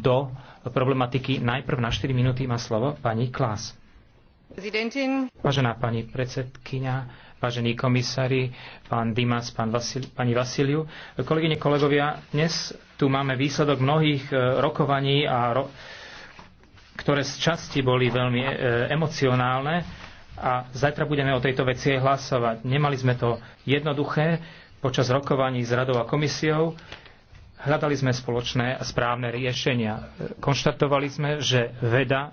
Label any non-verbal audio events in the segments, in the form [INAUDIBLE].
do problematiky. Najprv na 4 minúty má slovo pani Klas. Prezidentin. Vážená pani predsedkynia, vážení komisári, pán Dimas, pán Vasil, pani Vasiliu, kolegyne, kolegovia, dnes tu máme výsledok mnohých e, rokovaní, a ro- ktoré z časti boli veľmi e, emocionálne a zajtra budeme o tejto veci aj hlasovať. Nemali sme to jednoduché počas rokovaní s radou a komisiou. Hľadali sme spoločné a správne riešenia. Konštatovali sme, že veda e,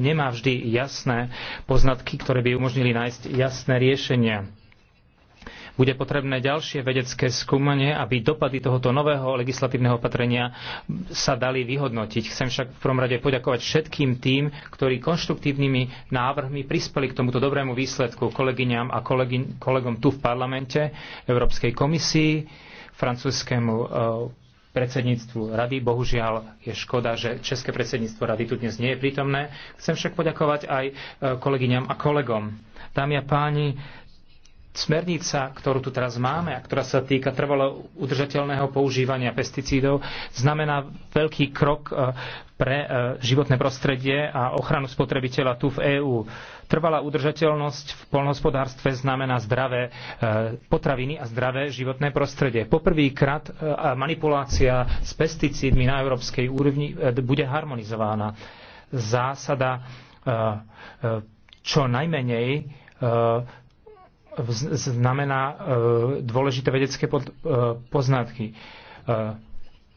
nemá vždy jasné poznatky, ktoré by umožnili nájsť jasné riešenia. Bude potrebné ďalšie vedecké skúmanie, aby dopady tohoto nového legislatívneho opatrenia sa dali vyhodnotiť. Chcem však v prvom rade poďakovať všetkým tým, ktorí konštruktívnymi návrhmi prispeli k tomuto dobrému výsledku kolegyňam a kolegom tu v parlamente, Európskej komisii, francúzskému e, predsedníctvu rady. Bohužiaľ je škoda, že české predsedníctvo rady tu dnes nie je prítomné. Chcem však poďakovať aj e, kolegyňam a kolegom. Dámy a páni, Smernica, ktorú tu teraz máme a ktorá sa týka trvalo udržateľného používania pesticídov, znamená veľký krok e, pre e, životné prostredie a ochranu spotrebiteľa tu v EÚ. Trvalá udržateľnosť v polnohospodárstve znamená zdravé e, potraviny a zdravé životné prostredie. Poprvýkrát manipulácia s pesticídmi na európskej úrovni bude harmonizovaná. Zásada čo najmenej znamená e, dôležité vedecké e, poznatky. E,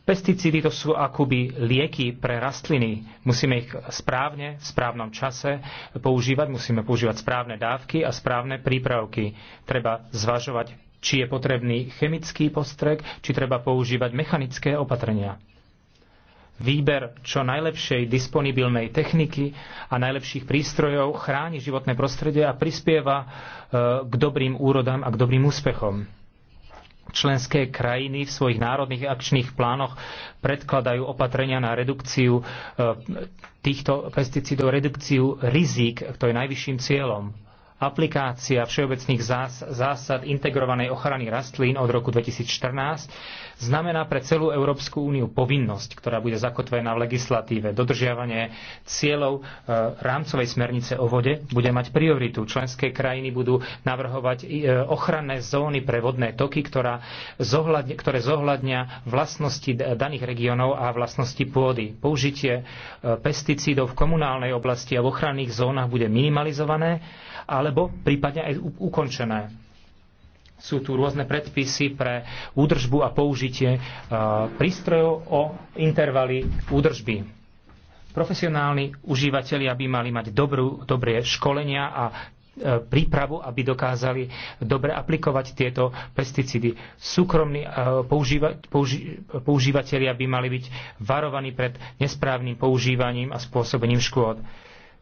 pesticídy to sú akoby lieky pre rastliny. Musíme ich správne, v správnom čase používať, musíme používať správne dávky a správne prípravky. Treba zvažovať, či je potrebný chemický postrek, či treba používať mechanické opatrenia. Výber čo najlepšej disponibilnej techniky a najlepších prístrojov chráni životné prostredie a prispieva e, k dobrým úrodám a k dobrým úspechom. Členské krajiny v svojich národných akčných plánoch predkladajú opatrenia na redukciu e, týchto pesticídov, redukciu rizík, to je najvyšším cieľom aplikácia všeobecných zásad integrovanej ochrany rastlín od roku 2014 znamená pre celú Európsku úniu povinnosť, ktorá bude zakotvená v legislatíve. Dodržiavanie cieľov e, rámcovej smernice o vode bude mať prioritu. Členské krajiny budú navrhovať e, ochranné zóny pre vodné toky, ktorá zohľadne, ktoré zohľadnia vlastnosti daných regiónov a vlastnosti pôdy. Použitie e, pesticídov v komunálnej oblasti a v ochranných zónach bude minimalizované alebo prípadne aj ukončené. Sú tu rôzne predpisy pre údržbu a použitie e, prístrojov o intervaly údržby profesionálni užívateľia by mali mať dobrú, dobré školenia a e, prípravu, aby dokázali dobre aplikovať tieto pesticídy. Súkromní e, používa, použi, používateľia by mali byť varovaní pred nesprávnym používaním a spôsobením škôd.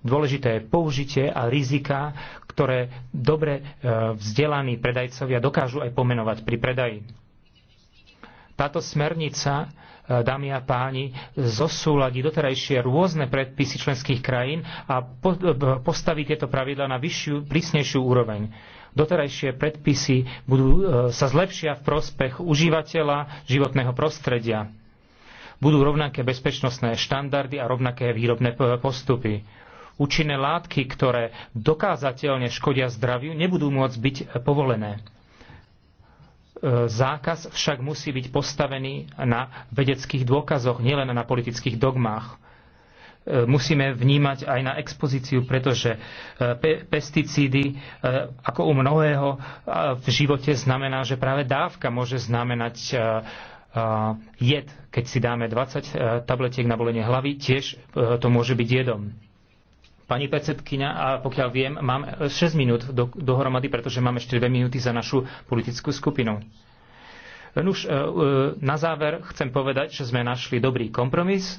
Dôležité je použitie a rizika, ktoré dobre e, vzdelaní predajcovia dokážu aj pomenovať pri predaji. Táto smernica, e, dámy a páni, zosúladí doterajšie rôzne predpisy členských krajín a e, postaví tieto pravidla na vyššiu, prísnejšiu úroveň. Doterajšie predpisy budú, sa zlepšia v prospech užívateľa životného prostredia budú rovnaké bezpečnostné štandardy a rovnaké výrobné postupy účinné látky, ktoré dokázateľne škodia zdraviu, nebudú môcť byť povolené. E, zákaz však musí byť postavený na vedeckých dôkazoch, nielen na politických dogmách e, musíme vnímať aj na expozíciu, pretože e, pe- pesticídy, ako u mnohého v živote, znamená, že práve dávka môže znamenať jed. Keď si dáme 20 tabletiek na bolenie hlavy, tiež to môže byť jedom. Pani predsedkyňa, a pokiaľ viem, mám 6 minút do, dohromady, pretože mám ešte 2 minúty za našu politickú skupinu. Len už e, e, na záver chcem povedať, že sme našli dobrý kompromis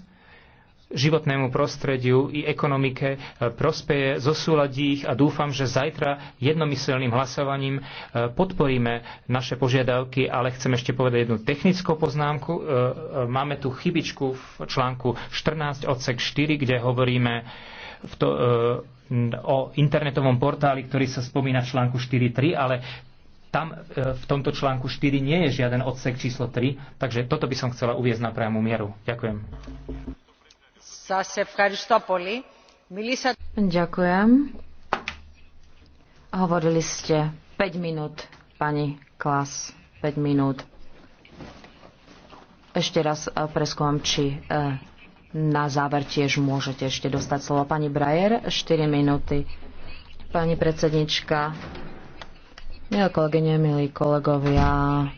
životnému prostrediu i ekonomike e, prospeje, zosúladí ich a dúfam, že zajtra jednomyselným hlasovaním podporíme naše požiadavky, ale chcem ešte povedať jednu technickú poznámku. Máme tu chybičku v článku 14 odsek 4, kde hovoríme v to, e, o internetovom portáli, ktorý sa spomína v článku 4.3, ale tam e, v tomto článku 4 nie je žiaden odsek číslo 3, takže toto by som chcela uviezť na priamu mieru. Ďakujem. Ďakujem. Hovorili ste 5 minút, pani Klas, 5 minút. Ešte raz e, preskúmam, či na záver tiež môžete ešte dostať slovo. Pani Brajer, 4 minúty. Pani predsednička, milé kolegyne, milí kolegovia,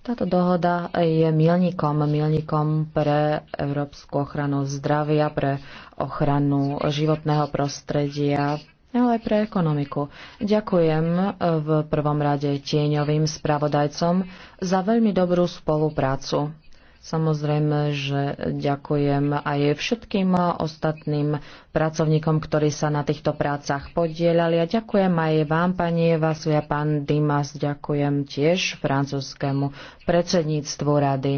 táto dohoda je milníkom, milníkom pre európsku ochranu zdravia, pre ochranu životného prostredia, ale aj pre ekonomiku. Ďakujem v prvom rade tieňovým spravodajcom za veľmi dobrú spoluprácu. Samozrejme, že ďakujem aj všetkým ostatným pracovníkom, ktorí sa na týchto prácach podielali. A ďakujem aj vám, pani Eva Suja, pán Dimas. Ďakujem tiež francúzskému predsedníctvu rady.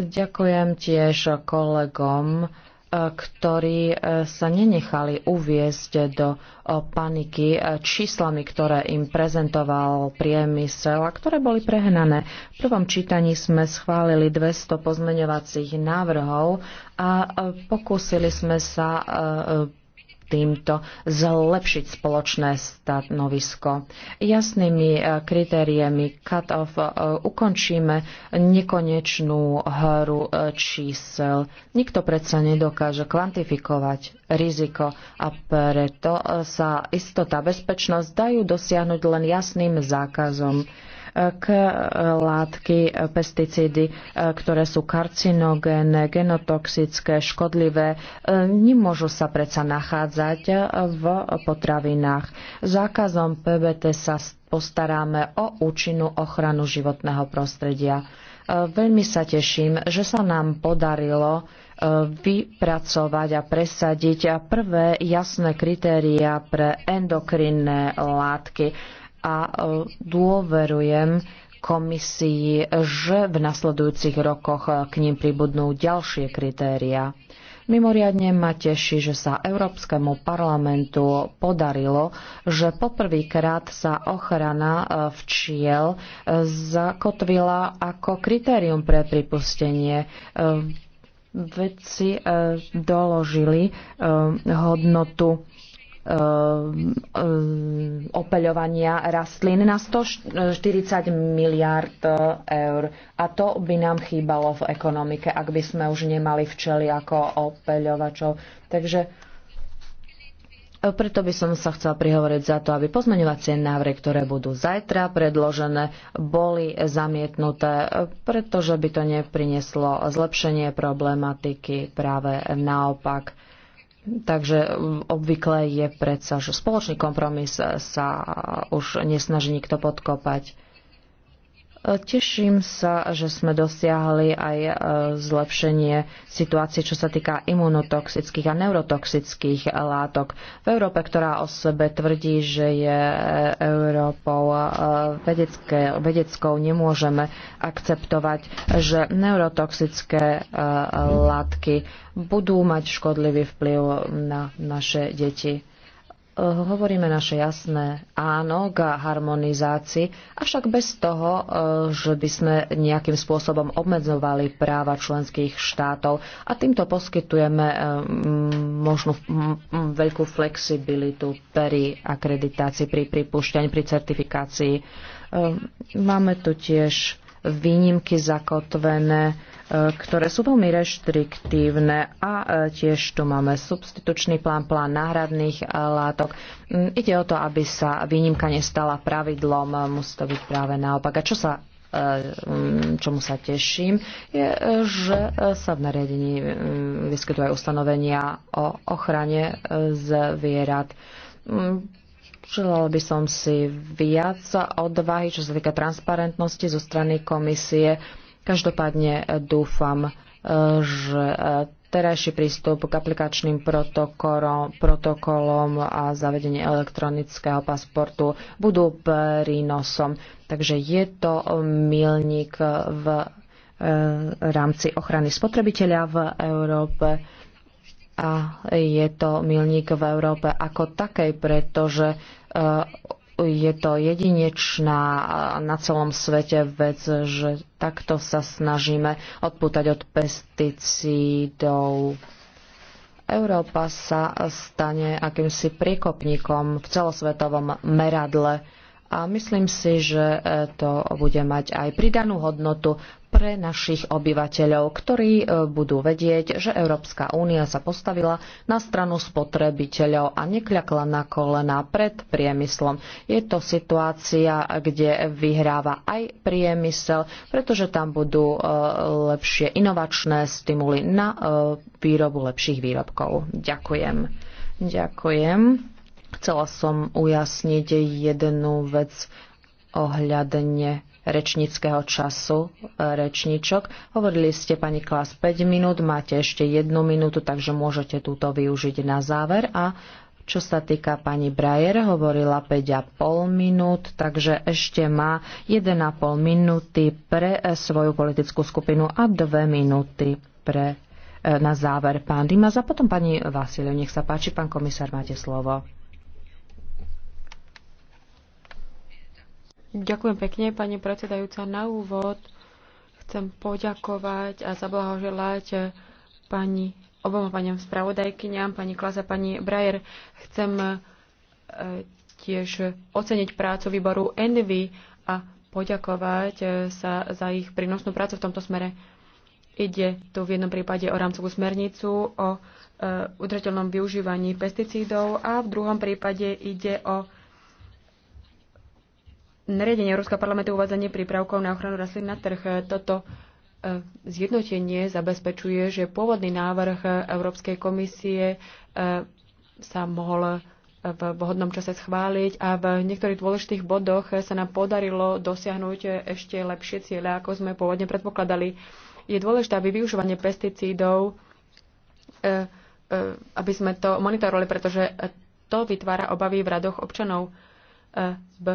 Ďakujem tiež kolegom, ktorí e, sa nenechali uviezť do e, paniky e, číslami, ktoré im prezentoval priemysel a ktoré boli prehnané. V prvom čítaní sme schválili 200 pozmeňovacích návrhov a pokúsili sme sa týmto zlepšiť spoločné stanovisko. Jasnými e, kritériami cut-off e, ukončíme nekonečnú hru e, čísel. Nikto predsa nedokáže kvantifikovať riziko a preto sa istota a bezpečnosť dajú dosiahnuť len jasným zákazom k látky, pesticídy, ktoré sú karcinogénne, genotoxické, škodlivé, nemôžu sa predsa nachádzať v potravinách. Zákazom PBT sa postaráme o účinnú ochranu životného prostredia. Veľmi sa teším, že sa nám podarilo e, vypracovať a presadiť prvé jasné kritéria pre endokrinné látky a e, dôverujem komisii, že v nasledujúcich rokoch e, k ním pribudnú ďalšie kritéria. Mimoriadne ma teší, že sa Európskemu parlamentu podarilo, že poprvýkrát sa ochrana e, včiel zakotvila ako kritérium pre pripustenie vedci doložili hodnotu Eh, eh, opeľovania rastlín na 140 miliard eh, eur. A to by nám chýbalo v ekonomike, ak by sme už nemali včeli ako opeľovačov. Takže preto by som sa chcela prihovoriť za to, aby pozmeňovacie návrhy, ktoré budú zajtra predložené, boli zamietnuté, pretože by to neprineslo zlepšenie problematiky, práve naopak. Takže e, obvykle je predsa, že spoločný kompromis e, sa už nesnaží nikto podkopať. E, teším sa, že sme dosiahli aj e, zlepšenie situácie, čo sa týka imunotoxických a neurotoxických látok v Európe, ktorá o sebe tvrdí, že je e, Európou vedecké, vedeckou. Nemôžeme akceptovať, že neurotoxické látky budú mať škodlivý vplyv na naše deti. Eh, hovoríme naše jasné áno k harmonizácii, avšak bez toho, eh, že by sme nejakým spôsobom obmedzovali práva členských štátov a týmto poskytujeme eh, možno veľkú flexibilitu pri akreditácii, pri pripúšťaní, pri certifikácii. Máme tu tiež výnimky zakotvené ktoré sú veľmi reštriktívne a e, tiež tu máme substitučný plán, plán náhradných e, látok. Mm, ide o to, aby sa výnimka nestala pravidlom, e, musí to byť práve naopak. A čo sa mm, čomu sa teším, je, že sa v nariadení mm, vyskytujú aj ustanovenia o ochrane zvierat. Želala by som si viac odvahy, čo sa týka transparentnosti zo strany komisie Každopádne e, dúfam, e, že e, terajší prístup k aplikačným protokolom, a zavedenie elektronického pasportu budú prínosom. Takže je to milník v rámci ochrany spotrebiteľa v Európe a je to milník v Európe ako takej, pretože je to jedinečná na celom svete vec, že takto sa snažíme odpútať od pesticídov. Európa sa stane akýmsi priekopníkom v celosvetovom meradle a myslím si, že to bude mať aj pridanú hodnotu pre našich obyvateľov, ktorí e, budú vedieť, že Európska únia sa postavila na stranu spotrebiteľov a nekľakla na kolena pred priemyslom. Je to situácia, kde vyhráva aj priemysel, pretože tam budú e, lepšie inovačné stimuly na e, výrobu lepších výrobkov. Ďakujem. Ďakujem. Chcela som ujasniť jednu vec ohľadne rečníckého času e, rečníčok. Hovorili ste, pani Klas, 5 minút, máte ešte jednu minútu, takže môžete túto využiť na záver a čo sa týka pani Brajer, hovorila 5,5 minút, takže ešte má 1,5 minúty pre e, svoju politickú skupinu a 2 minúty pre e, na záver pán Dimas a potom pani Vasilio. Nech sa páči, pán komisár, máte slovo. Ďakujem pekne, pani predsedajúca. Na úvod chcem poďakovať a zablahoželať pani, oboma paniam spravodajkyňam, pani Klasa, pani Brajer. Chcem e, tiež oceniť prácu výboru Envy a poďakovať e, sa za ich prínosnú prácu v tomto smere. Ide tu v jednom prípade o rámcovú smernicu, o e, udržateľnom využívaní pesticídov a v druhom prípade ide o Nariadenie Európskeho parlamentu uvádzanie prípravkov na ochranu rastlín na trh. Toto e, zjednotenie zabezpečuje, že pôvodný návrh Európskej komisie e, sa mohol e, v vhodnom čase schváliť a v niektorých dôležitých bodoch sa nám podarilo dosiahnuť ešte lepšie ciele, ako sme pôvodne predpokladali. Je dôležité, aby využívanie pesticídov, aby sme to monitorovali, pretože to vytvára obavy v radoch občanov. V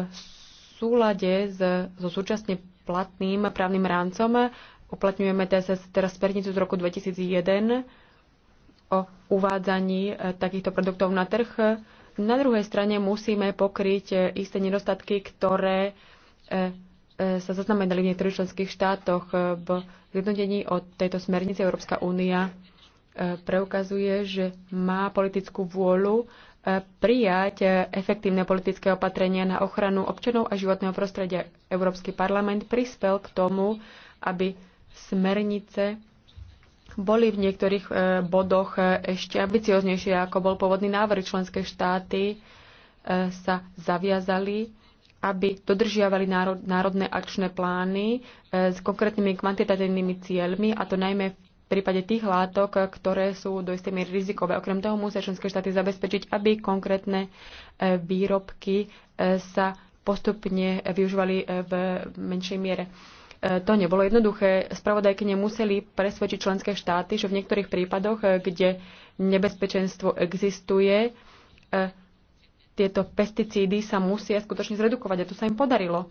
súlade so súčasne platným právnym rámcom uplatňujeme TSS teraz smernicu z roku 2001 o uvádzaní eh, takýchto produktov na trh. Na druhej strane musíme pokryť eh, isté nedostatky, ktoré eh, sa zaznamenali v niektorých členských štátoch. V zjednotení od tejto smernice Európska únia preukazuje, že má politickú vôľu prijať efektívne politické opatrenia na ochranu občanov a životného prostredia. Európsky parlament prispel k tomu, aby smernice boli v niektorých e, bodoch e, ešte ambicioznejšie, ako bol pôvodný návrh. Členské štáty e, sa zaviazali, aby dodržiavali národné akčné plány s konkrétnymi kvantitatívnymi cieľmi, a to najmä v v prípade tých látok, ktoré sú do istej miery rizikové. Okrem toho musia členské štáty zabezpečiť, aby konkrétne e, výrobky e, sa postupne využívali e, v menšej miere. To nebolo jednoduché. Spravodajky nemuseli presvedčiť členské štáty, že v niektorých prípadoch, kde nebezpečenstvo existuje, tieto pesticídy sa musia skutočne zredukovať. A to sa im podarilo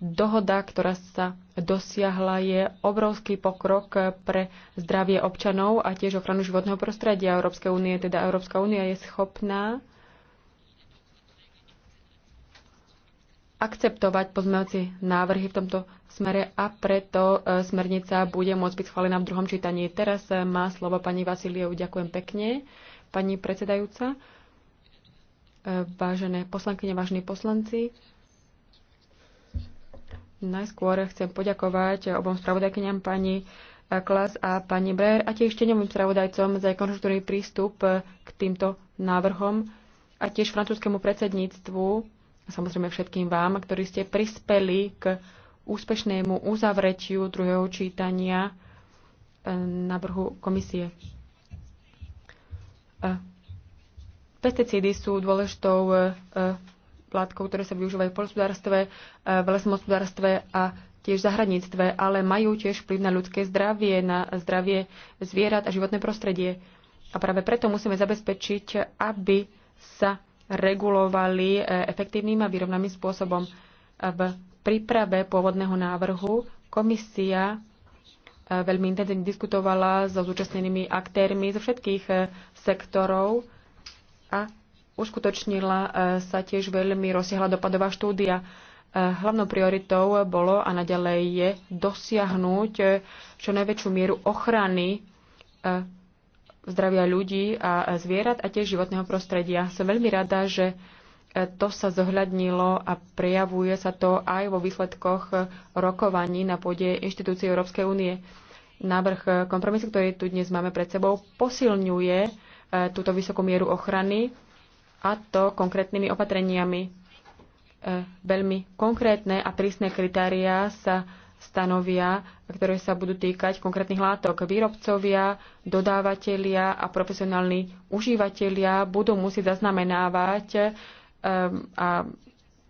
dohoda, ktorá sa dosiahla, je obrovský pokrok pre zdravie občanov a tiež ochranu životného prostredia Európskej únie. Teda Európska únia je schopná akceptovať pozmeňovacie návrhy v tomto smere a preto e, smernica bude môcť byť schválená v druhom čítaní. Teraz e, má slovo pani Vasiliev. Ďakujem pekne, pani predsedajúca. E, vážené poslankyne, vážení poslanci, Najskôr chcem poďakovať obom spravodajkyniam pani Klas a pani Breyer a tiež tenovým spravodajcom za konštruktívny prístup k týmto návrhom a tiež francúzskému predsedníctvu a samozrejme všetkým vám, ktorí ste prispeli k úspešnému uzavretiu druhého čítania eh, návrhu komisie. Eh, pesticídy sú dôležitou eh, látkov, ktoré sa využívajú v polnospodárstve, e, v lesnom hospodárstve a tiež v zahradníctve, ale majú tiež vplyv na ľudské zdravie, na zdravie zvierat a životné prostredie. A práve preto musíme zabezpečiť, aby sa regulovali e, efektívnym a vyrovnaným spôsobom. V príprave pôvodného návrhu komisia e, veľmi intenzívne diskutovala so zúčastnenými aktérmi zo všetkých sektorov a uskutočnila e, sa tiež veľmi rozsiahla dopadová štúdia. E, hlavnou prioritou bolo a naďalej je dosiahnuť e, čo najväčšiu mieru ochrany zdravia ľudí a zvierat a tiež životného prostredia. Som veľmi rada, že to sa zohľadnilo a prejavuje sa to aj vo výsledkoch rokovaní na pôde inštitúcie Európskej únie. Návrh kompromisu, ktorý tu dnes máme pred sebou, posilňuje túto vysokú mieru ochrany a to konkrétnymi opatreniami. E, veľmi konkrétne a prísne kritériá sa stanovia, ktoré sa budú týkať konkrétnych látok. Výrobcovia, dodávateľia a profesionálni užívateľia budú musieť zaznamenávať e, a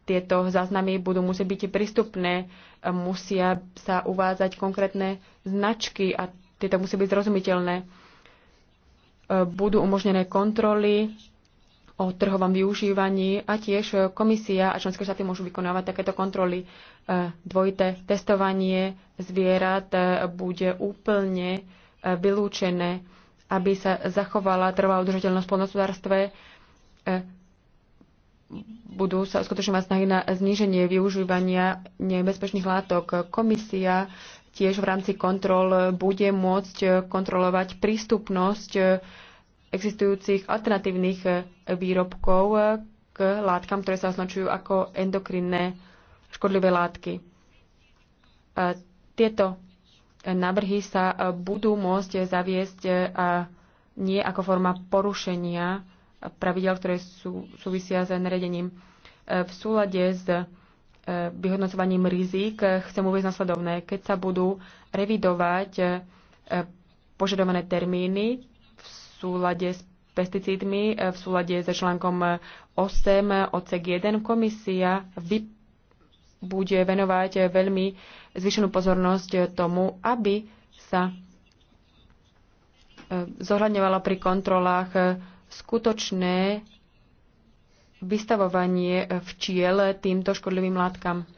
tieto záznamy budú musieť byť prístupné, musia sa uvádzať konkrétne značky a tieto musí byť zrozumiteľné. E, budú umožnené kontroly o trhovom využívaní a tiež komisia a členské štáty môžu vykonávať takéto kontroly. E, dvojité testovanie zvierat e, bude úplne e, vylúčené, aby sa zachovala trvalá udržateľnosť v poľnohospodárstve. Budú sa skutočne snahy na zníženie využívania nebezpečných látok. Komisia tiež v rámci kontrol bude môcť kontrolovať prístupnosť existujúcich alternatívnych eh, výrobkov eh, k látkam, ktoré sa označujú ako endokrinné škodlivé látky. Eh, tieto návrhy sa budú môcť zaviesť a nie ako forma porušenia pravidel, ktoré sú, súvisia s naredením. V súlade s vyhodnocovaním rizik chcem uvieť nasledovné. Keď sa budú revidovať požadované termíny, súlade s pesticídmi, e, v súlade so článkom 8 e, e, odsek 1 komisia vy bude venovať veľmi zvyšenú pozornosť tomu, aby sa zohľadňovalo pri kontrolách skutočné vystavovanie včiel týmto škodlivým látkam.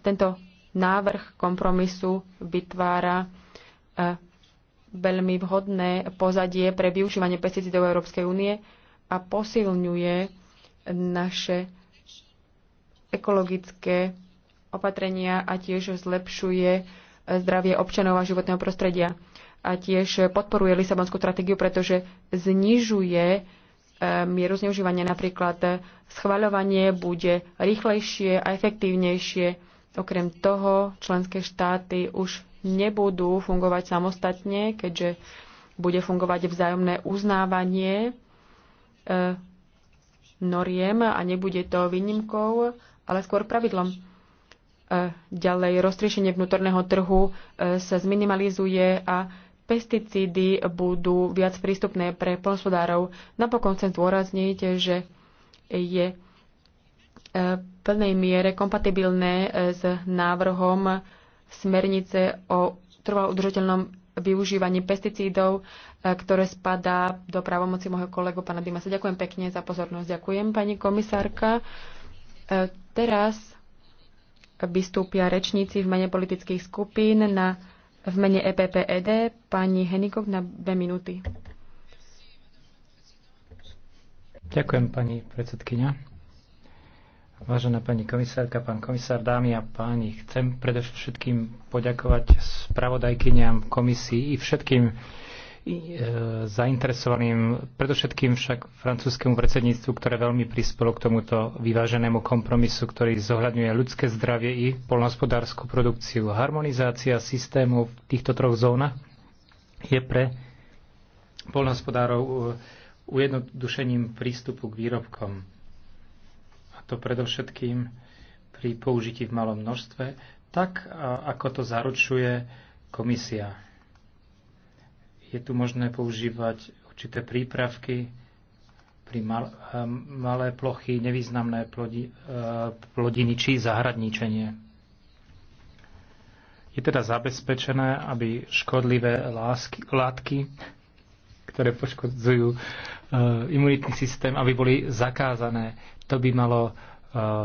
Tento návrh kompromisu vytvára veľmi vhodné pozadie pre využívanie pesticídov Európskej únie a posilňuje naše ekologické opatrenia a tiež zlepšuje zdravie občanov a životného prostredia. A tiež podporuje Lisabonskú stratégiu, pretože znižuje e, mieru zneužívania. Napríklad schvaľovanie bude rýchlejšie a efektívnejšie. Okrem toho členské štáty už nebudú fungovať samostatne, keďže bude fungovať vzájomné uznávanie e, noriem a nebude to výnimkou, ale skôr pravidlom. E, ďalej roztriešenie vnútorného trhu e, sa zminimalizuje a pesticídy budú viac prístupné pre plnospodárov. Napokon chcem zdôrazniť, že je v plnej miere kompatibilné s návrhom smernice o trvalo udržateľnom využívaní pesticídov, e, ktoré spadá do právomoci môjho kolegu pana Dimasa. Ďakujem pekne za pozornosť. Ďakujem, pani komisárka. E, teraz vystúpia rečníci v mene politických skupín na, v mene EPPED pani Henikov na dve minúty. Ďakujem, pani predsedkynia. Vážená pani komisárka, pán komisár, dámy a páni, chcem predovšetkým poďakovať spravodajkyniam komisii i všetkým e, zainteresovaným, predovšetkým však francúzskému predsedníctvu, ktoré veľmi prispelo k tomuto vyváženému kompromisu, ktorý zohľadňuje ľudské zdravie i polnohospodárskú produkciu. Harmonizácia systému v týchto troch zónach je pre polnohospodárov e, ujednodušením prístupu k výrobkom to predovšetkým pri použití v malom množstve, tak ako to zaručuje komisia. Je tu možné používať určité prípravky pri mal, e, malé plochy, nevýznamné plodi, e, plodiny či zahradníčenie. Je teda zabezpečené, aby škodlivé lásky, látky, ktoré poškodzujú Eh, imunitný systém, aby boli zakázané. To by malo eh,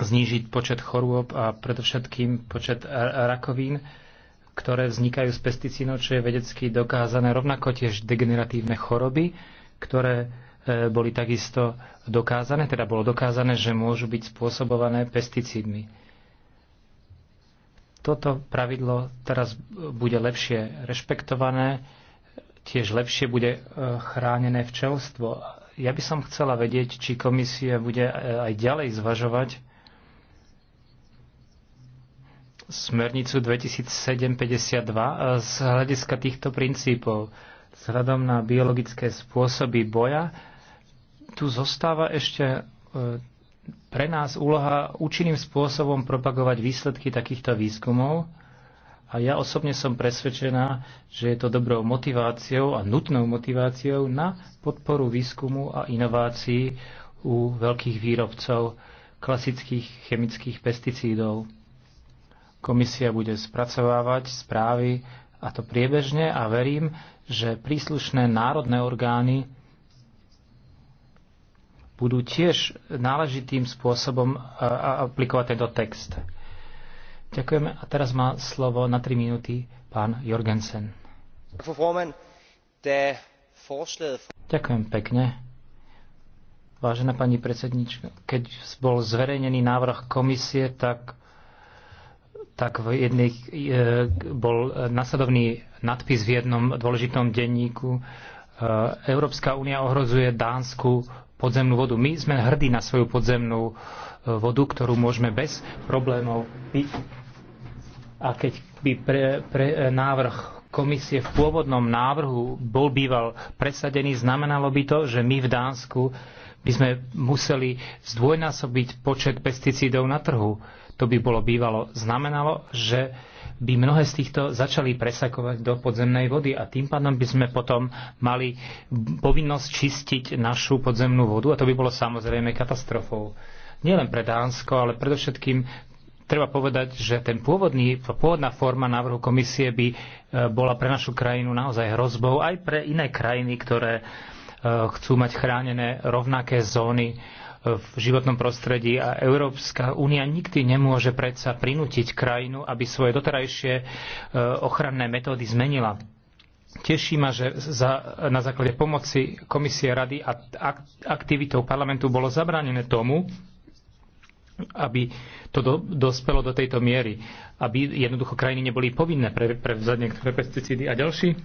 znížiť počet chorôb a predovšetkým počet rakovín, ktoré vznikajú z pesticínov, čo je vedecky dokázané. Rovnako tiež degeneratívne choroby, ktoré eh, boli takisto dokázané, teda bolo dokázané, že môžu byť spôsobované pesticídmi. Toto pravidlo teraz bude lepšie rešpektované tiež lepšie bude e, chránené včelstvo. Ja by som chcela vedieť, či komisia bude e, aj ďalej zvažovať smernicu 2752 e, z hľadiska týchto princípov. Vzhľadom na biologické spôsoby boja, tu zostáva ešte pre nás úloha účinným spôsobom propagovať výsledky takýchto výskumov, a ja osobne som presvedčená, že je to dobrou motiváciou a nutnou motiváciou na podporu výskumu a inovácií u veľkých výrobcov klasických chemických pesticídov. Komisia bude spracovávať správy a to priebežne a verím, že príslušné národné orgány budú tiež náležitým spôsobom aplikovať tento text. Ďakujeme a teraz má slovo na 3 minúty pán Jorgensen. Ďakujem pekne. Vážená pani predsednička, keď bol zverejnený návrh komisie, tak, tak v jednej, e, bol nasledovný nadpis v jednom dôležitom denníku. E, Európska únia ohrozuje Dánsku podzemnú vodu. My sme hrdí na svoju podzemnú e, vodu, ktorú môžeme bez problémov piť a keď by pre, pre, e, návrh komisie v pôvodnom návrhu bol býval presadený, znamenalo by to, že my v Dánsku by sme museli zdvojnásobiť počet pesticídov na trhu. To by bolo bývalo znamenalo, že by mnohé z týchto začali presakovať do podzemnej vody a tým pádom by sme potom mali povinnosť čistiť našu podzemnú vodu a to by bolo samozrejme katastrofou. Nielen pre Dánsko, ale predovšetkým treba povedať, že ten pôvodný, pôvodná forma návrhu komisie by e, bola pre našu krajinu naozaj hrozbou, aj pre iné krajiny, ktoré e, chcú mať chránené rovnaké zóny e, v životnom prostredí a Európska únia nikdy nemôže predsa prinútiť krajinu, aby svoje doterajšie ochranné metódy zmenila. Teší ma, že za, na základe pomoci Komisie rady a aktivitou parlamentu bolo zabránené tomu, aby to do, dospelo do tejto miery, aby jednoducho krajiny neboli povinné pre, prevzať niektoré pesticídy. A ďalší e,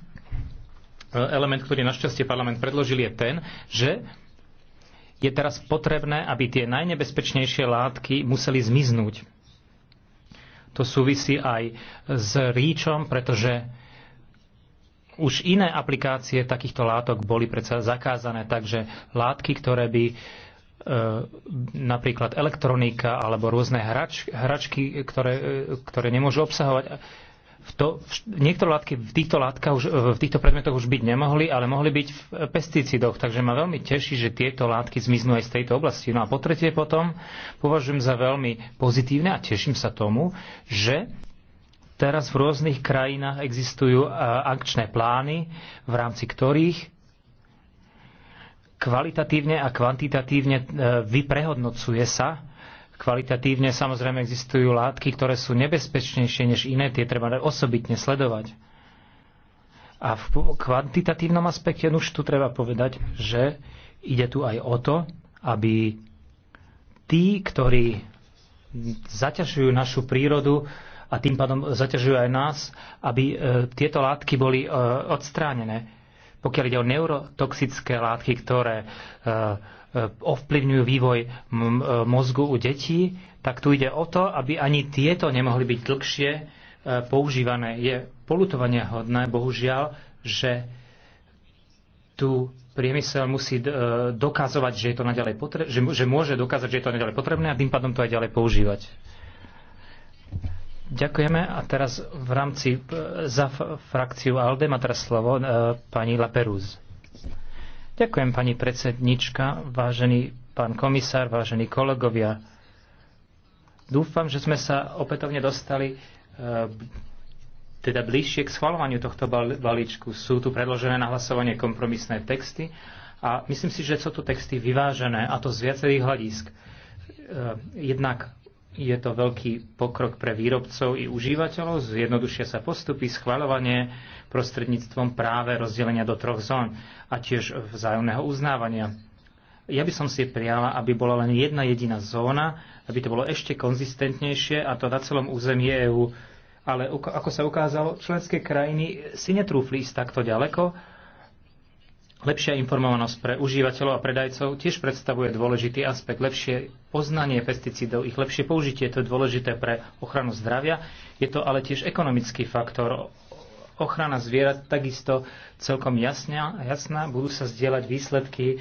element, ktorý našťastie parlament predložil, je ten, že je teraz potrebné, aby tie najnebezpečnejšie látky museli zmiznúť. To súvisí aj s ríčom, pretože už iné aplikácie takýchto látok boli predsa zakázané, takže látky, ktoré by E, napríklad elektronika alebo rôzne hrač, hračky, ktoré, e, ktoré nemôžu obsahovať. V to, v, niektoré látky v týchto látkach už, e, v týchto predmetoch už byť nemohli, ale mohli byť v pesticidoch. Takže ma veľmi teší, že tieto látky zmiznú aj z tejto oblasti. No a po tretie potom považujem za veľmi pozitívne a teším sa tomu, že teraz v rôznych krajinách existujú akčné plány, v rámci ktorých kvalitatívne a kvantitatívne e, vyprehodnocuje sa. Kvalitatívne samozrejme existujú látky, ktoré sú nebezpečnejšie než iné, tie treba osobitne sledovať. A v kvantitatívnom aspekte no už tu treba povedať, že ide tu aj o to, aby tí, ktorí zaťažujú našu prírodu a tým pádom zaťažujú aj nás, aby e, tieto látky boli e, odstránené pokiaľ ide o neurotoxické látky, ktoré e, e, ovplyvňujú vývoj e, mozgu u detí, tak tu ide o to, aby ani tieto nemohli byť dlhšie používané. Je polutovania hodné, bohužiaľ, že tu priemysel musí dokazovať, že, je to naďalej potrebné, že, že môže dokázať, že je to naďalej potrebné a tým pádom to aj ďalej používať. Ďakujeme a teraz v rámci e, za frakciu ALDE má teraz slovo e, pani Laperuz. Ďakujem pani predsednička, vážený pán komisár, vážení kolegovia. Dúfam, že sme sa opätovne dostali e, teda bližšie k schvalovaniu tohto balíčku. Sú tu predložené na hlasovanie kompromisné texty a myslím si, že sú tu texty vyvážené, a to z viacerých hľadisk. Jednak je to veľký pokrok pre výrobcov i užívateľov, zjednodušia sa postupy, schvaľovanie prostredníctvom práve rozdelenia do troch zón a tiež vzájomného uznávania. Ja by som si prijala, aby bola len jedna jediná zóna, aby to bolo ešte konzistentnejšie a to na celom území EÚ. Ale ako sa ukázalo, členské krajiny si netrúfli ísť takto ďaleko Lepšia informovanosť pre užívateľov a predajcov tiež predstavuje dôležitý aspekt. Lepšie poznanie pesticídov, ich lepšie použitie, to je dôležité pre ochranu zdravia. Je to ale tiež ekonomický faktor. Ochrana zvierat takisto celkom jasná, jasná. Budú sa zdieľať výsledky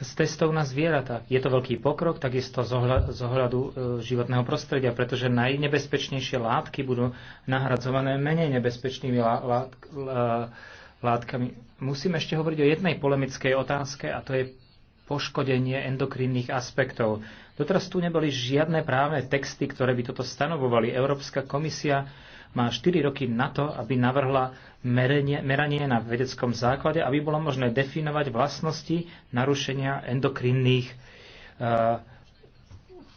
s testov na zvieratá. Je to veľký pokrok, takisto z ohľadu e, životného prostredia, pretože najnebezpečnejšie látky budú nahradzované menej nebezpečnými látkami. Musím ešte hovoriť o jednej polemickej otázke a to je poškodenie endokrinných aspektov. Doteraz tu neboli žiadne právne texty, ktoré by toto stanovovali. Európska komisia má 4 roky na to, aby navrhla merenie, meranie na vedeckom základe, aby bolo možné definovať vlastnosti narušenia endokrinných uh,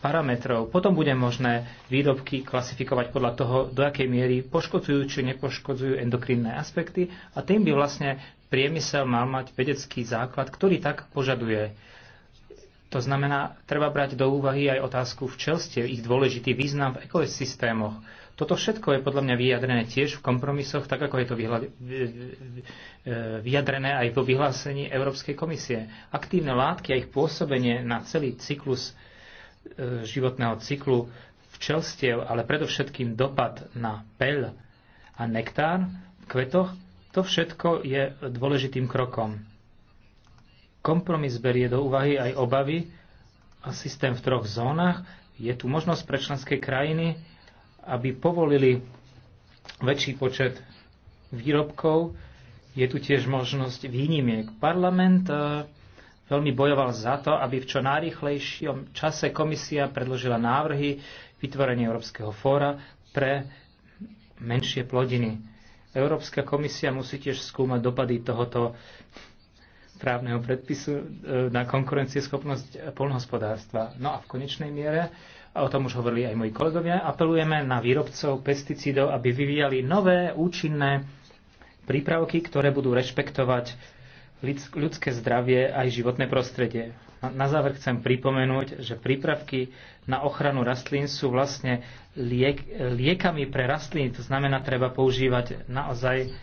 parametrov. Potom bude možné výrobky klasifikovať podľa toho, do akej miery poškodzujú či nepoškodzujú endokrinné aspekty a tým by vlastne priemysel mal mať vedecký základ, ktorý tak požaduje. To znamená, treba brať do úvahy aj otázku včelstiev, ich dôležitý význam v ekosystémoch toto všetko je podľa mňa vyjadrené tiež v kompromisoch, tak ako je to e, vyjadrené aj vo vyhlásení Európskej komisie. Aktívne látky a ich pôsobenie na celý cyklus e, životného cyklu včelstiev, ale predovšetkým dopad na peľ a nektár v kvetoch, to všetko je dôležitým krokom. Kompromis berie do úvahy aj obavy a systém v troch zónach. Je tu možnosť pre členské krajiny aby povolili väčší počet výrobkov. Je tu tiež možnosť výnimiek. Parlament e, veľmi bojoval za to, aby v čo najrychlejšom čase komisia predložila návrhy vytvorenie Európskeho fóra pre menšie plodiny. Európska komisia musí tiež skúmať dopady tohoto právneho predpisu e, na konkurencieschopnosť polnohospodárstva. No a v konečnej miere a o tom už hovorili aj moji kolegovia, apelujeme na výrobcov pesticídov, aby vyvíjali nové účinné prípravky, ktoré budú rešpektovať ľudské zdravie aj životné prostredie. Na záver chcem pripomenúť, že prípravky na ochranu rastlín sú vlastne liek, liekami pre rastliny, To znamená, treba používať naozaj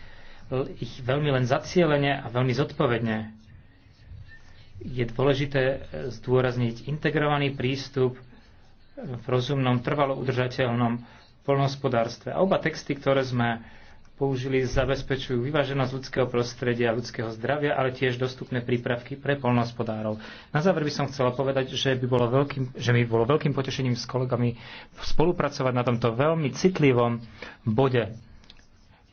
ich veľmi len zacielene a veľmi zodpovedne. Je dôležité e, zdôrazniť integrovaný prístup v rozumnom, trvalo udržateľnom poľnohospodárstve. A oba texty, ktoré sme použili, zabezpečujú vyváženosť ľudského prostredia, ľudského zdravia, ale tiež dostupné prípravky pre poľnohospodárov. Na záver by som chcela povedať, že, by bolo veľkým, že mi bolo veľkým potešením s kolegami spolupracovať na tomto veľmi citlivom bode.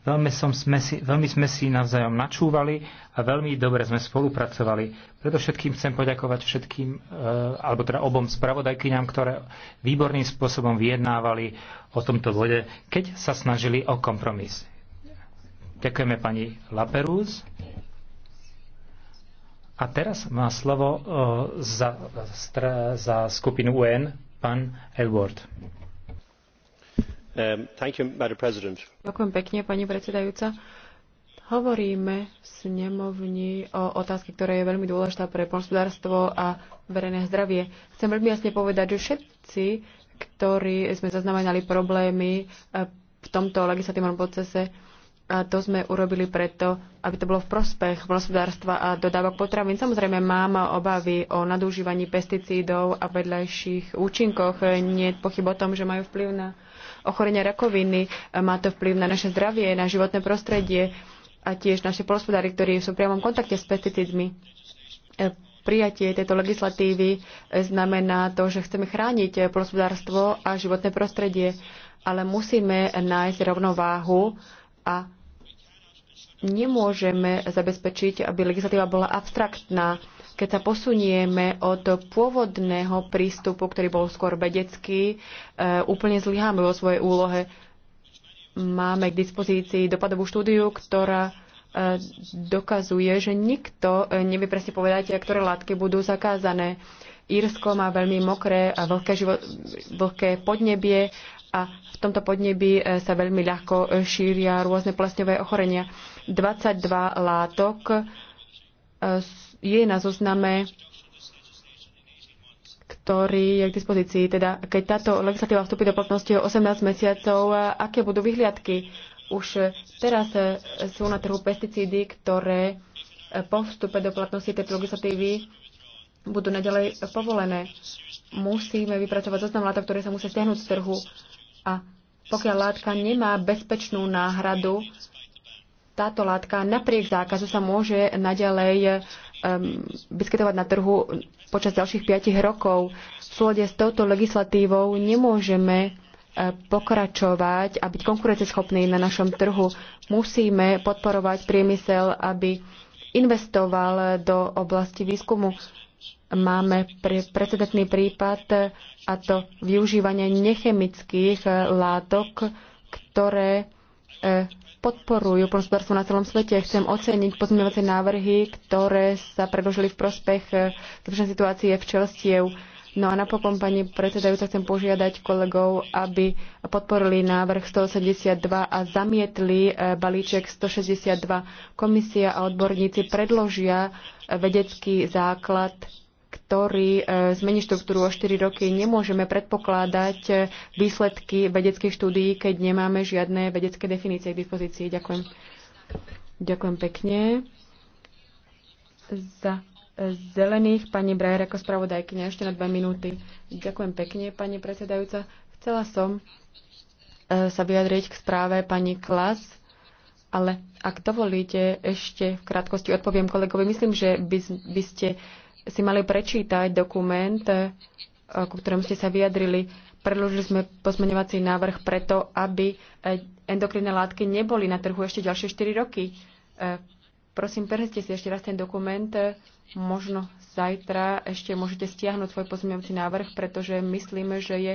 Veľmi, som, sme si, veľmi sme si navzájom načúvali a veľmi dobre sme spolupracovali. Predovšetkým chcem poďakovať všetkým, e, alebo teda obom spravodajkyňam, ktoré výborným spôsobom vyjednávali o tomto vode, keď sa snažili o kompromis. Ďakujeme pani Laperúz. A teraz má slovo e, za, za skupinu UN pán Edward. Um, Ďakujem pekne, pani predsedajúca. Hovoríme v snemovni o otázke, ktorá je veľmi dôležitá pre poľnohospodárstvo a verejné zdravie. Chcem veľmi jasne povedať, že všetci, ktorí sme zaznamenali problémy eh, v tomto legislatívnom procese, a to sme urobili preto, aby to bolo v prospech hospodárstva a dodávok potravín. Samozrejme, mám obavy o nadužívaní pesticídov a vedľajších účinkoch. Nie je pochyb o tom, že majú vplyv na ochorenia rakoviny, má to vplyv na naše zdravie, na životné prostredie a tiež naše polospodári, ktorí sú v priamom kontakte s pesticídmi. E, prijatie tejto legislatívy znamená to, že chceme chrániť polospodárstvo a životné prostredie, ale musíme nájsť rovnováhu a nemôžeme zabezpečiť, aby legislatíva bola abstraktná keď sa posunieme od pôvodného prístupu, ktorý bol skôr vedecký, e, úplne zlyháme vo svojej úlohe. Máme k dispozícii dopadovú štúdiu, ktorá e, dokazuje, že nikto e, nevie presne povedať, ktoré látky budú zakázané. Írsko má veľmi mokré a vlhké, život, vlhké podnebie a v tomto podnebí sa veľmi ľahko šíria rôzne plesňové ochorenia. 22 látok je na zozname, ktorý je k dispozícii. Teda, keď táto legislatíva vstúpi do platnosti o 18 mesiacov, aké budú vyhliadky? Už teraz e, sú na trhu pesticídy, ktoré e, po vstupe do platnosti tejto legislatívy budú nadalej povolené. Musíme vypracovať zoznam látok, ktoré sa musia stiahnuť z trhu. A pokiaľ látka nemá bezpečnú náhradu, táto látka napriek zákazu sa môže naďalej e, um, vyskytovať na trhu počas ďalších 5 rokov. V súlade s touto legislatívou nemôžeme eh, pokračovať a byť konkurenceschopní na našom trhu. Musíme podporovať priemysel, aby investoval do oblasti výskumu. Máme pre precedentný prípad a to využívanie nechemických látok, ktoré eh, podporujú plnospodárstvo na celom svete. Chcem oceniť pozmeňovacie návrhy, ktoré sa predložili v prospech eh, zlepšenia situácie včelstiev. No a napokon, pani predsedajúca, chcem požiadať kolegov, aby podporili návrh 182 a zamietli eh, balíček 162. Komisia a odborníci predložia eh, vedecký základ ktorý e, zmení štruktúru o 4 roky. Nemôžeme predpokladať e, výsledky vedeckých štúdií, keď nemáme žiadne vedecké definície k dispozícii. Ďakujem. Ďakujem pekne. Za e, zelených pani Brajer ako spravodajkyňa ešte na 2 minúty. Ďakujem pekne, pani predsedajúca. Chcela som sa vyjadriť k správe pani Klas, ale ak dovolíte, ešte v krátkosti odpoviem kolegovi. Myslím, že by, by ste si mali prečítať dokument, e, ku ktorom ste sa vyjadrili. Predložili sme pozmeňovací návrh preto, aby e, endokrinné látky neboli na trhu ešte ďalšie 4 roky. E, prosím, prehľadte si ešte raz ten dokument. Možno zajtra ešte môžete stiahnuť svoj pozmeňovací návrh, pretože myslíme, že je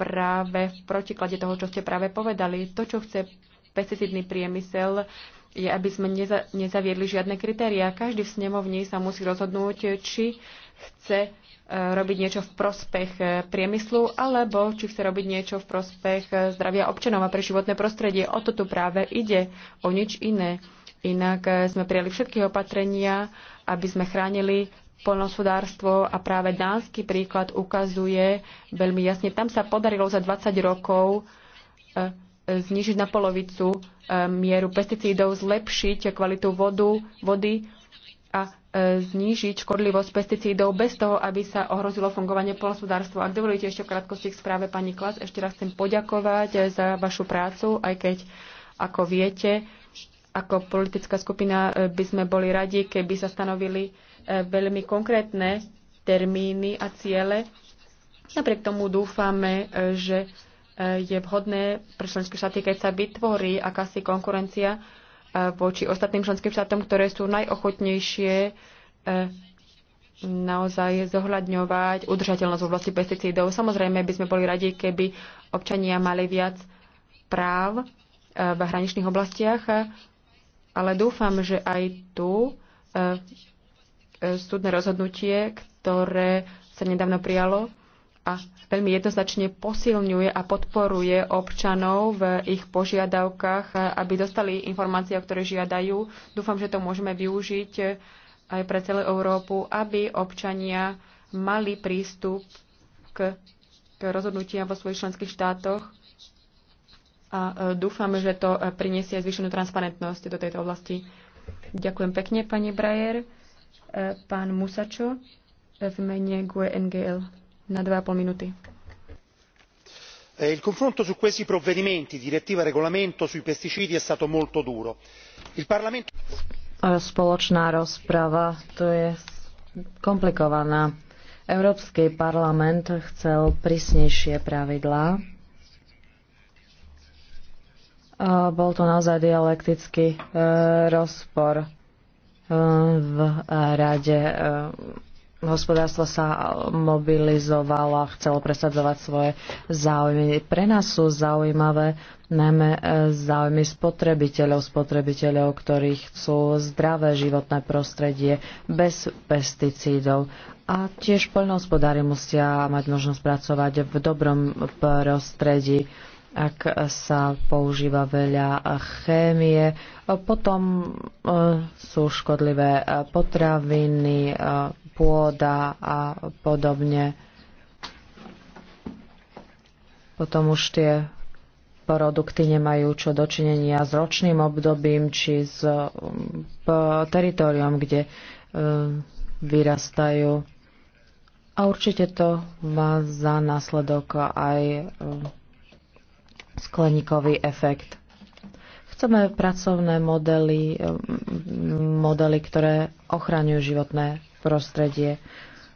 práve v protiklade toho, čo ste práve povedali. To, čo chce pesticidný priemysel je, aby sme neza, nezaviedli žiadne kritéria. Každý v snemovni sa musí rozhodnúť, či chce e, robiť niečo v prospech e, priemyslu, alebo či chce robiť niečo v prospech e, zdravia občanov a pre životné prostredie. O to tu práve ide, o nič iné. Inak sme prijali všetky opatrenia, aby sme chránili polnospodárstvo a práve dánsky príklad ukazuje veľmi jasne. Tam sa podarilo za 20 rokov znižiť na polovicu e, mieru pesticídov, zlepšiť kvalitu vodu, vody a e, znížiť škodlivosť pesticídov bez toho, aby sa ohrozilo fungovanie polospodárstva. Ak dovolíte ešte v krátkosti k správe pani Klas, ešte raz chcem poďakovať za vašu prácu, aj keď, ako viete, ako politická skupina e, by sme boli radi, keby sa stanovili veľmi konkrétne termíny a ciele. Napriek tomu dúfame, že je vhodné pre členské štáty, keď sa vytvorí akási konkurencia e, voči ostatným členským štátom, ktoré sú najochotnejšie e, naozaj zohľadňovať udržateľnosť v oblasti pesticídov. Samozrejme by sme boli radi, keby občania mali viac práv e, v hraničných oblastiach, ale dúfam, že aj tu súdne rozhodnutie, ktoré sa nedávno prijalo a veľmi jednoznačne posilňuje a podporuje občanov v ich požiadavkách, aby dostali informácie, o ktoré žiadajú. Dúfam, že to môžeme využiť aj pre celú Európu, aby občania mali prístup k, k rozhodnutiam vo svojich členských štátoch a e, dúfam, že to e, priniesie zvýšenú transparentnosť do tejto oblasti. Ďakujem pekne, pani Brajer. E, pán Musačo v mene GUE NGL na 2,5 eh, Il confronto su questi provvedimenti, direttiva e regolamento sui pesticidi è stato molto duro. Il Parlamento... Eh, spoločná rozprava, to je komplikovaná. Európsky parlament chcel prísnejšie pravidlá. Bol to naozaj dialektický eh, rozpor v rade hospodárstvo sa mobilizovalo a chcelo presadzovať svoje záujmy. Pre nás sú zaujímavé najmä e, záujmy spotrebiteľov, spotrebiteľov, ktorí chcú zdravé životné prostredie bez pesticídov. A tiež poľnohospodári musia mať možnosť pracovať v dobrom prostredí ak sa používa veľa chémie, potom e, sú škodlivé potraviny, e, pôda a podobne. Potom už tie produkty nemajú čo dočinenia s ročným obdobím či s e, teritoriom, kde vyrastajú. A určite to má za následok aj skleníkový efekt. Chceme pracovné modely, mm, modely, ktoré ochraňujú životné prostredie.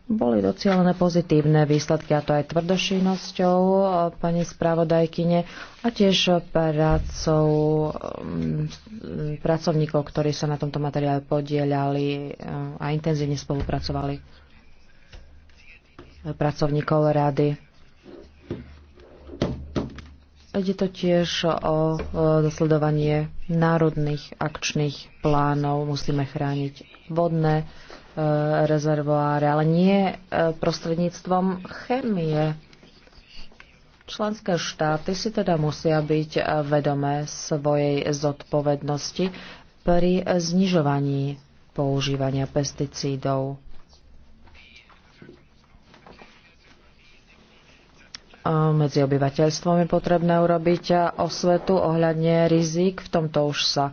Boli docielené pozitívne výsledky, a to aj tvrdošinnosťou e, pani spravodajkyne a tiež prácou mm, pracovníkov, ktorí sa na tomto materiále podielali e, a intenzívne spolupracovali pracovníkov rady. Ide to tiež o dosledovanie národných akčných plánov. Musíme chrániť vodné e, rezervoáre, ale nie e, prostredníctvom chemie. Členské štáty si teda musia byť e, vedomé svojej zodpovednosti pri znižovaní používania pesticídov. medzi obyvateľstvom je potrebné urobiť osvetu ohľadne rizik. V tomto už sa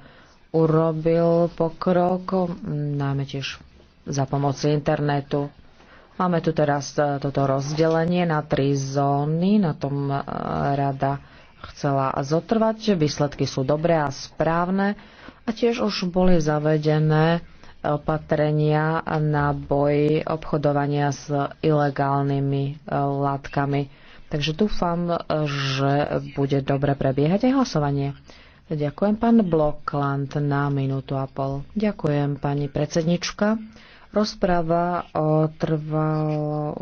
urobil pokrok, najmä tiež za pomoci internetu. Máme tu teraz e, toto rozdelenie na tri zóny, na tom e, rada chcela zotrvať. Výsledky sú dobré a správne a tiež už boli zavedené opatrenia na boj obchodovania s ilegálnymi e, látkami. Takže dúfam, že bude dobre prebiehať aj hlasovanie. Ďakujem pán Blokland na minútu a pol. Ďakujem pani predsednička. Rozprava o trvalo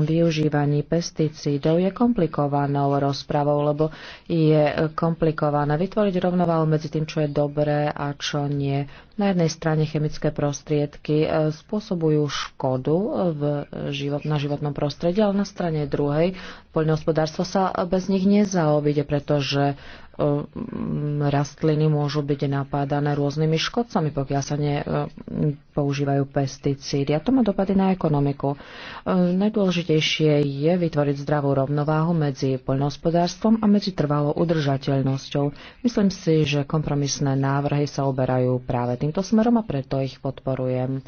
využívaní pesticídov je komplikovanou rozpravou, lebo je komplikované vytvoriť rovnováhu medzi tým, čo je dobré a čo nie. Na jednej strane chemické prostriedky e, spôsobujú škodu v život, na životnom prostredí, ale na strane druhej poľnohospodárstvo sa bez nich nezaobíde, pretože Ehm, rastliny môžu byť napádané rôznymi škodcami, pokiaľ sa nepoužívajú ehm, pesticídy. A to má dopady na ekonomiku. Ehm, najdôležitejšie je vytvoriť zdravú rovnováhu medzi poľnohospodárstvom a medzi trvalou udržateľnosťou. Myslím si, že kompromisné návrhy sa oberajú práve týmto smerom a preto ich podporujem.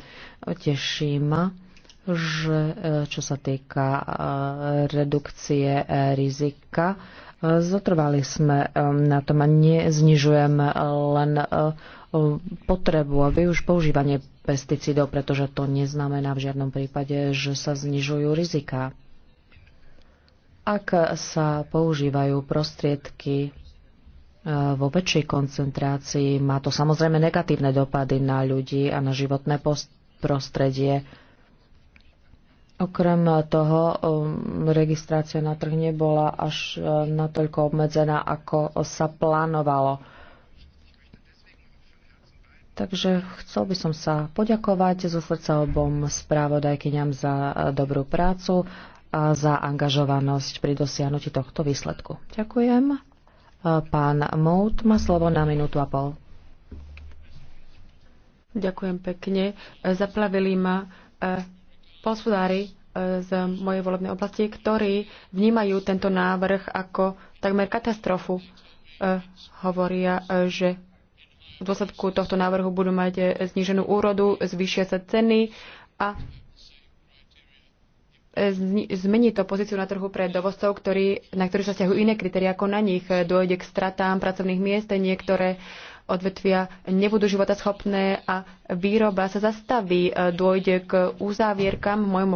Teší ma že čo sa týka redukcie rizika, Zotrvali sme um, na tom a neznižujeme len uh, potrebu a už používanie pesticídov, pretože to neznamená v žiadnom prípade, že sa znižujú rizika. Ak sa používajú prostriedky uh, vo väčšej koncentrácii, má to samozrejme negatívne dopady na ľudí a na životné prostredie. Okrem toho um, registrácia na trh nebola až uh, natoľko obmedzená, ako sa plánovalo. Takže chcel by som sa poďakovať zo srdca obom správodajkyňam za uh, dobrú prácu a za angažovanosť pri dosiahnutí tohto výsledku. Ďakujem. Uh, pán Mout má slovo na minútu a pol. Ďakujem pekne. Zaplavili ma hospodári e, z mojej volebnej oblasti, ktorí vnímajú tento návrh ako takmer katastrofu. E, hovoria, e, že v dôsledku tohto návrhu budú mať zníženú úrodu, zvýšia sa ceny a zmení to pozíciu na trhu pre dovozcov, na ktorých sa stiahujú iné kritéria ako na nich. Dôjde k stratám pracovných miest, niektoré odvetvia nebudú životaschopné a výroba sa zastaví, e, dôjde k uzávierkam v mojom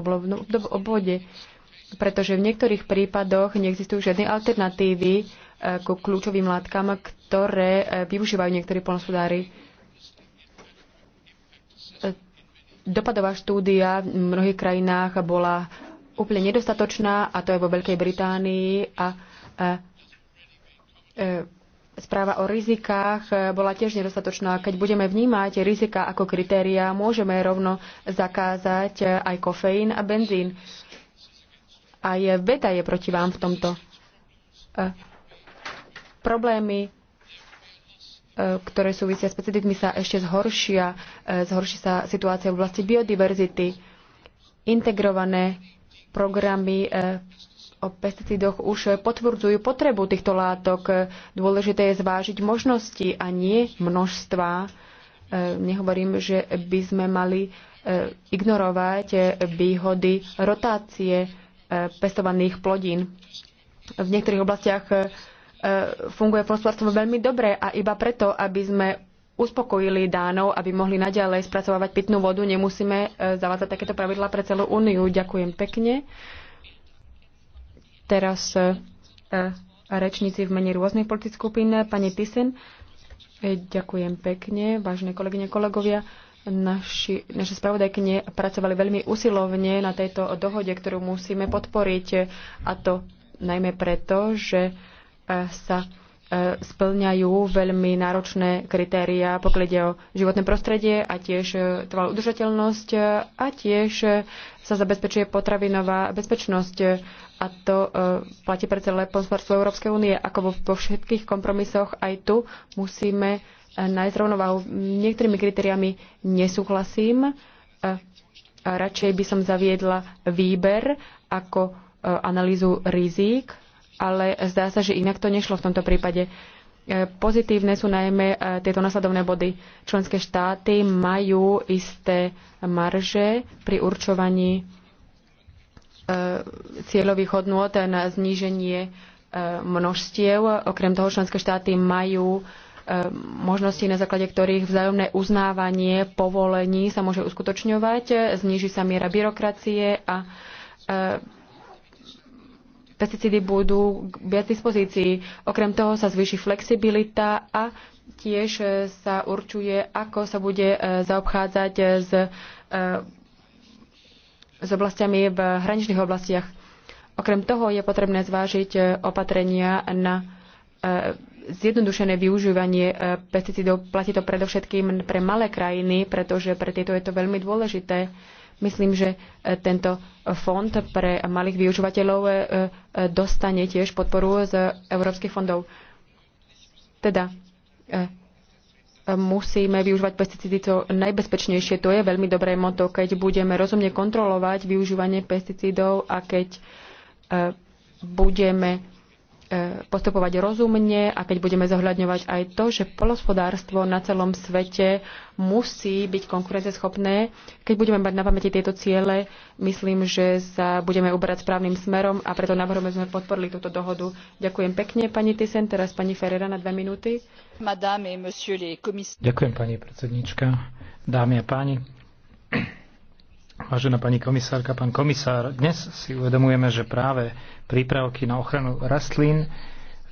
obvode, pretože v niektorých prípadoch neexistujú žiadne alternatívy e, k kľúčovým látkam, ktoré e, využívajú niektorí polnospodári. Dopadová štúdia v mnohých krajinách bola úplne nedostatočná, a to je vo Veľkej Británii. A, a, a správa o rizikách e, bola tiež nedostatočná. Keď budeme vnímať rizika ako kritéria, môžeme rovno zakázať e, aj kofeín a benzín. Aj veda je proti vám v tomto. E, problémy, ktoré súvisia s pesticidmi, sa ešte zhoršia. Zhorší sa situácia v oblasti biodiverzity. Integrované programy o pesticídoch už potvrdzujú potrebu týchto látok. Dôležité je zvážiť možnosti a nie množstva. E, nehovorím, že by sme mali e, ignorovať e, výhody rotácie pestovaných plodín. V niektorých oblastiach funguje plnospodárstvo veľmi dobre a iba preto, aby sme uspokojili Dánov, aby mohli naďalej spracovávať pitnú vodu, nemusíme zavádzať takéto pravidlá pre celú úniu. Ďakujem pekne. Teraz e, rečníci v mene rôznych politických skupín. Pani Tysen, e, ďakujem pekne, vážne kolegyne, kolegovia. Naši, naše spravodajkyne pracovali veľmi usilovne na tejto dohode, ktorú musíme podporiť a to najmä preto, že e, sa splňajú veľmi náročné kritéria, pokiaľ ide o životné prostredie a tiež trvalú udržateľnosť a tiež sa zabezpečuje potravinová bezpečnosť a to e, platí pre celé pospodárstvo Európskej únie. Ako vo všetkých kompromisoch aj tu musíme e, nájsť rovnováhu. Niektorými kritériami nesúhlasím. E, radšej by som zaviedla výber ako analýzu rizík, ale zdá sa, že inak to nešlo v tomto prípade. E, pozitívne sú najmä e, tieto nasledovné body. Členské štáty majú isté marže pri určovaní e, cieľových hodnôt na zníženie množstiev. Okrem toho členské štáty majú možnosti, na základe ktorých vzájomné uznávanie povolení sa môže uskutočňovať, zníži sa miera byrokracie a pesticídy budú viac dispozícii. Okrem toho sa zvýši flexibilita a tiež e, sa určuje, ako sa bude e, zaobchádzať s, e, s oblastiami v hraničných oblastiach. Okrem toho je potrebné zvážiť opatrenia na zjednodušené využívanie pesticídov. Platí to predovšetkým pre malé krajiny, pretože pre tieto je to veľmi dôležité. Myslím, že e, tento fond pre malých využívateľov e, e, dostane tiež podporu z európskych fondov. Teda musíme využívať pesticídy čo najbezpečnejšie. To je veľmi dobré moto, keď budeme rozumne kontrolovať využívanie pesticídov a keď budeme E, postupovať rozumne a keď budeme zohľadňovať aj to, že polospodárstvo na celom svete musí byť konkurenceschopné, keď budeme mať na pamäti tieto ciele, myslím, že sa budeme uberať správnym smerom a preto navrhujeme, sme podporili túto dohodu. Ďakujem pekne, pani Tysen, teraz pani Ferrera na dve minúty. Ďakujem, pani predsednička, dámy a páni. Vážená pani komisárka, pán komisár, dnes si uvedomujeme, že práve prípravky na ochranu rastlín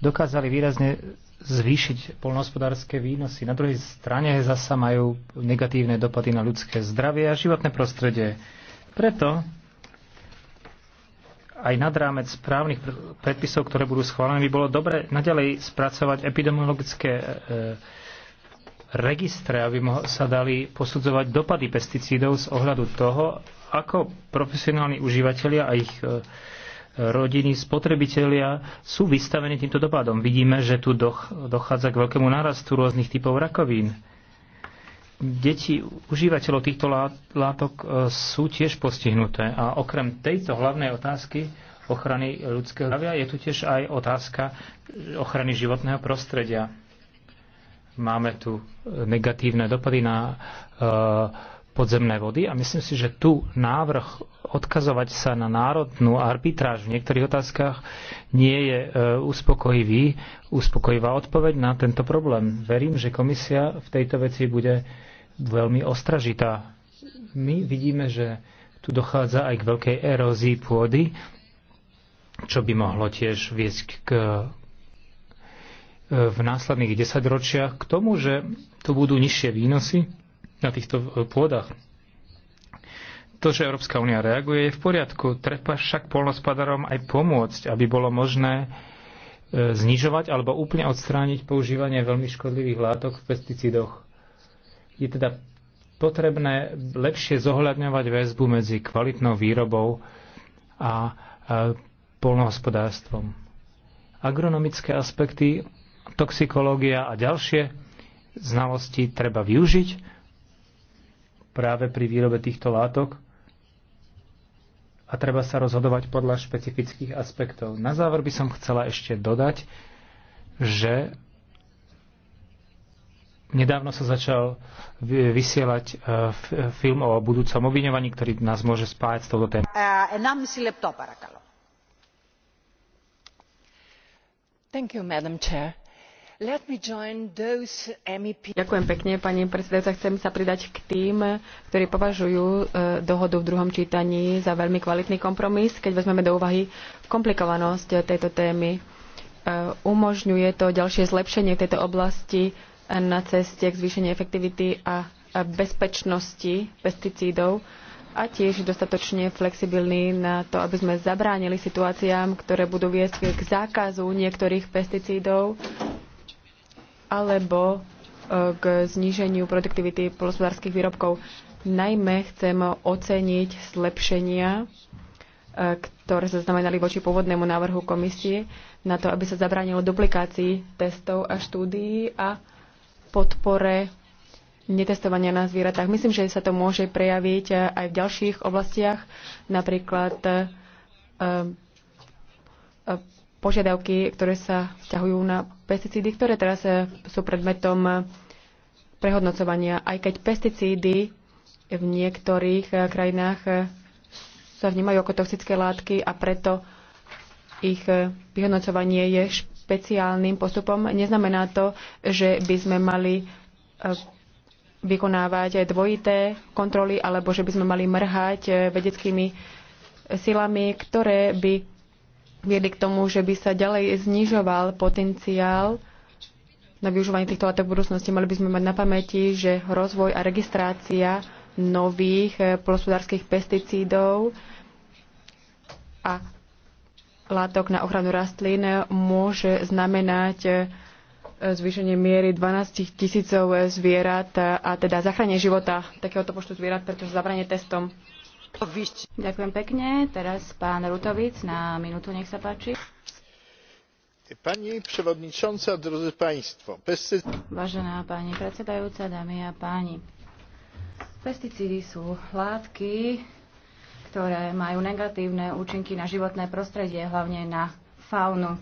dokázali výrazne zvýšiť polnohospodárske výnosy. Na druhej strane zasa majú negatívne dopady na ľudské zdravie a životné prostredie. Preto aj nad rámec správnych predpisov, ktoré budú schválené, by bolo dobre naďalej spracovať epidemiologické e, registre, aby sa dali posudzovať dopady pesticídov z ohľadu toho, ako profesionálni užívateľia a ich e, rodiny, spotrebitelia sú vystavení týmto dopadom. Vidíme, že tu dochádza k veľkému narastu rôznych typov rakovín. Deti užívateľov týchto látok e, sú tiež postihnuté. A okrem tejto hlavnej otázky ochrany ľudského zdravia je tu tiež aj otázka ochrany životného prostredia Máme tu e, negatívne dopady na e, podzemné vody a myslím si, že tu návrh odkazovať sa na národnú arbitráž v niektorých otázkach nie je e, uspokojivý, uspokojivá odpoveď na tento problém. Verím, že komisia v tejto veci bude veľmi ostražitá. My vidíme, že tu dochádza aj k veľkej erózii pôdy, čo by mohlo tiež viesť k v následných desaťročiach k tomu, že tu budú nižšie výnosy na týchto e, pôdach. To, že Európska únia reaguje, je v poriadku. Treba však polnospadarom aj pomôcť, aby bolo možné e, znižovať alebo úplne odstrániť používanie veľmi škodlivých látok v pesticídoch. Je teda potrebné lepšie zohľadňovať väzbu medzi kvalitnou výrobou a polnohospodárstvom. Agronomické aspekty toxikológia a ďalšie znalosti treba využiť práve pri výrobe týchto látok a treba sa rozhodovať podľa špecifických aspektov. Na záver by som chcela ešte dodať, že nedávno sa začal vysielať e, film o budúcom obviňovaní, ktorý nás môže spájať s touto témou. E, Thank you, Madam Chair. E Ďakujem pekne, pani Chcem sa pridať k tým, ktorí považujú e, dohodu v druhom čítaní za veľmi kvalitný kompromis, keď vezmeme do úvahy komplikovanosť e, tejto témy. Umožňuje to ďalšie zlepšenie tejto oblasti na ceste k zvýšeniu efektivity a bezpečnosti pesticídov a tiež dostatočne flexibilní na to, aby sme zabránili situáciám, ktoré budú viesť k zákazu niektorých pesticídov alebo e, k zníženiu produktivity polospodárských výrobkov. Najmä chcem oceniť zlepšenia, e, ktoré sa znamenali voči pôvodnému návrhu komisie na to, aby sa zabránilo duplikácii testov a štúdií a podpore netestovania na zvieratách. Myslím, že sa to môže prejaviť aj v ďalších oblastiach, napríklad e, požiadavky, ktoré sa vzťahujú na pesticídy, ktoré teraz eh, sú predmetom eh, prehodnocovania. Aj keď pesticídy v niektorých eh, krajinách sa vnímajú ako toxické látky a preto ich vyhodnocovanie je špeciálnym postupom. Neznamená to, že by sme mali vykonávať dvojité kontroly alebo že by sme mali mrhať vedeckými silami, ktoré by viedli k tomu, že by sa ďalej znižoval potenciál na využívanie týchto látok v budúcnosti. Mali by sme mať na pamäti, že rozvoj a registrácia nových eh, polospodárských pesticídov a látok na ochranu rastlín môže znamenať eh, zvýšenie miery 12 tisícov zvierat a teda zachránenie života takéhoto počtu zvierat, pretože zabranie testom Ďakujem pekne. Teraz pán Rutovic na minútu, nech sa páči. Pani przewodnicząca, drodzy państwo, pestycydy... Vážená pani predsedajúca, dámy a páni. Pesticídy sú látky, ktoré majú negatívne účinky na životné prostredie, hlavne na faunu.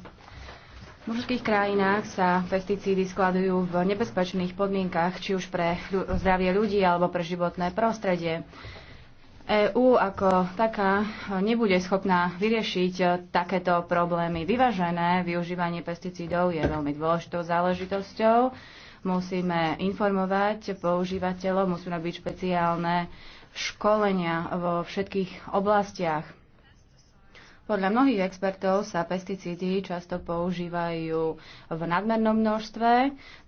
V mužských krajinách sa pesticídy skladujú v nebezpečných podmienkach, či už pre zdravie ľudí alebo pre životné prostredie. EÚ ako taká nebude schopná vyriešiť eh, takéto problémy. Vyvažené využívanie pesticídov je veľmi dôležitou záležitosťou. Musíme informovať používateľov, musíme byť špeciálne školenia vo všetkých oblastiach. Podľa mnohých expertov sa pesticídy často používajú v nadmernom množstve,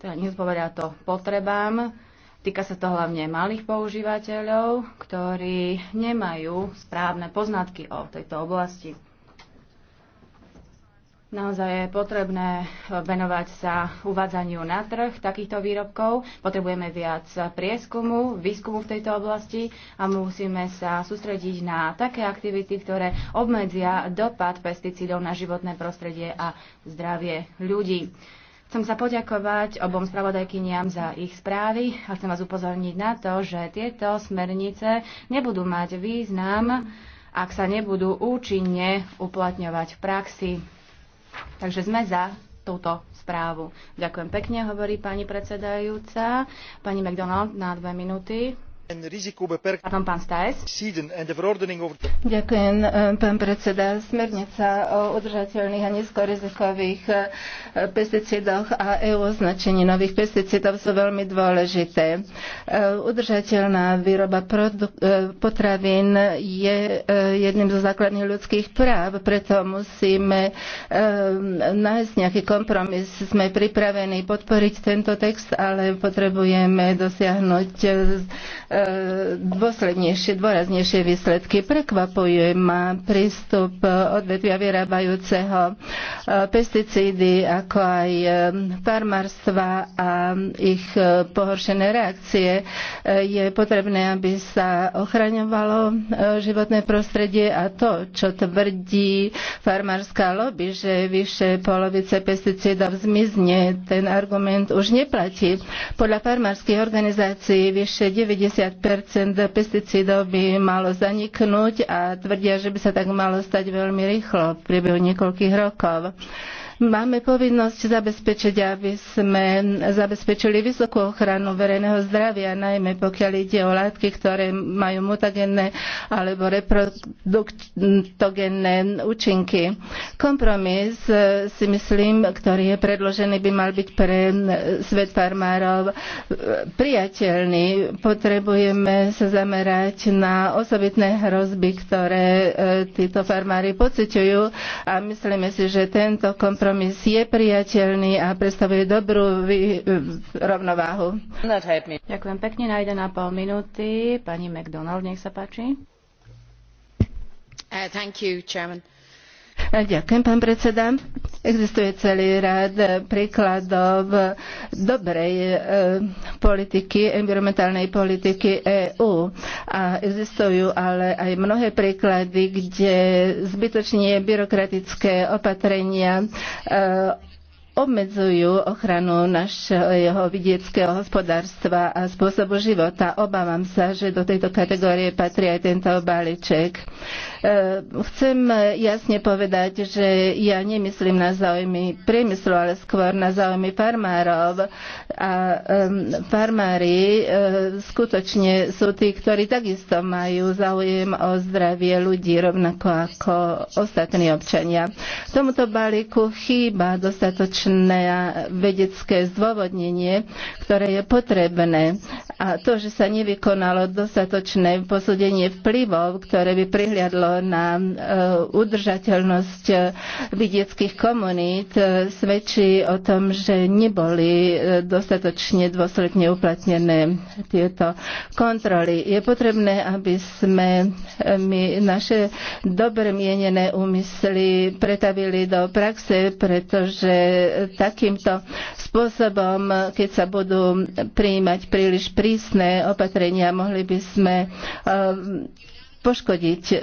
teda nezpovedá to potrebám Týka sa to hlavne malých používateľov, ktorí nemajú správne poznatky o tejto oblasti. Naozaj je potrebné venovať sa uvádzaniu na trh takýchto výrobkov. Potrebujeme viac prieskumu, výskumu v tejto oblasti a musíme sa sústrediť na také aktivity, ktoré obmedzia dopad pesticídov na životné prostredie a zdravie ľudí. Chcem sa poďakovať obom spravodajkyniam za ich správy a chcem vás upozorniť na to, že tieto smernice nebudú mať význam, ak sa nebudú účinne uplatňovať v praxi. Takže sme za túto správu. Ďakujem pekne, hovorí pani predsedajúca. Pani McDonald na dve minúty. Pardon, eh, pán predseda. Smernica o udržateľných a nízkorizikových eh, pesticídoch a EU označení nových pesticídov sú veľmi dôležité. Eh, udržateľná výroba potravín je jedným zo základných ľudských práv, preto musíme nájsť nejaký kompromis. Sme pripravení podporiť tento text, ale potrebujeme dosiahnuť dôslednejšie, dôraznejšie výsledky. Prekvapuje ma prístup odvetvia vyrábajúceho e, pesticídy, ako aj e, farmárstva a ich e, pohoršené reakcie. Je potrebné, aby sa ochraňovalo životné prostredie a to, čo tvrdí farmárska lobby, že vyše polovice pesticídov zmizne, ten argument už neplatí. Podľa farmárskych organizácií vyše 90 50 pesticídov by malo zaniknúť a tvrdia, že by sa tak malo stať veľmi rýchlo v priebehu niekoľkých rokov. Máme povinnosť zabezpečiť, aby sme zabezpečili vysokú ochranu verejného zdravia, najmä pokiaľ ide o látky, ktoré majú mutagenné alebo reproduktogenné účinky. Kompromis e, si myslím, ktorý je predložený, by mal byť pre svet farmárov e, priateľný. Potrebujeme sa zamerať na osobitné hrozby, ktoré e, títo farmári pociťujú a myslíme si, že tento kompromis kompromis je priateľný a predstavuje dobrú rovnováhu. Ďakujem pekne na 1,5 minúty. Pani McDonald, nech sa páči. Uh, you, Ďakujem, pán predseda Existuje celý rád eh, príkladov eh, dobrej eh, politiky, environmentálnej politiky EÚ. A existujú ale aj mnohé príklady, kde zbytočne byrokratické opatrenia obmedzujú ochranu našeho vidieckého hospodárstva a spôsobu života. Obávam sa, že do tejto kategórie patrí aj tento balíček. E, chcem jasne povedať, že ja nemyslím na záujmy priemyslu, ale skôr na záujmy farmárov. A farmári e, skutočne sú tí, ktorí takisto majú záujem o zdravie ľudí, rovnako ako ostatní občania. Tomuto balíku chýba dostatočne dostatočné vedecké zdôvodnenie, ktoré je potrebné. A to, že sa nevykonalo dostatočné posúdenie vplyvov, ktoré by prihliadlo na e, udržateľnosť e, vidieckých komunít, e, svedčí o tom, že neboli dostatočne dôsledne uplatnené tieto kontroly. Je potrebné, aby sme my naše dobre mienené úmysly pretavili do praxe, pretože takýmto spôsobom, keď sa budú prijímať príliš prísne opatrenia, mohli by sme poškodiť e,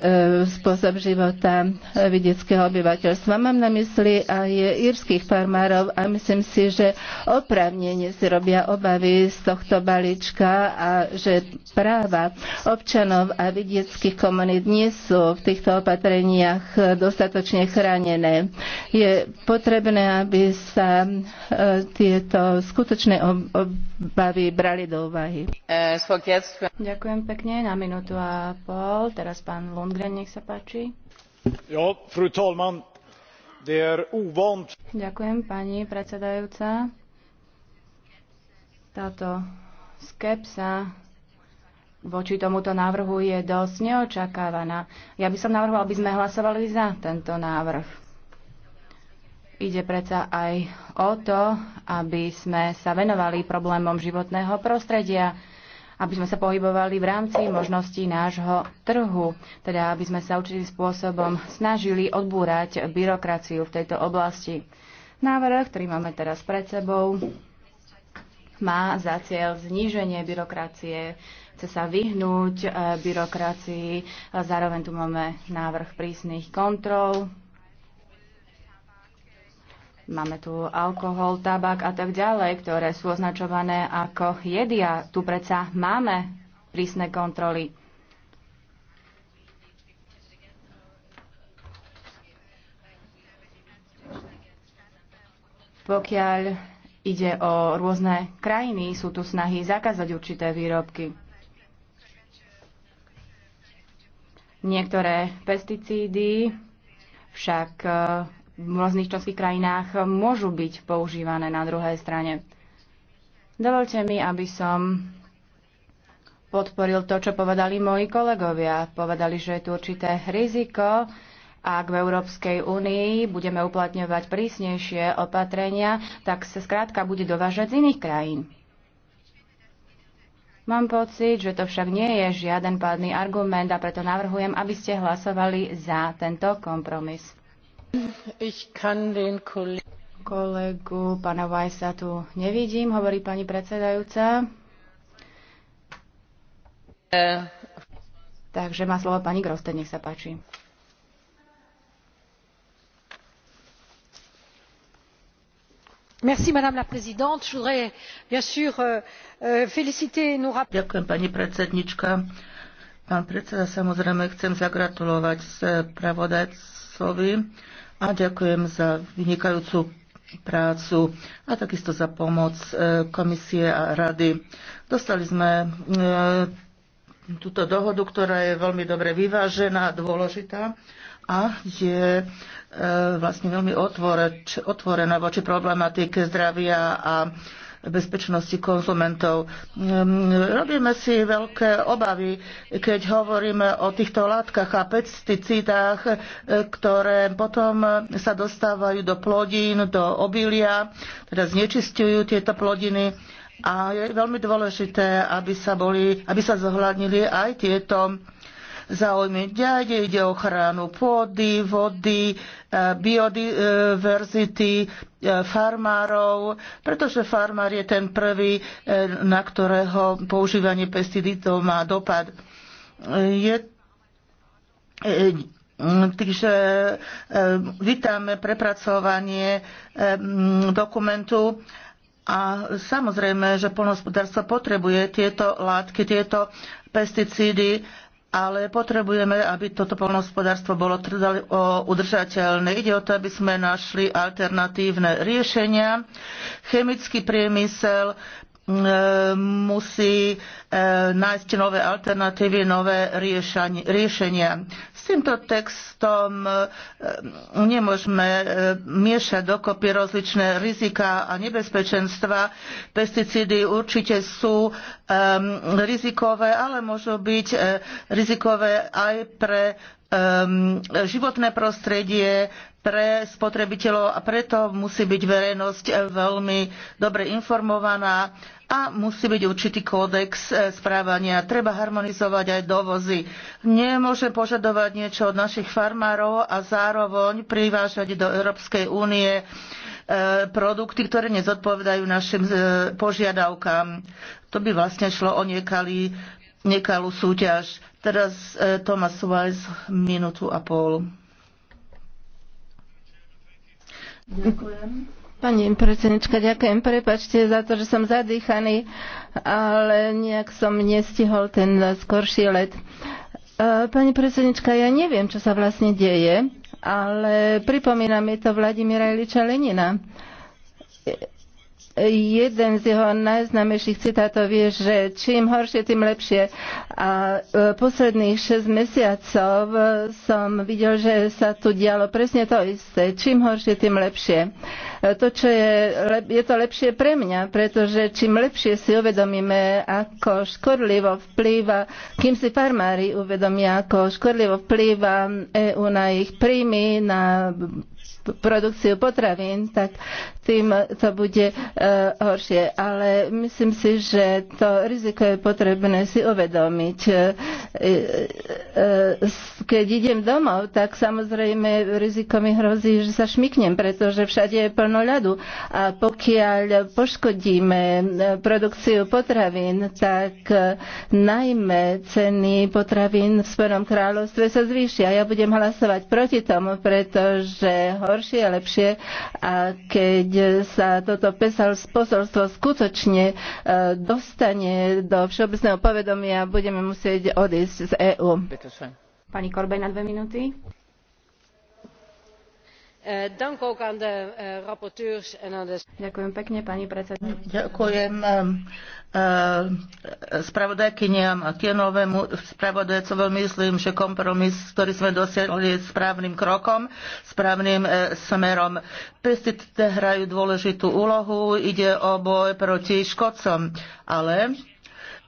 spôsob života e, vidieckého obyvateľstva. Mám na mysli aj írskych farmárov a myslím si, že oprávnenie si robia obavy z tohto balíčka a že práva občanov a vidieckých komunít nie sú v týchto opatreniach dostatočne chránené. Je potrebné, aby sa e, tieto skutočné obavy brali do úvahy. Ďakujem pekne na minútu a pol. Teraz pán Lundgren, nech sa páči. Jo, fru talman, er Ďakujem, pani predsedajúca. Táto skepsa voči tomuto návrhu je dosť neočakávaná. Ja by som navrhoval, aby sme hlasovali za tento návrh. Ide predsa aj o to, aby sme sa venovali problémom životného prostredia aby sme sa pohybovali v rámci možností nášho trhu, teda aby sme sa určitým spôsobom snažili odbúrať byrokraciu v tejto oblasti. Návrh, ktorý máme teraz pred sebou, má za cieľ zníženie byrokracie, chce sa vyhnúť e, byrokracii, zároveň tu máme návrh prísnych kontrol, Máme tu alkohol, tabak a tak ďalej, ktoré sú označované ako jedia. Tu predsa máme prísne kontroly. Pokiaľ ide o rôzne krajiny, sú tu snahy zakázať určité výrobky. Niektoré pesticídy však eh, v rôznych členských krajinách môžu byť používané na druhej strane. Dovolte mi, aby som podporil to, čo povedali moji kolegovia. Povedali, že je tu určité riziko, ak v Európskej únii budeme uplatňovať prísnejšie opatrenia, tak sa skrátka bude dovážať z iných krajín. Mám pocit, že to však nie je žiaden pádny argument a preto navrhujem, aby ste hlasovali za tento kompromis. Kolegu pána Weissa tu nevidím, hovorí pani predsedajúca. Takže má slovo pani Groste, nech sa páči. Merci, madame la présidente je voudrais bien sûr euh, euh, féliciter nos rapporteurs. pán predseda samozrejme chcem zagratulovať spravodajcovi Šolcovi a ďakujem za vynikajúcu prácu a takisto za pomoc e, komisie a rady. Dostali sme e, túto dohodu, ktorá je veľmi dobre vyvážená a dôležitá a je e, vlastne veľmi otvorená voči problematike zdravia a bezpečnosti konzumentov. Mm, robíme si veľké obavy, keď hovoríme o týchto látkach a pesticídach, e, ktoré potom sa dostávajú do plodín, do obilia, teda znečistujú tieto plodiny. A je veľmi dôležité, aby sa, boli, aby sa zohľadnili aj tieto záujmy ďade, ide o ochranu pôdy, vody, eh, biodiverzity, eh, farmárov, pretože farmár je ten prvý, eh, na ktorého používanie pesticídov má dopad. Je Takže vítame prepracovanie dokumentu a samozrejme, že polnohospodárstvo potrebuje tieto látky, tieto pesticídy ale potrebujeme, aby toto polnohospodárstvo bolo udržateľné. Ide o to, aby sme našli alternatívne riešenia. Chemický priemysel E, musí e, nájsť nové alternatívy, nové riešenia. S týmto textom e, nemôžeme miešať dokopy rozličné rizika a nebezpečenstva. Pesticídy určite sú rizikové, ale môžu byť rizikové aj pre životné prostredie, pre spotrebiteľov a preto musí byť verejnosť veľmi dobre informovaná a musí byť určitý kódex e, správania. Treba harmonizovať aj dovozy. Nemôže požadovať niečo od našich farmárov a zároveň privážať do Európskej únie e, produkty, ktoré nezodpovedajú našim e, požiadavkám. To by vlastne šlo o niekalý, nekalú súťaž. Teraz Thomas Weiss, minútu a pol. Ďakujem. Pani prezidentka, ďakujem. Prepačte za to, že som zadýchaný, ale nejak som nestihol ten skorší let. E, pani prezidentka, ja neviem, čo sa vlastne deje, ale pripomína mi to Vladimíra Iliča Lenina e, jeden z jeho najznamejších citátov je, že čím horšie, tým lepšie. A e, posledných 6 mesiacov e, som videl, že sa tu dialo presne to isté. Čím horšie, tým lepšie. E, to, čo je, je to lepšie pre mňa, pretože čím lepšie si uvedomíme, ako škodlivo vplýva, kým si farmári uvedomia, ako škodlivo vplýva EU na ich príjmy, na produkciu potravín, tak tým to bude e, horšie. Ale myslím si, že to riziko je potrebné si uvedomiť. E, e, keď idem domov, tak samozrejme riziko mi hrozí, že sa šmiknem, pretože všade je plno ľadu. A pokiaľ poškodíme produkciu potravín, tak najmä ceny potravín v Spojenom kráľovstve sa zvýšia. Ja budem hlasovať proti tomu, pretože horšie je lepšie a keď sa toto posolstvo skutočne e, dostane do všeobecného povedomia, budeme musieť odísť z EÚ. Pani Korbej na dve minúty. Eh, Ďakujem pekne, pani ehm, ehm, spravodajkyniam a tieňovému spravodajcovi. Myslím, že kompromis, ktorý sme dosiahli, je správnym krokom, správnym e, smerom. Pesticídy hrajú dôležitú úlohu, ide o boj proti škodcom, ale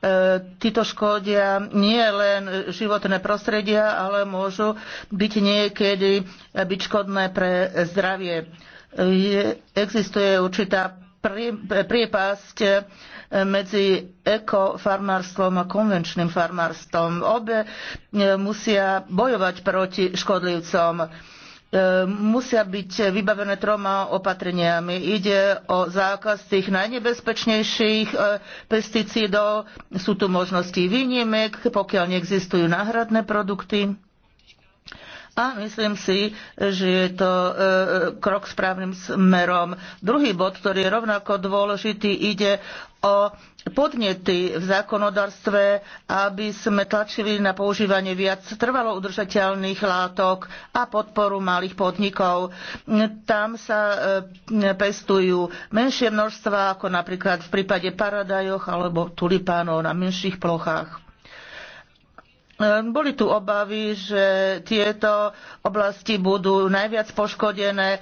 E, títo škodia nie len životné prostredia, ale môžu byť niekedy e, byť škodné pre zdravie. Existuje určitá priepasť e, medzi ekofarmárstvom a konvenčným farmárstvom. Obe musia bojovať proti škodlivcom Ehm, musia byť vybavené troma opatreniami. Ide o zákaz tých najnebezpečnejších e, pesticídov, sú tu možnosti výnimek, pokiaľ neexistujú náhradné produkty. A myslím si, že je to e, krok správnym smerom. Druhý bod, ktorý je rovnako dôležitý, ide o podnety v zákonodarstve, aby sme tlačili na používanie viac trvalo udržateľných látok a podporu malých podnikov. Tam sa e, pestujú menšie množstva, ako napríklad v prípade paradajoch alebo tulipánov na menších plochách. Boli tu obavy, že tieto oblasti budú najviac poškodené. Ehm,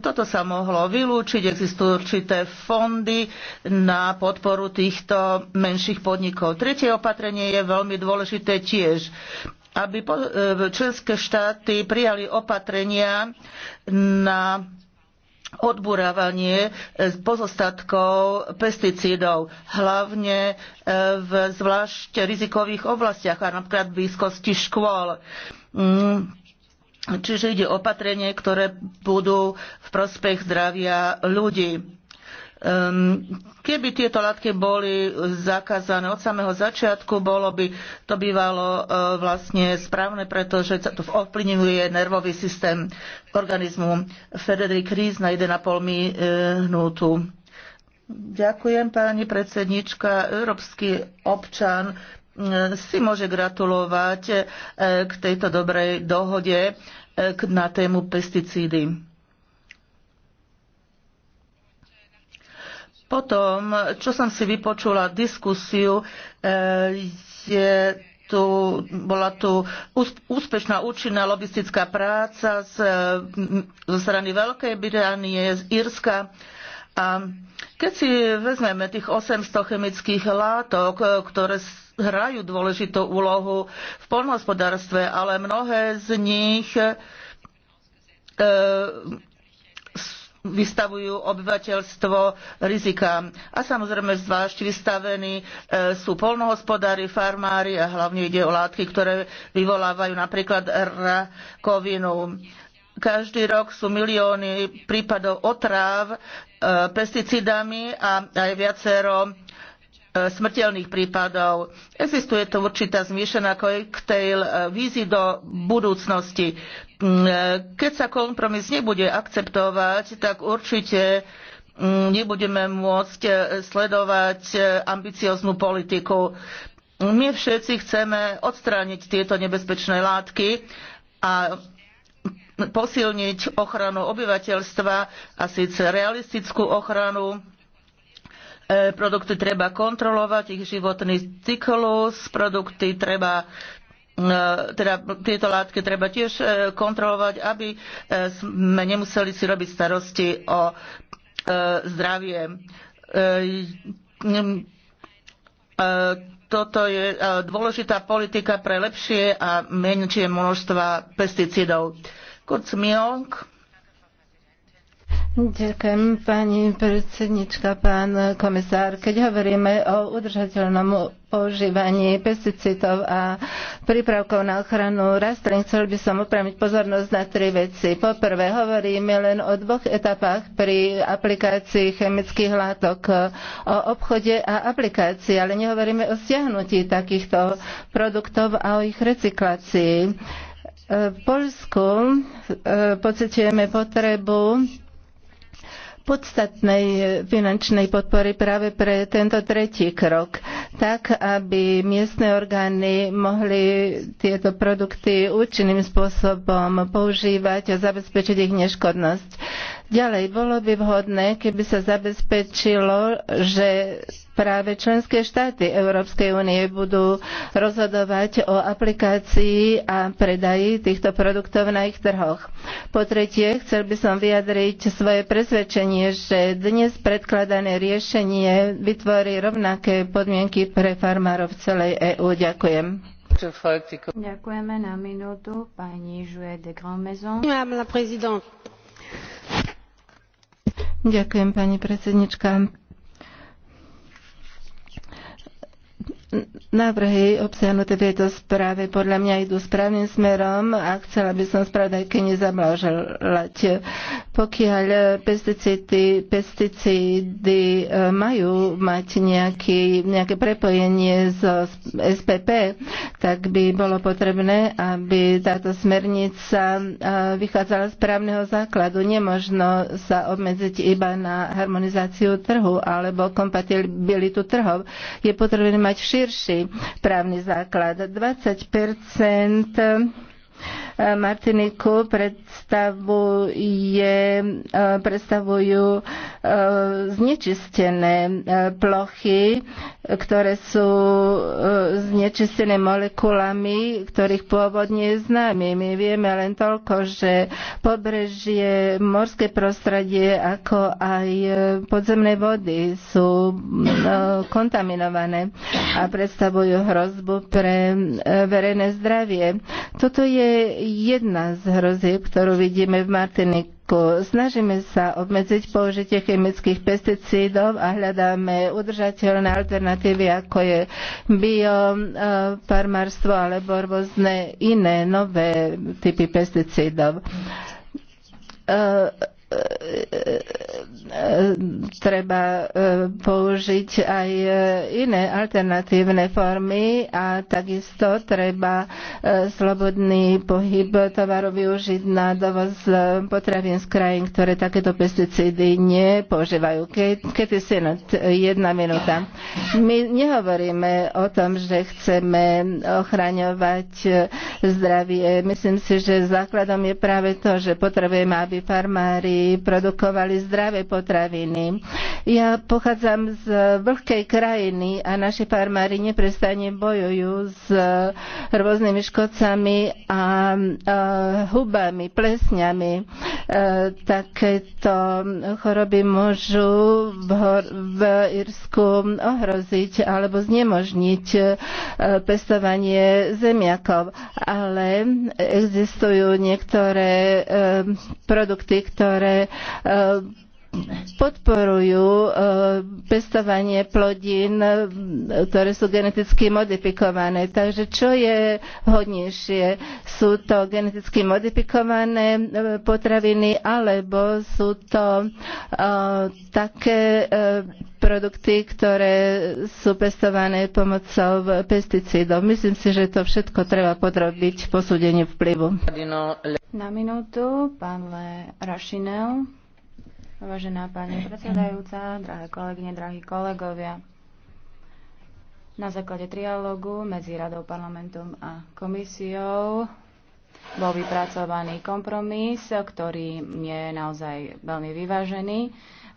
toto sa mohlo vylúčiť. Existujú určité fondy na podporu týchto menších podnikov. Tretie opatrenie je veľmi dôležité tiež aby ehm, členské štáty prijali opatrenia na odburávanie eh, pozostatkov pesticídov, hlavne eh, v zvlášť rizikových oblastiach, a napríklad v blízkosti škôl. Mm. Čiže ide opatrenie, ktoré budú v prospech zdravia ľudí Ehm, keby tieto látky boli zakázané od samého začiatku, bolo by to bývalo e, vlastne správne, pretože to ovplyvňuje nervový systém organizmu. Frederick Ries na 1,5 minútu. Ďakujem, pani predsednička. Európsky občan e, si môže gratulovať e, k tejto dobrej dohode na tému pesticídy Potom, čo som si vypočula diskusiu, e, je tu, bola tu úspešná účinná lobistická práca z, zo strany Veľkej Británie, z Írska. A keď si vezmeme tých 800 chemických látok, ktoré hrajú dôležitú úlohu v poľnohospodárstve, ale mnohé z nich e, vystavujú obyvateľstvo rizikám. A samozrejme zvlášť vystavení e, sú poľnohospodári, farmári a hlavne ide o látky, ktoré vyvolávajú napríklad rakovinu. Každý rok sú milióny prípadov otráv e, pesticidami a aj viacero smrteľných prípadov. Existuje tu určitá zmiešaná koktejl e, vízy do budúcnosti. Mm, e, keď sa kompromis nebude akceptovať, tak určite mm, nebudeme môcť e, sledovať ambicioznú politiku. My všetci chceme odstrániť tieto nebezpečné látky a posilniť ochranu obyvateľstva a síce realistickú ochranu E, produkty treba kontrolovať, ich životný cyklus, produkty treba e, teda tieto látky treba tiež e, kontrolovať, aby sme nemuseli si robiť starosti o zdravie. Toto je dôležitá politika pre lepšie a menšie množstva pesticídov. Kurz Smilk Ďakujem, pani predsednička, pán komisár. Keď hovoríme o udržateľnom používaní pesticídov a prípravkov na ochranu rastlín, chcel by som upraviť pozornosť na tri veci. Poprvé, hovoríme len o dvoch etapách pri aplikácii chemických látok o obchode a aplikácii, ale nehovoríme o stiahnutí takýchto produktov a o ich recyklácii. V Polsku e, pocitujeme potrebu podstatnej eh, finančnej podpory práve pre tento tretí krok, tak aby miestne orgány mohli tieto produkty účinným spôsobom používať a zabezpečiť ich neškodnosť. Ďalej, bolo by vhodné, keby sa zabezpečilo, že práve členské štáty Európskej únie budú rozhodovať o aplikácii a predaji týchto produktov na ich trhoch. Po tretie, chcel by som vyjadriť svoje presvedčenie, že dnes predkladané riešenie vytvorí rovnaké podmienky pre farmárov v celej EÚ. Ďakujem. Ďakujeme na minútu pani Jouet de Maison. Madame la présidente, Ďakujem, pani predsednička. návrhy obsiahnuté v tejto správe podľa mňa idú správnym smerom a chcela by som spravodajke nezablaželať. Pokiaľ pesticídy, pesticídy e, majú mať nejaký, nejaké prepojenie z SPP, tak by bolo potrebné, aby táto smernica e, vychádzala z právneho základu. Nemožno sa obmedziť iba na harmonizáciu trhu alebo kompatibilitu trhov. Je potrebné mať všetko širší právny základ. 20 Martiniku predstavuje, e, predstavujú e, znečistené e, plochy, ktoré sú znečistené molekulami, ktorých pôvodne je známy. My vieme len toľko, že pobrežie, morské prostredie, ako aj podzemné vody sú kontaminované a predstavujú hrozbu pre verejné zdravie. Toto je jedna z hrozieb, ktorú vidíme v Martiniku Snažíme sa obmedziť použitie chemických pesticídov a hľadáme udržateľné alternatívy, ako je biofarmárstvo eh, alebo rôzne iné nové typy pesticídov eh, treba e, použiť aj e, iné alternatívne formy a takisto treba e, slobodný pohyb tovaru využiť na dovoz potravín z krajín, ktoré takéto pesticídy nepoužívajú. Keď Sinot, jedna minúta. My nehovoríme o tom, že chceme ochraňovať zdravie. Myslím si, že základom je práve to, že potrebujeme, aby farmári produkovali zdravé potraviny. Ja pochádzam z vlhkej krajiny a naši farmári neprestane bojujú s e, rôznymi škodcami a e, hubami, plesňami. E, takéto choroby môžu v, v Irsku ohroziť alebo znemožniť pestovanie zemiakov. Ale existujú niektoré produkty, ktoré ktoré eh, podporujú e, pestovanie plodín, e, ktoré sú geneticky modifikované. Takže čo je hodnejšie? Sú to geneticky modifikované e, potraviny alebo sú to také produkty, ktoré sú pestované pomocou pesticídov. Myslím si, že to všetko treba podrobiť posúdeniu vplyvu. Na minútu pán Le Rašinel. Vážená pani predsedajúca, drahé kolegyne, drahí kolegovia, na základe trialógu medzi Radou parlamentom a komisiou bol vypracovaný kompromis, ktorý je naozaj veľmi vyvážený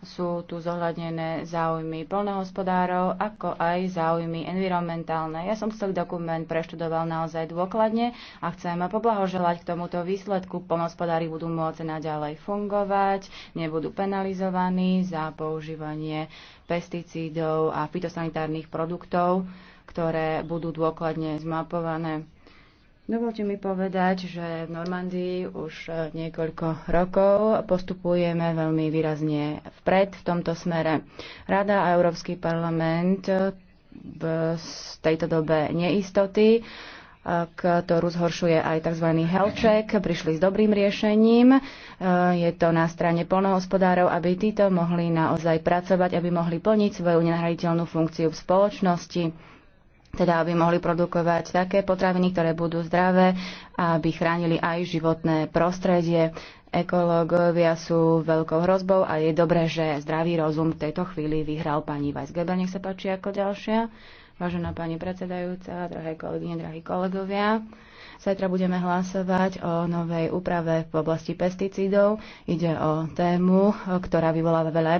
sú tu zohľadnené záujmy polnohospodárov, ako aj záujmy environmentálne. Ja som celý dokument preštudoval naozaj dôkladne a chcem poblahoželať k tomuto výsledku. Polnohospodári budú môcť naďalej fungovať, nebudú penalizovaní za používanie pesticídov a fitosanitárnych produktov, ktoré budú dôkladne zmapované. Dovolte mi povedať, že v Normandii už e, niekoľko rokov postupujeme veľmi výrazne vpred v tomto smere. Rada a Európsky parlament e, v tejto dobe neistoty e, ktorú zhoršuje aj tzv. health check, prišli s dobrým riešením. Je to na strane polnohospodárov, aby títo mohli naozaj pracovať, aby mohli plniť svoju nenahraditeľnú funkciu v spoločnosti teda aby mohli produkovať také potraviny, ktoré budú zdravé a aby chránili aj životné prostredie. Ekológovia sú veľkou hrozbou a je dobré, že zdravý rozum v tejto chvíli vyhral pani Weisgeber. Nech sa páči ako ďalšia. Vážená pani predsedajúca, drahé kolegyne, drahí kolegovia. Zajtra budeme hlasovať o novej úprave v oblasti pesticídov. Ide o tému, ktorá vyvoláva veľa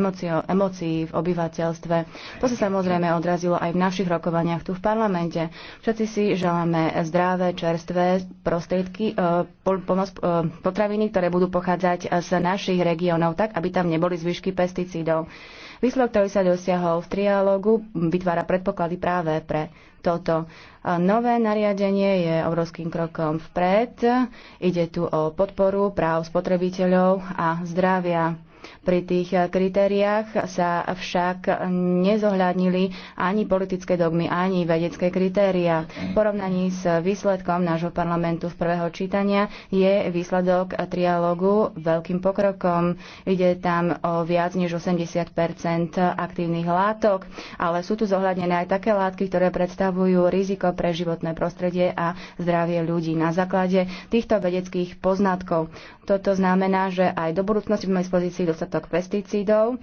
emócií, v obyvateľstve. To sa samozrejme odrazilo aj v našich rokovaniach tu v parlamente. Všetci si želáme zdravé, čerstvé prostriedky, e, e, potraviny, ktoré budú pochádzať z našich regiónov, tak aby tam neboli zvyšky pesticídov. Výsledok, ktorý sa dosiahol v triálogu, vytvára predpoklady práve pre toto. Nové nariadenie je obrovským krokom vpred. Ide tu o podporu práv spotrebiteľov a zdravia pri tých eh, kritériách sa však nezohľadnili ani politické dogmy, ani vedecké kritéria. V porovnaní s výsledkom nášho parlamentu v prvého čítania je výsledok trialógu veľkým pokrokom. Ide tam o viac než 80 aktívnych látok, ale sú tu zohľadnené aj také látky, ktoré predstavujú riziko pre životné prostredie a zdravie ľudí. Na základe týchto vedeckých poznatkov toto znamená, že aj do budúcnosti máme dispozícii dostatok dostatok pesticídov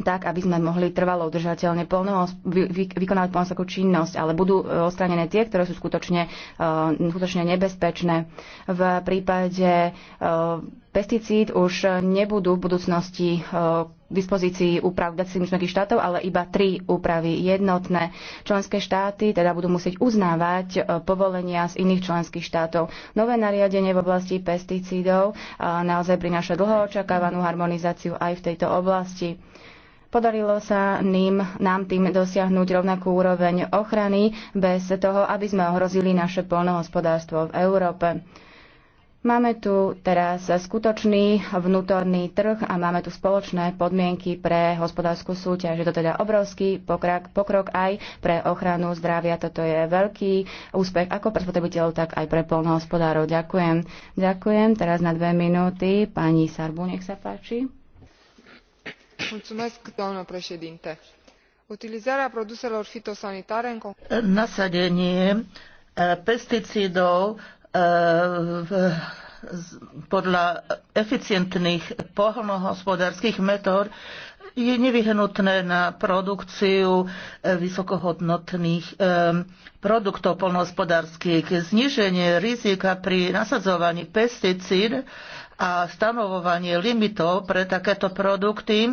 tak, aby sme mohli trvalo udržateľne plno, vy, vy, vykonávať plnohospodárskú činnosť, ale budú e, odstranené tie, ktoré sú skutočne, uh, skutočne nebezpečné. V prípade uh, pesticíd už nebudú v budúcnosti k e, dispozícii úprav 27 štátov, ale iba tri úpravy jednotné. Členské štáty teda budú musieť uznávať e, povolenia z iných členských štátov. Nové nariadenie v oblasti pesticídov e, naozaj prináša dlho očakávanú harmonizáciu aj v tejto oblasti. Podarilo sa ním, nám tým dosiahnuť rovnakú úroveň ochrany bez toho, aby sme ohrozili naše polnohospodárstvo v Európe. Máme tu teraz skutočný vnútorný trh a máme tu spoločné podmienky pre hospodárskú súťaž. Je to teda obrovský pokrok, pokrok aj pre ochranu zdravia. Toto je veľký úspech ako pre spotrebiteľov, tak aj pre polnohospodárov. Ďakujem. Ďakujem. Teraz na dve minúty. Pani Sarbu, nech sa páči. Mulțumesc, doamnă președinte. Utilizarea produselor fitosanitare în Nasadenie eh, pesticídov podľa eficientných pohlnohospodárskych metód je nevyhnutné na produkciu e, vysokohodnotných e, produktov polnohospodárských. Zniženie rizika pri nasadzovaní pesticíd a stanovovanie limitov pre takéto produkty e,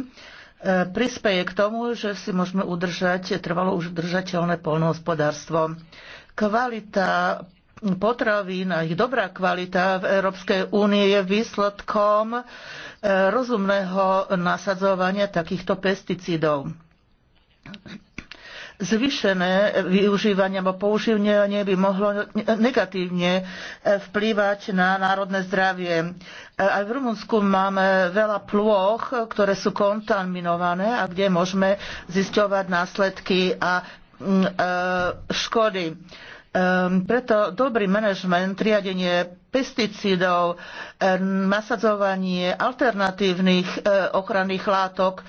prispeje k tomu, že si môžeme udržať trvalo už držateľné polnohospodárstvo. Kvalita potravín a ich dobrá kvalita v Európskej únie je výsledkom e, rozumného nasadzovania takýchto pesticídov. Zvyšené využívanie alebo používanie by mohlo negatívne vplývať na národné zdravie. E, aj v Rumunsku máme veľa plôch, ktoré sú kontaminované a kde môžeme zisťovať následky a e, škody Ehm, preto dobrý manažment, riadenie pesticídov, ehm, nasadzovanie alternatívnych e, ochranných látok e,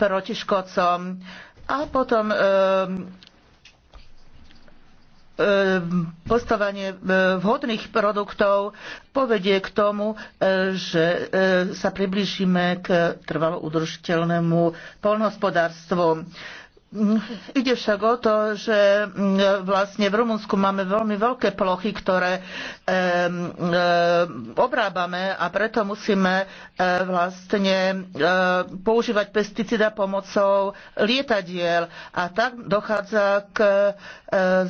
proti škodcom a potom ehm, postovanie e, vhodných produktov povedie k tomu, že sa približíme k trvalo udržiteľnému polnohospodárstvu. Mm, ide však o to, že mm, vlastne v Rumunsku máme veľmi veľké plochy, ktoré obrábame a preto musíme vlastne používať pesticida pomocou lietadiel a tak dochádza k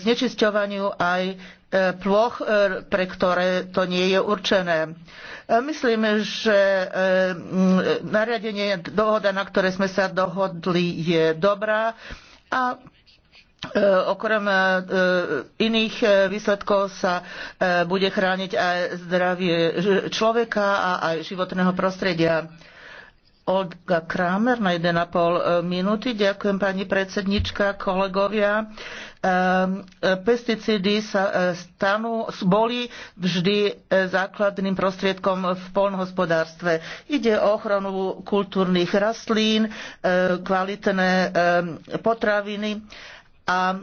znečisťovaniu aj E, ploch, e, pre ktoré to nie je určené. E, myslím, že nariadenie, dohoda, na ktoré sme sa dohodli, je dobrá a Okrem iných výsledkov sa bude chrániť aj zdravie človeka a aj životného prostredia. Olga Kramer na 1,5 minúty. Ďakujem pani predsednička, kolegovia. Ehm, pesticídy sa e, stanú, boli vždy e, základným prostriedkom v poľnohospodárstve. Ide o ochranu kultúrnych rastlín, e, kvalitné potraviny a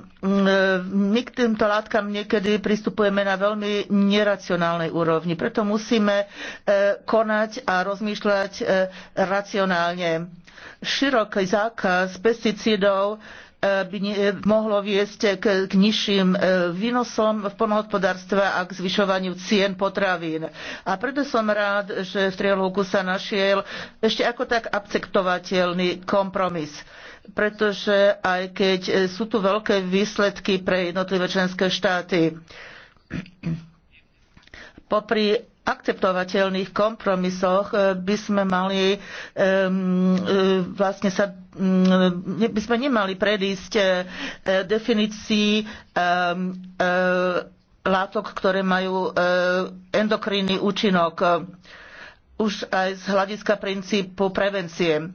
my k týmto látkam niekedy pristupujeme na veľmi neracionálnej úrovni. Preto musíme konať a rozmýšľať racionálne. Široký zákaz pesticídov by mohlo viesť k, nižším e, výnosom v poľnohospodárstve a k zvyšovaniu cien potravín. A preto som rád, že v trialógu sa našiel ešte ako tak akceptovateľný kompromis pretože aj keď e, sú tu veľké výsledky pre jednotlivé členské štáty, [CLEARS THROAT] popri akceptovateľných kompromisoch e, by sme mali um, vlastne sa by sme nemali predísť eh, eh, definícii ehm, eh, látok, ktoré majú endokrinný účinok už aj z hľadiska princípu prevencie.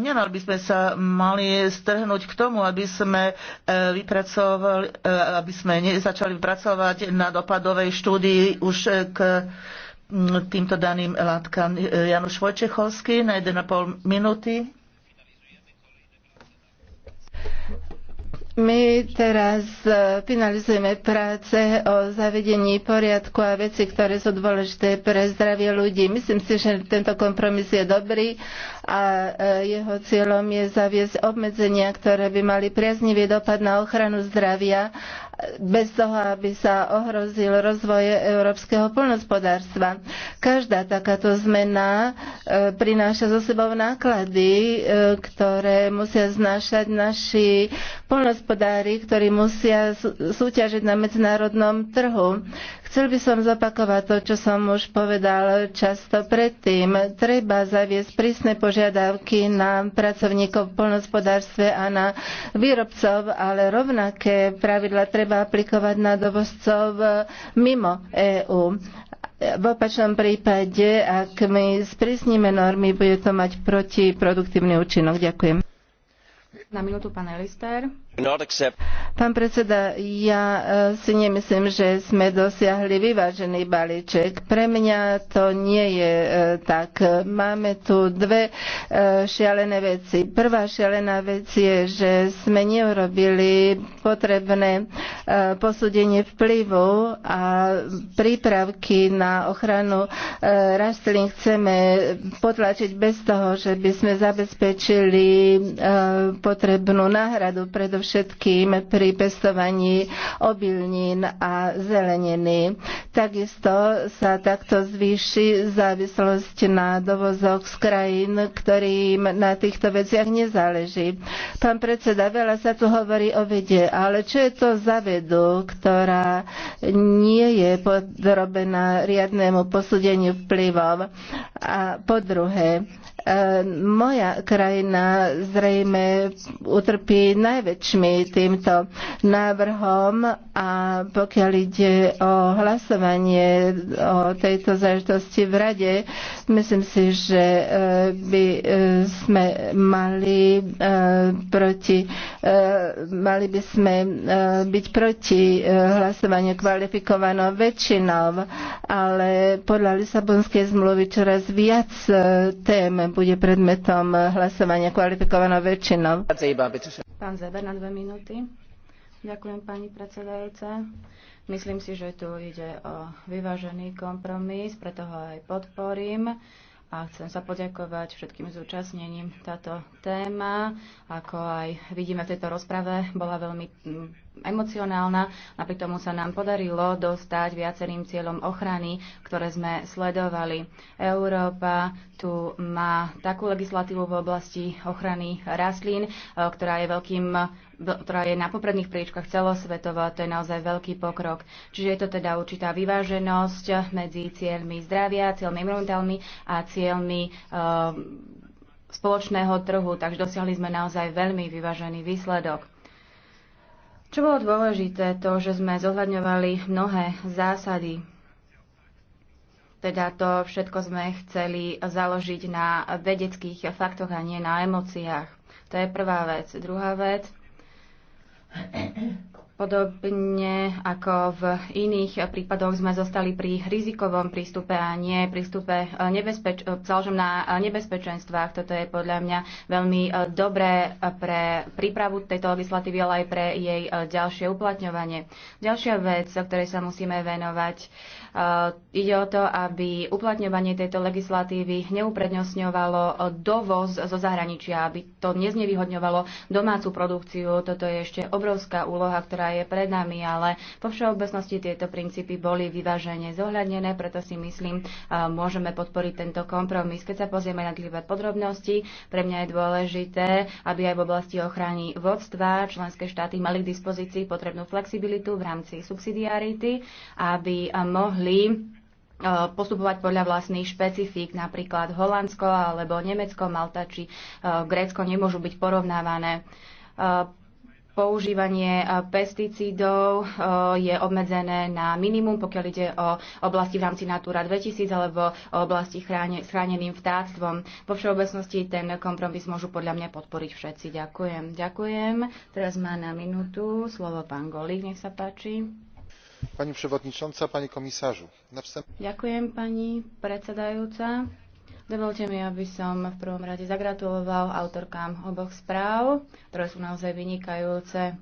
Nemal by sme sa mali strhnúť k tomu, aby sme, vypracovali, aby sme nezačali pracovať na dopadovej štúdii už k mm, týmto daným látkam. Janu Vojčechovský na 1,5 minúty. My teraz e, finalizujeme práce o zavedení poriadku a veci, ktoré sú dôležité pre zdravie ľudí. Myslím si, že tento kompromis je dobrý a e, jeho cieľom je zaviesť obmedzenia, ktoré by mali priaznivý dopad na ochranu zdravia bez toho, aby sa ohrozil rozvoj európskeho plnospodárstva. Každá takáto zmena e, prináša zo sebou náklady, e, ktoré musia znášať naši plnospodári, ktorí musia súťažiť na medzinárodnom trhu. Chcel by som zopakovať to, čo som už povedal často predtým. Treba zaviesť prísne požiadavky na pracovníkov v polnospodárstve a na výrobcov, ale rovnaké pravidla treba aplikovať na dovozcov mimo EÚ. V opačnom prípade, ak my sprísnime normy, bude to mať protiproduktívny účinok. Ďakujem. Na minútu pán Elister. Pán predseda, ja eh, si nemyslím, že sme dosiahli vyvážený balíček. Pre mňa to nie je eh, tak. Máme tu dve eh, šialené veci. Prvá šialená vec je, že sme neurobili potrebné posúdenie vplyvu a prípravky na ochranu rastlín chceme potlačiť bez toho, že by sme zabezpečili potrebnú náhradu, predovšetkým predovšetkým pri pestovaní obilnín a zeleniny. Takisto sa takto zvýši závislosť na dovozoch z krajín, ktorým na týchto veciach nezáleží. Pán predseda, veľa sa tu hovorí o vede, ale čo je to za vedu, ktorá nie je podrobená riadnemu posúdeniu vplyvov? A po druhé, moja krajina zrejme utrpí najväčšmi týmto návrhom a pokiaľ ide o hlasovanie o tejto záležitosti v rade, myslím si, že e, by e, sme mali e, proti, mali by sme byť proti hlasovaniu kvalifikovanou väčšinou, ale podľa Lisabonskej zmluvy čoraz viac tém bude predmetom hlasovania kvalifikovanou väčšinou. Pán Zeber na dve minúty. Ďakujem, pani predsedajúca. Myslím si, že tu ide o vyvážený kompromis, preto ho aj podporím a chcem sa poďakovať všetkým zúčastnením. Táto téma, ako aj vidíme v tejto rozprave, bola veľmi emocionálna. Napriek tomu sa nám podarilo dostať viacerým cieľom ochrany, ktoré sme sledovali. Európa tu má takú legislatívu v oblasti ochrany rastlín, e, ktorá je veľkým ktorá je na popredných príčkach celosvetová, to je naozaj veľký pokrok. Čiže je to teda určitá vyváženosť medzi cieľmi zdravia, cieľmi imunitálmi a cieľmi e, spoločného trhu, takže dosiahli sme naozaj veľmi vyvážený výsledok. Čo bolo dôležité, to, že sme zohľadňovali mnohé zásady. Teda to všetko sme chceli založiť na vedeckých faktoch a nie na emóciách. To je prvá vec. Druhá vec, Podobne ako v iných prípadoch sme zostali pri rizikovom prístupe a nie prístupe e, nebezpeč- e, na e, nebezpečenstvách. Toto je podľa mňa veľmi dobré pre prípravu tejto legislatívy, ale aj pre jej ďalšie uplatňovanie. Ďalšia vec, o ktorej sa musíme venovať, ide o to, aby uplatňovanie tejto legislatívy neuprednostňovalo dovoz zo zahraničia, aby to neznevýhodňovalo domácu produkciu. Toto je ešte obrovská úloha, ktorá je pred nami, ale po všeobecnosti tieto princípy boli vyvážene zohľadnené, preto si myslím, môžeme podporiť tento kompromis. Keď sa pozrieme na klivé podrobnosti, pre mňa je dôležité, aby aj v oblasti ochrany vodstva členské štáty mali k dispozícii potrebnú flexibilitu v rámci subsidiarity, aby mohli postupovať podľa vlastných špecifík. Napríklad Holandsko alebo Nemecko, Malta či Grécko nemôžu byť porovnávané používanie e, pesticídov e, je obmedzené na minimum, pokiaľ ide o oblasti v rámci Natura 2000 alebo o oblasti chráne, chráneným vtáctvom. Vo všeobecnosti ten kompromis môžu podľa mňa podporiť všetci. Ďakujem. Ďakujem. Teraz má na minútu slovo pán Golík, nech sa páči. Pani przewodnicząca, pani komisarzu. Wstęp... Ďakujem pani predsedajúca. Dovolte mi, aby som v prvom rade zagratuloval autorkám oboch správ, ktoré sú naozaj vynikajúce.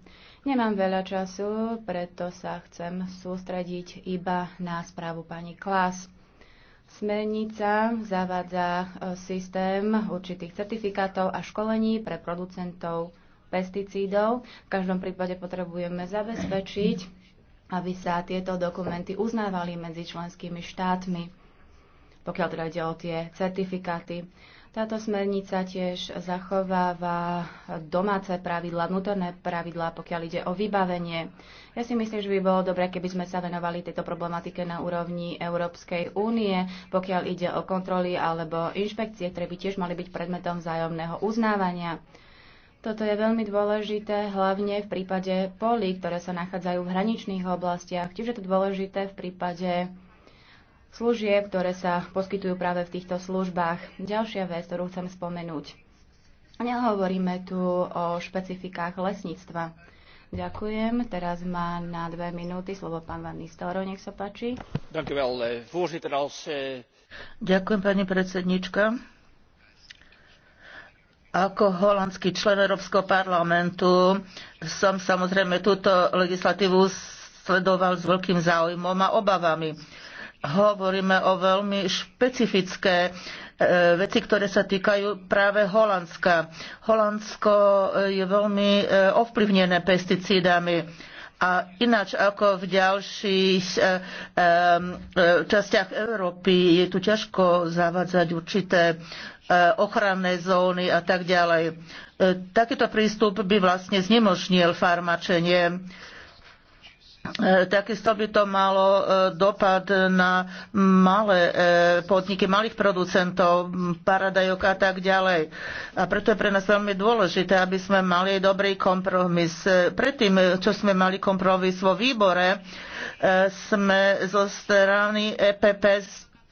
Nemám veľa času, preto sa chcem sústrediť iba na správu pani Klas. Smernica zavádza e, systém určitých certifikátov a školení pre producentov pesticídov. V každom prípade potrebujeme zabezpečiť, aby sa tieto dokumenty uznávali medzi členskými štátmi pokiaľ teda ide o tie certifikáty. Táto smernica tiež zachováva domáce pravidla, vnútorné pravidla, pokiaľ ide o vybavenie. Ja si myslím, že by bolo dobré, keby sme sa venovali tejto problematike na úrovni Európskej únie, pokiaľ ide o kontroly alebo inšpekcie, ktoré by tiež mali byť predmetom vzájomného uznávania. Toto je veľmi dôležité, hlavne v prípade polí, ktoré sa nachádzajú v hraničných oblastiach. Tiež je to dôležité v prípade služieb, ktoré sa poskytujú práve v týchto službách. Ďalšia vec, ktorú chcem spomenúť. Nehovoríme tu o špecifikách lesníctva. Ďakujem. Teraz má na dve minúty slovo pán Van Nistelrooy, nech sa páči. Eh, eh, Ďakujem, pani predsednička. Ako holandský člen Európskeho parlamentu som samozrejme túto legislatívu sledoval s veľkým záujmom a obavami hovoríme o veľmi špecifické e, veci, ktoré sa týkajú práve Holandska. Holandsko e, je veľmi e, ovplyvnené pesticídami. A ináč ako v ďalších častiach Európy je tu ťažko zavádzať určité ochranné zóny a tak ďalej. Takýto prístup by vlastne znemožnil farmačenie E, takisto by to malo e, dopad na malé e, podniky, malých producentov, paradajok a tak ďalej. A preto je pre nás veľmi dôležité, aby sme mali dobrý kompromis. Predtým, čo sme mali kompromis vo výbore, sme zo strany EPP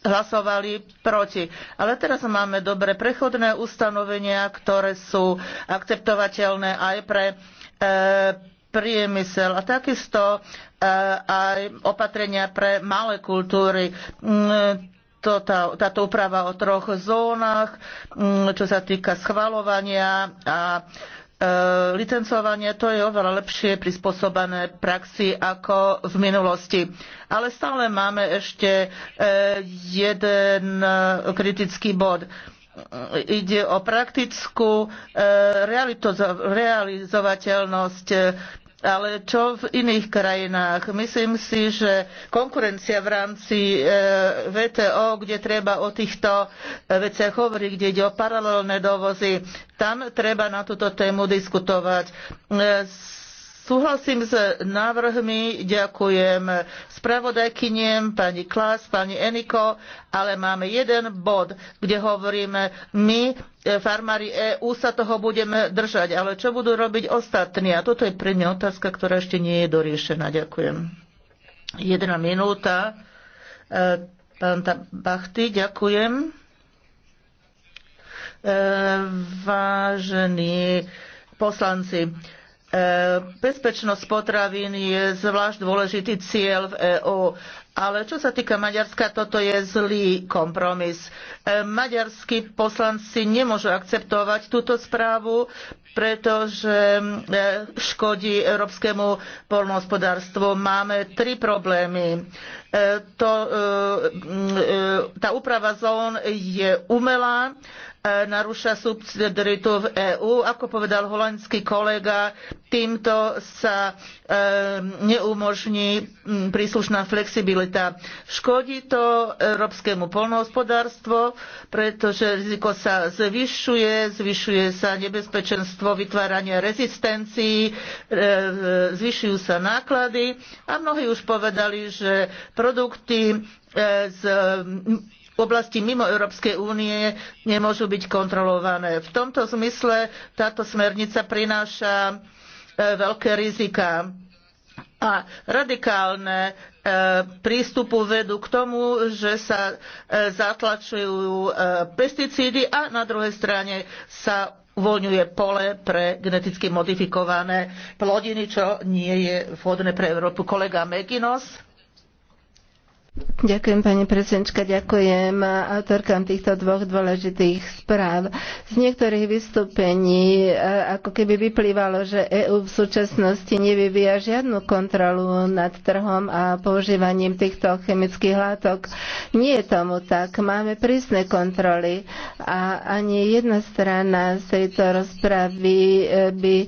hlasovali proti. Ale teraz máme dobre prechodné ustanovenia, ktoré sú akceptovateľné aj pre priemysel a takisto e, aj opatrenia pre malé kultúry. Mm, to, tá, táto úprava o troch zónach, mm, čo sa týka schvalovania a e, licencovanie to je oveľa lepšie prispôsobené praxi ako v minulosti. Ale stále máme ešte e, jeden kritický bod. Ide o praktickú realizovateľnosť ale čo v iných krajinách? Myslím si, že konkurencia v rámci e, VTO, kde treba o týchto e, veciach hovoriť, kde ide o paralelné dovozy, tam treba na túto tému diskutovať. E, s Súhlasím s návrhmi, ďakujem spravodajkyniem, pani Klas, pani Eniko, ale máme jeden bod, kde hovoríme my, e, farmári EÚ, sa toho budeme držať, ale čo budú robiť ostatní? A toto je pre mňa otázka, ktorá ešte nie je doriešená. Ďakujem. Jedna minúta. E, pán Bachty, ďakujem. E, vážení poslanci, E, bezpečnosť potravín je zvlášť dôležitý cieľ v EÚ, ale čo sa týka Maďarska, toto je zlý kompromis. E, maďarskí poslanci nemôžu akceptovať túto správu, pretože e, škodí európskemu poľnohospodárstvu. Máme tri problémy. To, tá úprava zón je umelá, narúša subsidiaritu v EÚ. Ako povedal holandský kolega, týmto sa e, neumožní príslušná flexibilita. Škodí to európskemu poľnohospodárstvu, pretože riziko sa zvyšuje, zvyšuje sa nebezpečenstvo vytvárania rezistencií, e, zvyšujú sa náklady a mnohí už povedali, že produkty e, z v oblasti mimo Európskej únie nemôžu byť kontrolované. V tomto zmysle táto smernica prináša e, veľké rizika a radikálne e, prístupu vedú k tomu, že sa e, zatlačujú pesticídy a na druhej strane sa uvoľňuje pole pre geneticky modifikované plodiny, čo nie je vhodné pre Európu. Kolega Mekinos. Ďakujem, pani predsednička, ďakujem autorkám týchto dvoch dôležitých správ. Z niektorých vystúpení ako keby vyplývalo, že EÚ v súčasnosti nevyvíja žiadnu kontrolu nad trhom a používaním týchto chemických látok. Nie je tomu tak. Máme prísne kontroly a ani jedna strana z tejto rozpravy e, by e,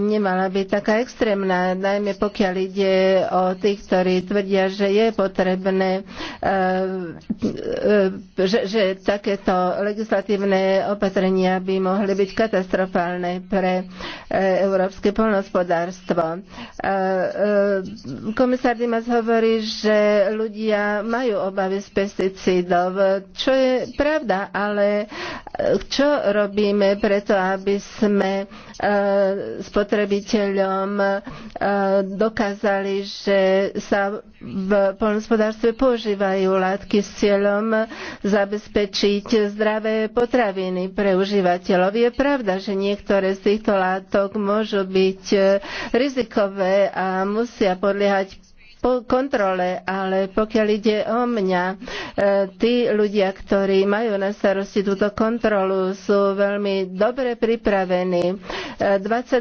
nemala byť taká extrémna, najmä pokiaľ ide o tých, ktorí tvrdia, že je potrebné legislatívne, eh, eh, že, že takéto legislatívne opatrenia by mohli byť katastrofálne pre eh, európske polnospodárstvo. Komisár Dimas hovorí, že ľudia majú obavy z pesticídov, čo je pravda, ale čo robíme preto, aby sme spotrebiteľom dokázali, že sa v polnospodárstve poľnohospodárstve používajú látky s cieľom zabezpečiť zdravé potraviny pre užívateľov. Je pravda, že niektoré z týchto látok môžu byť rizikové a musia podliehať po kontrole, ale pokiaľ ide o mňa, e, tí ľudia, ktorí majú na starosti túto kontrolu, sú veľmi dobre pripravení. 22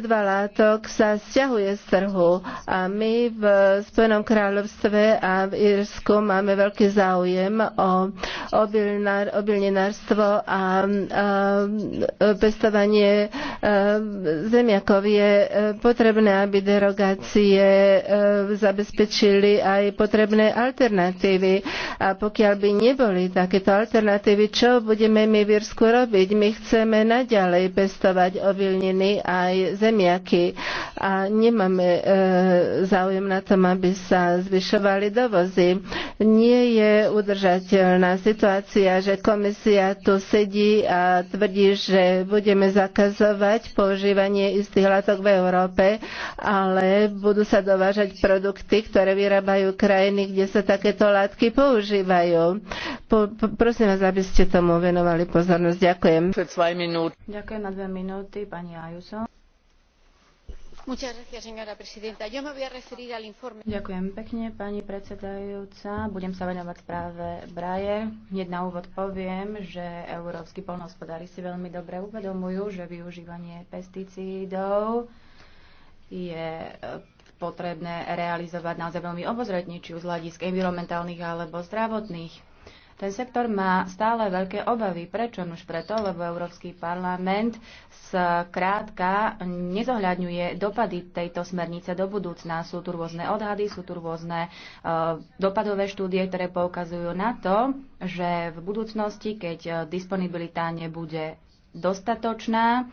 e, látok sa stiahuje z trhu a my v Spojenom kráľovstve a v Írsku máme veľký záujem o obilnár, obilninárstvo a, a pestovanie e, zemiakov. Je potrebné, aby derogácie zabezpečili čili aj potrebné alternatívy. A pokiaľ by neboli takéto alternatívy, čo budeme my v Irsku robiť? My chceme naďalej pestovať ovilniny aj zemiaky a nemáme e, záujem na tom, aby sa zvyšovali dovozy. Nie je udržateľná situácia, že komisia tu sedí a tvrdí, že budeme zakazovať používanie istých látok v Európe, ale budú sa dovážať produkty, ktoré vyrábajú krajiny, kde sa takéto látky používajú. Po, po, prosím vás, aby ste tomu venovali pozornosť. Ďakujem. Ďakujem na dve minúty, pani Ajuso. Ďakujem pekne, pani predsedajúca. Budem sa venovať správe braje. Hneď na úvod poviem, že európsky polnohospodári si veľmi dobre uvedomujú, že využívanie pesticídov je potrebné realizovať naozaj veľmi obozretne, či už z hľadisk environmentálnych alebo zdravotných. Ten sektor má stále veľké obavy. Prečo? Už preto, lebo Európsky parlament skrátka nezohľadňuje dopady tejto smernice do budúcna. Sú tu rôzne odhady, sú tu rôzne uh, dopadové štúdie, ktoré poukazujú na to, že v budúcnosti, keď e, disponibilita nebude dostatočná,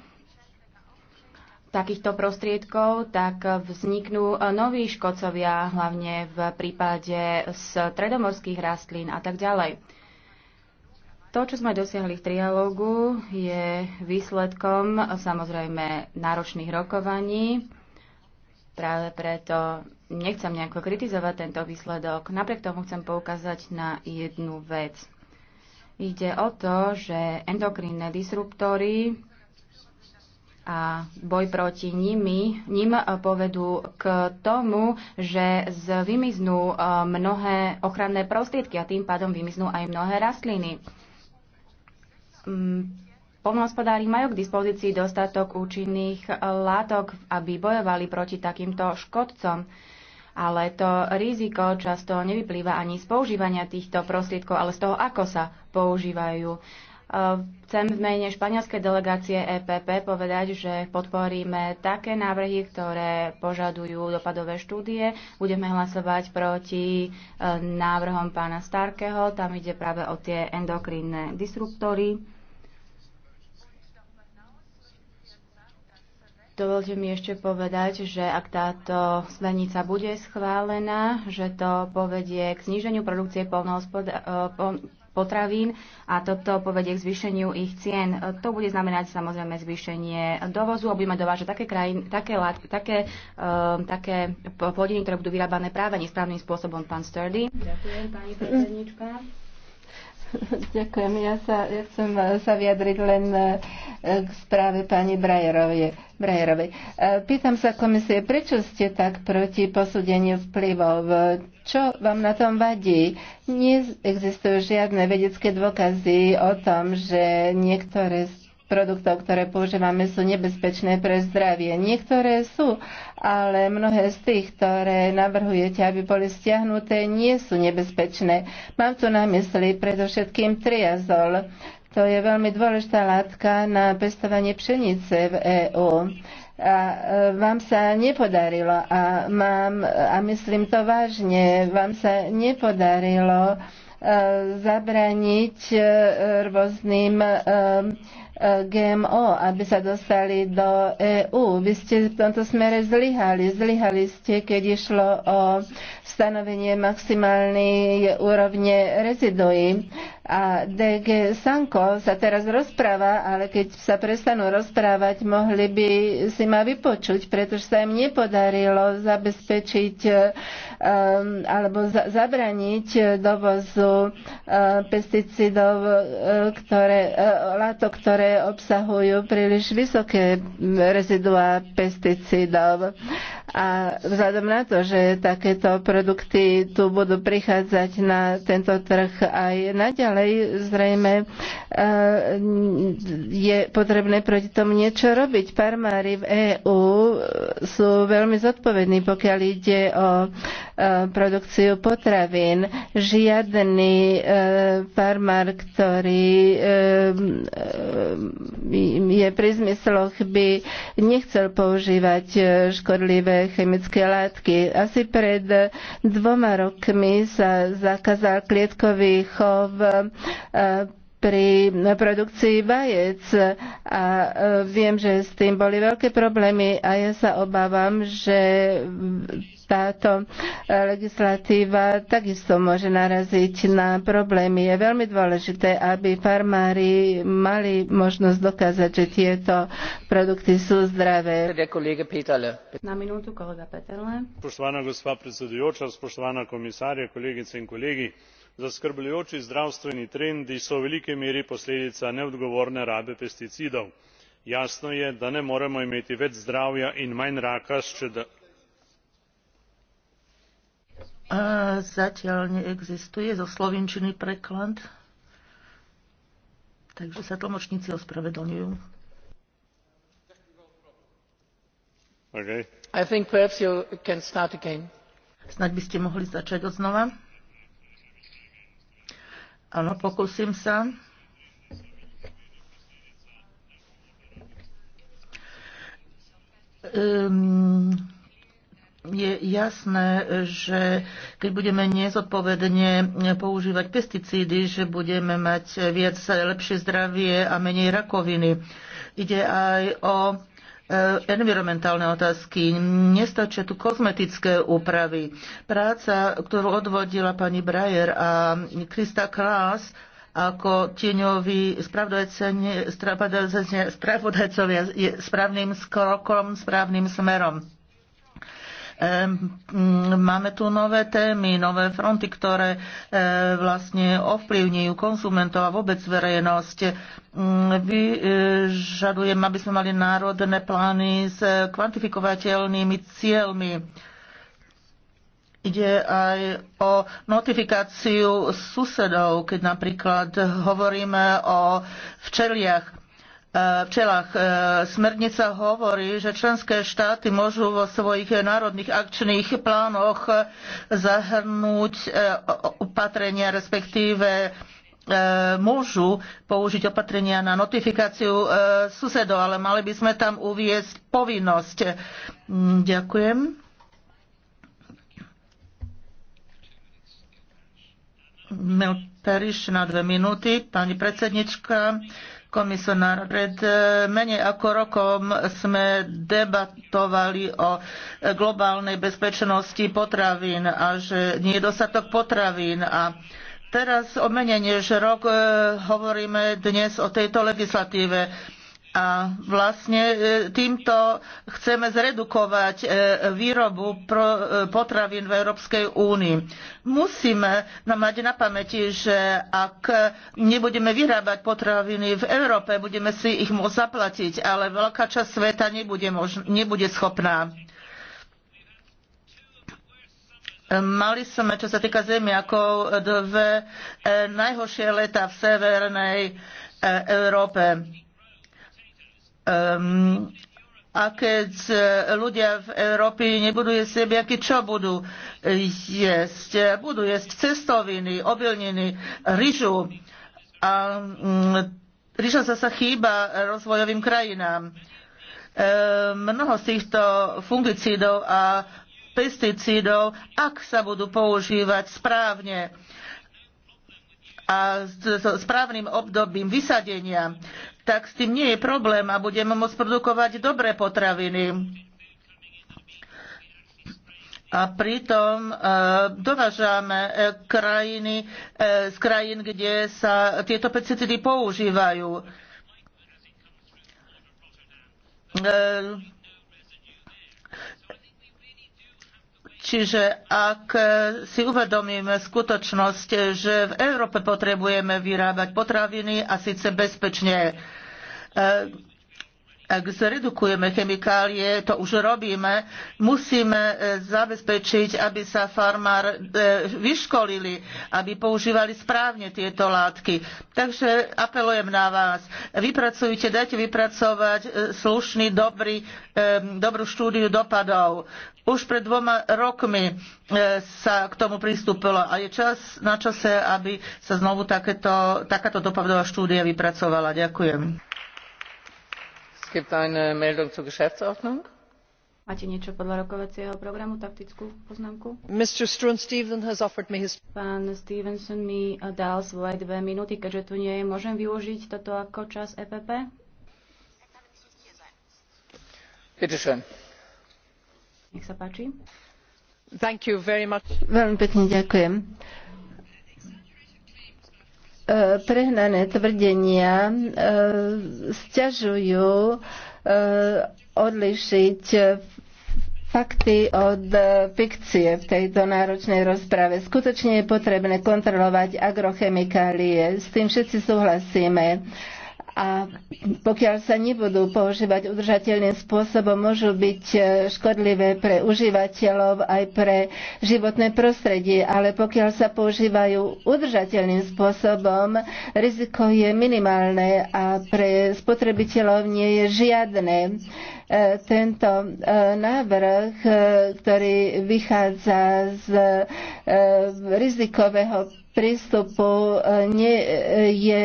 takýchto prostriedkov, tak vzniknú e, noví škodcovia, hlavne v prípade z stredomorských rastlín a tak ďalej. To, čo sme dosiahli v trialógu, je výsledkom e, samozrejme náročných rokovaní. Práve preto nechcem nejako kritizovať tento výsledok. Napriek tomu chcem poukázať na jednu vec. Ide o to, že endokrinné disruptory a boj proti nimi, ním e, povedú k tomu, že vymiznú e, mnohé ochranné prostriedky a tým pádom vymiznú aj mnohé rastliny. Mm, polnohospodári majú k dispozícii dostatok účinných e, látok, aby bojovali proti takýmto škodcom. Ale to riziko často nevyplýva ani z používania týchto prostriedkov, ale z toho, ako sa používajú. Ehm, chcem v mene španielskej delegácie EPP povedať, že podporíme také návrhy, ktoré požadujú dopadové štúdie. Budeme hlasovať proti ehm, návrhom pána Starkeho. Tam ide práve o tie endokrinné disruptory. Dovolte mi ešte povedať, že ak táto smernica bude schválená, že to povedie k zníženiu produkcie polnohospodárstva ehm, potravín a toto povedie k zvýšeniu ich cien. To bude znamenať samozrejme zvýšenie dovozu a budeme dovážať také, krajín, také, lát, také, uh, také plodiny, ktoré budú vyrábané práve nesprávnym spôsobom, pán Sturdy. Ďakujem, pani mm. predsednička. [LAUGHS] Ďakujem. Ja, sa, ja chcem eh, sa vyjadriť len eh, k správe pani Brajerovej. Eh, pýtam sa komisie, prečo ste tak proti posúdeniu vplyvov? Čo vám na tom vadí? Neexistujú žiadne vedecké dôkazy o tom, že niektoré z produktov, ktoré používame, sú nebezpečné pre zdravie. Niektoré sú, ale mnohé z tých, ktoré navrhujete, aby boli stiahnuté, nie sú nebezpečné. Mám tu na mysli predovšetkým triazol. To je veľmi dôležitá látka na pestovanie pšenice v EÚ a e, vám sa nepodarilo a mám, a myslím to vážne, vám sa nepodarilo e, zabraniť e, rôznym GMO, aby sa dostali do EÚ. Vy ste v tomto smere zlyhali. Zlyhali ste, keď išlo o stanovenie maximálnej úrovne reziduí. A DG Sanko sa teraz rozpráva, ale keď sa prestanú rozprávať, mohli by si ma vypočuť, pretože sa im nepodarilo zabezpečiť um, alebo za- zabraniť dovozu uh, pesticidov, uh, ktoré, uh, látok, ktoré obsahujú príliš vysoké reziduá pesticidov. Uh, a vzhľadom na to, že takéto produkty tu budú prichádzať na tento trh aj naďalej, zrejme e, je potrebné proti tomu niečo robiť. Farmári v EÚ sú veľmi zodpovední, pokiaľ ide o e, produkciu potravín. Žiadny e, farmár, ktorý je pri zmysloch, by nechcel používať škodlivé chemické látky. Asi pred dvoma rokmi sa zakázal klietkový chov e, pri produkcii vajec a e, viem, že s tým boli veľké problémy a ja sa obávam, že táto e, legislatíva takisto môže naraziť na problémy. Je veľmi dôležité, aby farmári mali možnosť dokázať, že tieto produkty sú zdravé. Na minútu kolega Peterle. Spoštovana gospa predsedujoča, spoštovana komisária, kolegice in kolegi zaskrbljujoči zdravstveni trendi so v veliki meri posledica neodgovorne rabe pesticidov. jasno je da ne moremo imeti več zdravja in manj raka Zatiaľ neexistuje zo slovinčiny preklad, takže sa tlmočníci ospravedlňujú. Okay. I think perhaps you can start again. Snaď by ste mohli začať od znova. Áno, pokúsim sa. Um, je jasné, že keď budeme nezodpovedne používať pesticídy, že budeme mať viac lepšie zdravie a menej rakoviny. Ide aj o e, environmentálne otázky. Nestačia tu kozmetické úpravy. Práca, ktorú odvodila pani Brajer a Krista Klaas, ako tieňoví spravodajcovia je správnym skrokom, správnym smerom Mm, máme tu nové témy, nové fronty, ktoré e, vlastne ovplyvňujú konsumentov a vôbec verejnosť. Mm, Vyžadujem, e, aby sme mali národné plány s kvantifikovateľnými cieľmi. Ide aj o notifikáciu susedov, keď napríklad hovoríme o včeliach E, včelách. E, smernica hovorí, že členské štáty môžu vo svojich národných akčných plánoch zahrnúť e, opatrenia, respektíve môžu použiť opatrenia na notifikáciu susedov, ale mali by sme tam uviezť povinnosť. Mm, ďakujem. Periš na dve minúty. Pani predsednička, komisionár. Pred e, menej ako rokom sme debatovali o globálnej bezpečnosti potravín a že nie je dostatok potravín a teraz o menej než rok e, hovoríme dnes o tejto legislatíve a vlastne e, týmto chceme zredukovať e, výrobu e, potravín v Európskej únii. Musíme mať na pamäti, že ak nebudeme vyrábať potraviny v Európe, budeme si ich môcť zaplatiť, ale veľká časť sveta nebude, nebude schopná. Mali sme, čo sa týka zemiakov, dve najhoršie leta v severnej Európe Um, a keď e, ľudia v Európe nebudú jesť sebiaky, čo budú jesť? Budú jesť cestoviny, obilniny, ryžu. A mm, ryža sa chýba rozvojovým krajinám. Ehm, mnoho z týchto fungicídov a pesticídov, ak sa budú používať správne a s správnym obdobím vysadenia, tak s tým nie je problém a budeme môcť produkovať dobré potraviny. A pritom e, dovážame e, krajiny e, z krajín, kde sa tieto pesticídy používajú Čiže ak si uvedomíme skutočnosť, že v Európe potrebujeme vyrábať potraviny a síce bezpečne, ak zredukujeme chemikálie, to už robíme, musíme e, zabezpečiť, aby sa farmár e, vyškolili, aby používali správne tieto látky. Takže apelujem na vás, vypracujte, dajte vypracovať e, slušný, dobrý, dobrú štúdiu dopadov. Už pred dvoma rokmi sa k tomu pristúpilo a je čas na čase, aby sa znovu takéto, takáto dopadová štúdia vypracovala. Ďakujem. Máte niečo podľa rokovacieho programu, taktickú poznámku? Pán Stevenson mi dal svoje dve minúty, keďže tu nie je. Môžem využiť toto ako čas EPP? Nech sa páči. Veľmi pekne ďakujem prehnané tvrdenia e, sťažujú e, odlišiť fakty od e, fikcie v tejto náročnej rozprave. Skutočne je potrebné kontrolovať agrochemikálie. S tým všetci súhlasíme a pokiaľ sa nebudú používať udržateľným spôsobom, môžu byť e, škodlivé pre užívateľov aj pre životné prostredie, ale pokiaľ sa používajú udržateľným spôsobom, riziko je minimálne a pre spotrebiteľov nie je žiadne. E, tento e, návrh, e, ktorý vychádza z rizikového prístupu nie je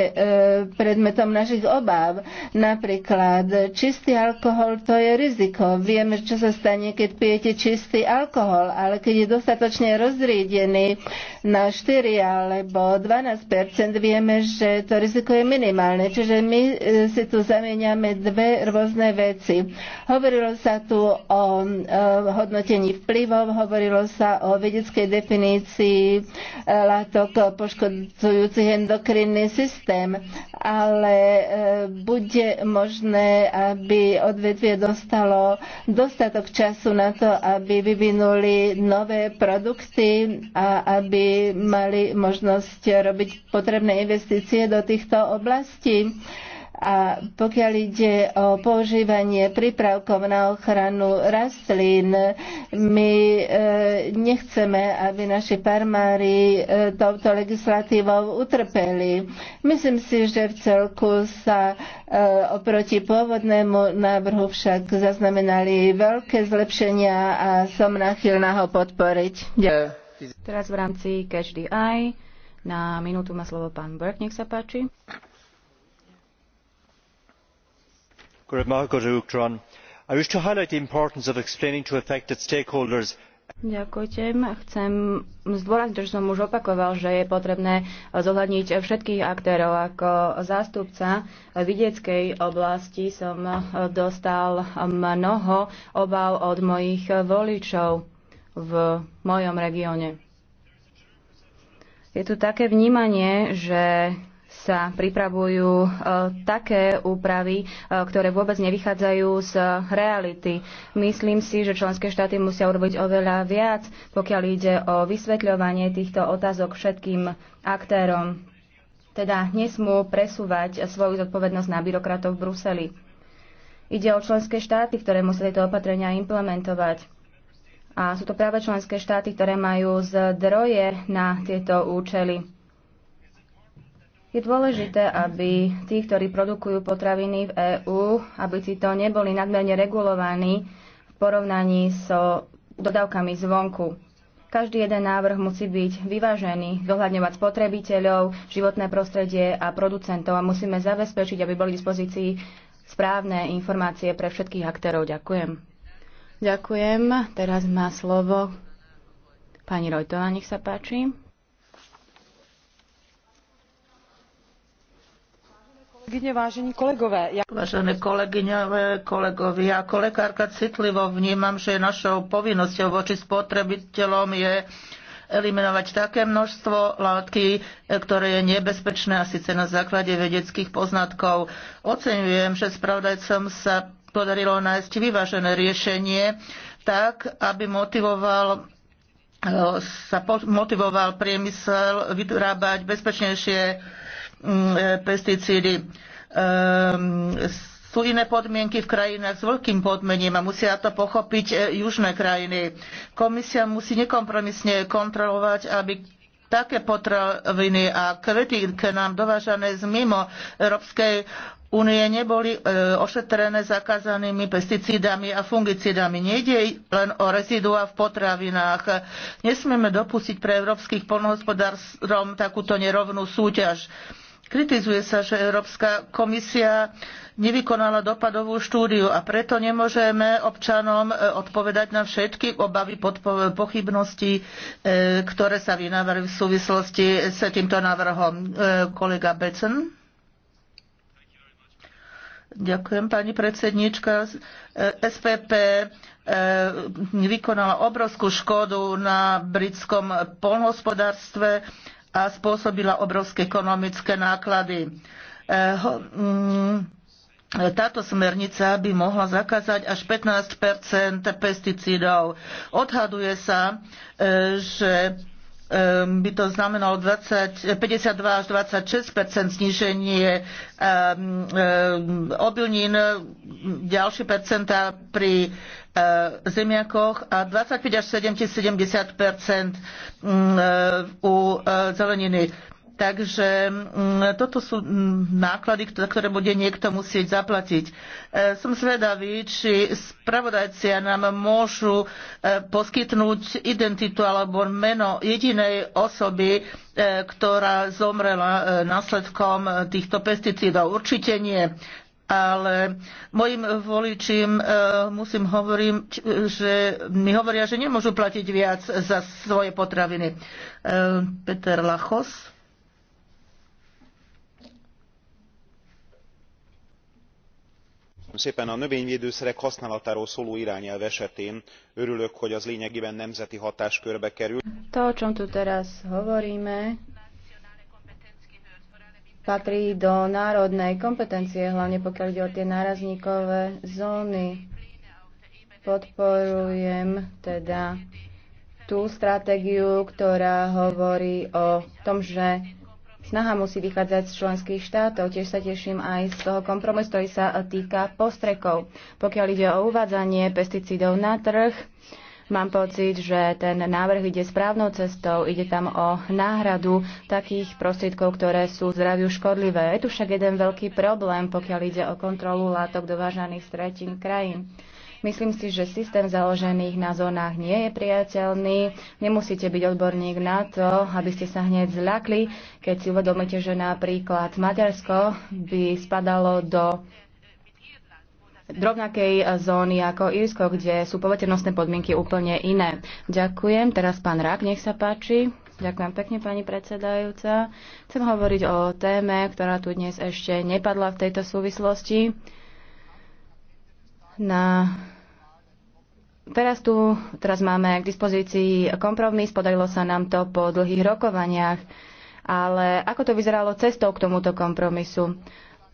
predmetom našich obáv. Napríklad čistý alkohol to je riziko. Vieme, čo sa stane, keď pijete čistý alkohol, ale keď je dostatočne rozriedený na 4 alebo 12 vieme, že to riziko je minimálne. Čiže my si tu zamieňame dve rôzne veci. Hovorilo sa tu o hodnotení vplyvov, hovorilo sa o vedeckej definícii e, látok poškodzujúcich endokrinný systém, ale e, bude možné, aby odvetvie dostalo dostatok času na to, aby vyvinuli nové produkty a aby mali možnosť robiť potrebné investície do týchto oblastí. A pokiaľ ide o používanie prípravkov na ochranu rastlín, my e, nechceme, aby naši farmári e, touto legislatívou utrpeli. Myslím si, že v celku sa e, oproti pôvodnému návrhu však zaznamenali veľké zlepšenia a som nachylná ho podporiť. Ďakujem. Teraz v rámci Catch the Eye na minútu má slovo pán Burke, nech sa páči. to Ďakujem. Chcem zdôrazniť, že som už opakoval, že je potrebné zohľadniť všetkých aktérov. Ako zástupca vidieckej oblasti som dostal mnoho obáv od mojich voličov v mojom regióne. Je tu také vnímanie, že sa pripravujú e, také úpravy, e, ktoré vôbec nevychádzajú z reality. Myslím si, že členské štáty musia urobiť oveľa viac, pokiaľ ide o vysvetľovanie týchto otázok všetkým aktérom. Teda nesmú presúvať svoju zodpovednosť na byrokratov v Bruseli. Ide o členské štáty, ktoré musia tieto opatrenia implementovať. A sú to práve členské štáty, ktoré majú zdroje na tieto účely. Je dôležité, aby tí, ktorí produkujú potraviny v EÚ, aby to neboli nadmerne regulovaní v porovnaní so dodávkami zvonku. Každý jeden návrh musí byť vyvážený, dohľadňovať spotrebiteľov, životné prostredie a producentov a musíme zabezpečiť, aby boli v dispozícii správne informácie pre všetkých aktérov. Ďakujem. Ďakujem. Teraz má slovo pani Rojtová, nech sa páči. Vážené kolegyne, kolegovia, ako lekárka citlivo vnímam, že našou povinnosťou voči spotrebiteľom je eliminovať také množstvo látky, ktoré je nebezpečné a síce na základe vedeckých poznatkov. Oceňujem, že spravodajcom sa podarilo nájsť vyvážené riešenie tak, aby motivoval e, sa motivoval priemysel vyrábať bezpečnejšie Mm, e, pesticídy. Ehm, sú iné podmienky v krajinách s veľkým podmením a musia to pochopiť e, južné krajiny. Komisia musí nekompromisne kontrolovať, aby také potraviny a kvety nám dovážané z mimo Európskej únie neboli e, ošetrené zakázanými pesticídami a fungicidami. Nejde len o rezidua v potravinách. Nesmieme dopustiť pre európskych polnohospodárom takúto nerovnú súťaž. Kritizuje sa, že Európska komisia nevykonala dopadovú štúdiu a preto nemôžeme občanom e, odpovedať na všetky obavy pochybnosti, e, ktoré sa vynávali v súvislosti s týmto návrhom. E, kolega Becen. Ďakujem, pani predsednička. SPP vykonala obrovskú škodu na britskom polnohospodárstve a spôsobila obrovské ekonomické náklady. E, mm, táto smernica by mohla zakázať až 15 pesticídov. Odhaduje sa, e, že e, by to znamenalo 20, 52 až 26 zníženie obilnín, ďalšie percenta pri E, zemiakoch a 25 až 70 mm, e, u e, zeleniny. Takže mm, toto sú mm, náklady, ktoré bude niekto musieť zaplatiť. Som zvedavý, či spravodajcia nám môžu poskytnúť identitu alebo meno jedinej osoby, ktorá zomrela následkom týchto pesticídov. Určite nie ale mojim voličím e, musím hovoriť, že mi hovoria, že nemôžu platiť viac za svoje potraviny. E, Peter Lachos. szépen a növényvédőszerek használatáról szóló irányelv esetén örülök hogy az lényegében nemzeti hatáskörbe kerül. To, o čom tu teraz hovoríme, patrí do národnej kompetencie, hlavne pokiaľ ide o tie nárazníkové zóny. Podporujem teda tú stratégiu, ktorá hovorí o tom, že snaha musí vychádzať z členských štátov. Tiež sa teším aj z toho kompromisu, ktorý sa týka postrekov. Pokiaľ ide o uvádzanie pesticídov na trh, Mám pocit, že ten návrh ide správnou cestou, ide tam o náhradu takých prostriedkov, ktoré sú zdraviu škodlivé. Je tu však jeden veľký problém, pokiaľ ide o kontrolu látok dovážaných z tretín krajín. Myslím si, že systém založených na zónach nie je priateľný. Nemusíte byť odborník na to, aby ste sa hneď zľakli, keď si uvedomíte, že napríklad Maďarsko by spadalo do rovnakej eh, zóny ako Írsko, kde sú poveternostné podmienky úplne iné. Ďakujem. Teraz pán Rák, nech sa páči. Ďakujem pekne, pani predsedajúca. Chcem hovoriť o téme, ktorá tu dnes ešte nepadla v tejto súvislosti. Na... Teraz tu teraz máme k dispozícii kompromis, podarilo sa nám to po dlhých rokovaniach, ale ako to vyzeralo cestou k tomuto kompromisu?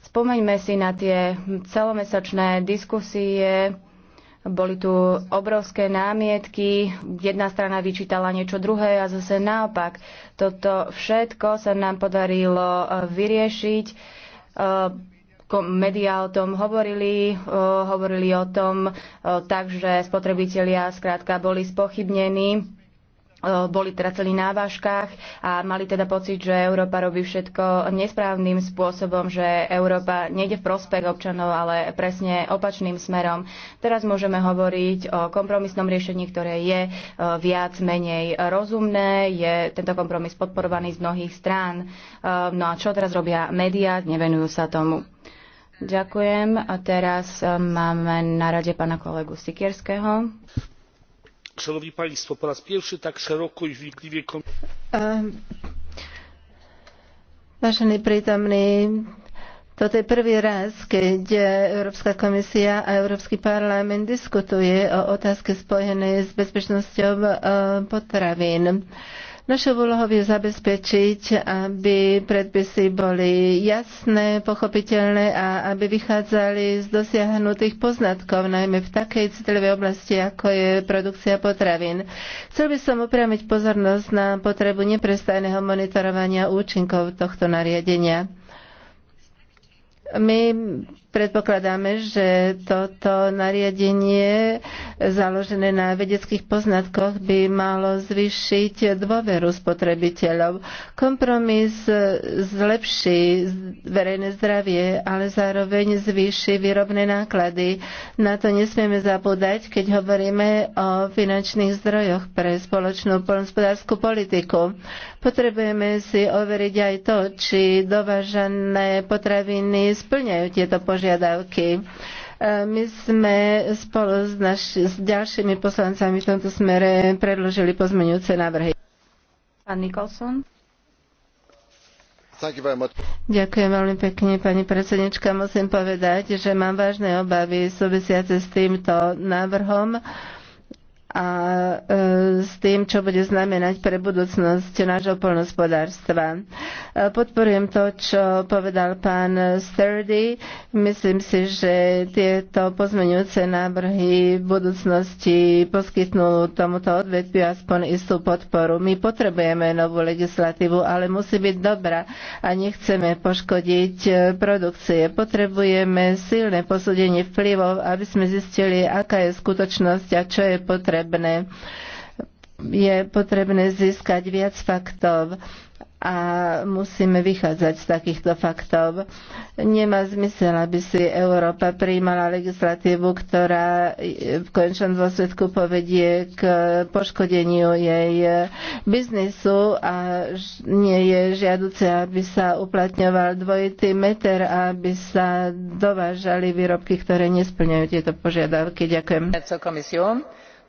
Spomeňme si na tie celomesačné diskusie, boli tu obrovské námietky, jedna strana vyčítala niečo druhé a zase naopak. Toto všetko sa nám podarilo e, vyriešiť. E, Media o tom hovorili, e, hovorili o tom, takže spotrebitelia skrátka boli spochybnení boli teda celí na váškach a mali teda pocit, že Európa robí všetko nesprávnym spôsobom, že Európa nejde v prospech občanov, ale presne opačným smerom. Teraz môžeme hovoriť o kompromisnom riešení, ktoré je viac menej rozumné, je tento kompromis podporovaný z mnohých strán. No a čo teraz robia médiá? Nevenujú sa tomu. Ďakujem. A teraz máme na rade pána kolegu Sikierského po raz pierwszy tak szeroko i wnikliwie Vážený prítomný, toto je prvý raz, keď Európska komisia a Európsky parlament diskutuje o otázke spojené s bezpečnosťou eh, potravín. Našou úlohou je zabezpečiť, aby predpisy boli jasné, pochopiteľné a aby vychádzali z dosiahnutých poznatkov, najmä v takej citlivej oblasti, ako je produkcia potravín. Chcel by som upriamiť pozornosť na potrebu neprestajného monitorovania účinkov tohto nariadenia. My Predpokladáme, že toto nariadenie založené na vedeckých poznatkoch by malo zvýšiť dôveru spotrebiteľov. Kompromis zlepší verejné zdravie, ale zároveň zvýši výrobné náklady. Na to nesmieme zabúdať, keď hovoríme o finančných zdrojoch pre spoločnú poľnospodárskú politiku. Potrebujeme si overiť aj to, či dovážané potraviny splňajú tieto požiadavky požiadavky. E, my sme spolu s, naši, s ďalšími poslancami v tomto smere predložili pozmeňujúce návrhy. Pán Nikolson. Ďakujem veľmi pekne, pani predsednička. Musím povedať, že mám vážne obavy súvisiace s týmto návrhom. Uh, a e, s tým, čo bude znamenať pre budúcnosť nášho polnospodárstva. E, podporujem to, čo povedal pán Sturdy. Myslím si, že tieto pozmeňujúce návrhy v budúcnosti poskytnú tomuto odvetviu aspoň istú podporu. My potrebujeme novú legislatívu, ale musí byť dobrá a nechceme poškodiť e, produkcie. Potrebujeme silné posúdenie vplyvov, aby sme zistili, aká je skutočnosť a čo je potrebné potrebné. Je potrebné získať viac faktov a musíme vychádzať z takýchto faktov. Nemá zmysel, aby si Európa prijímala legislatívu, ktorá v končnom dôsledku povedie k poškodeniu jej biznisu a nie je žiaduce, aby sa uplatňoval dvojitý meter a aby sa dovážali výrobky, ktoré nesplňajú tieto požiadavky. Ďakujem.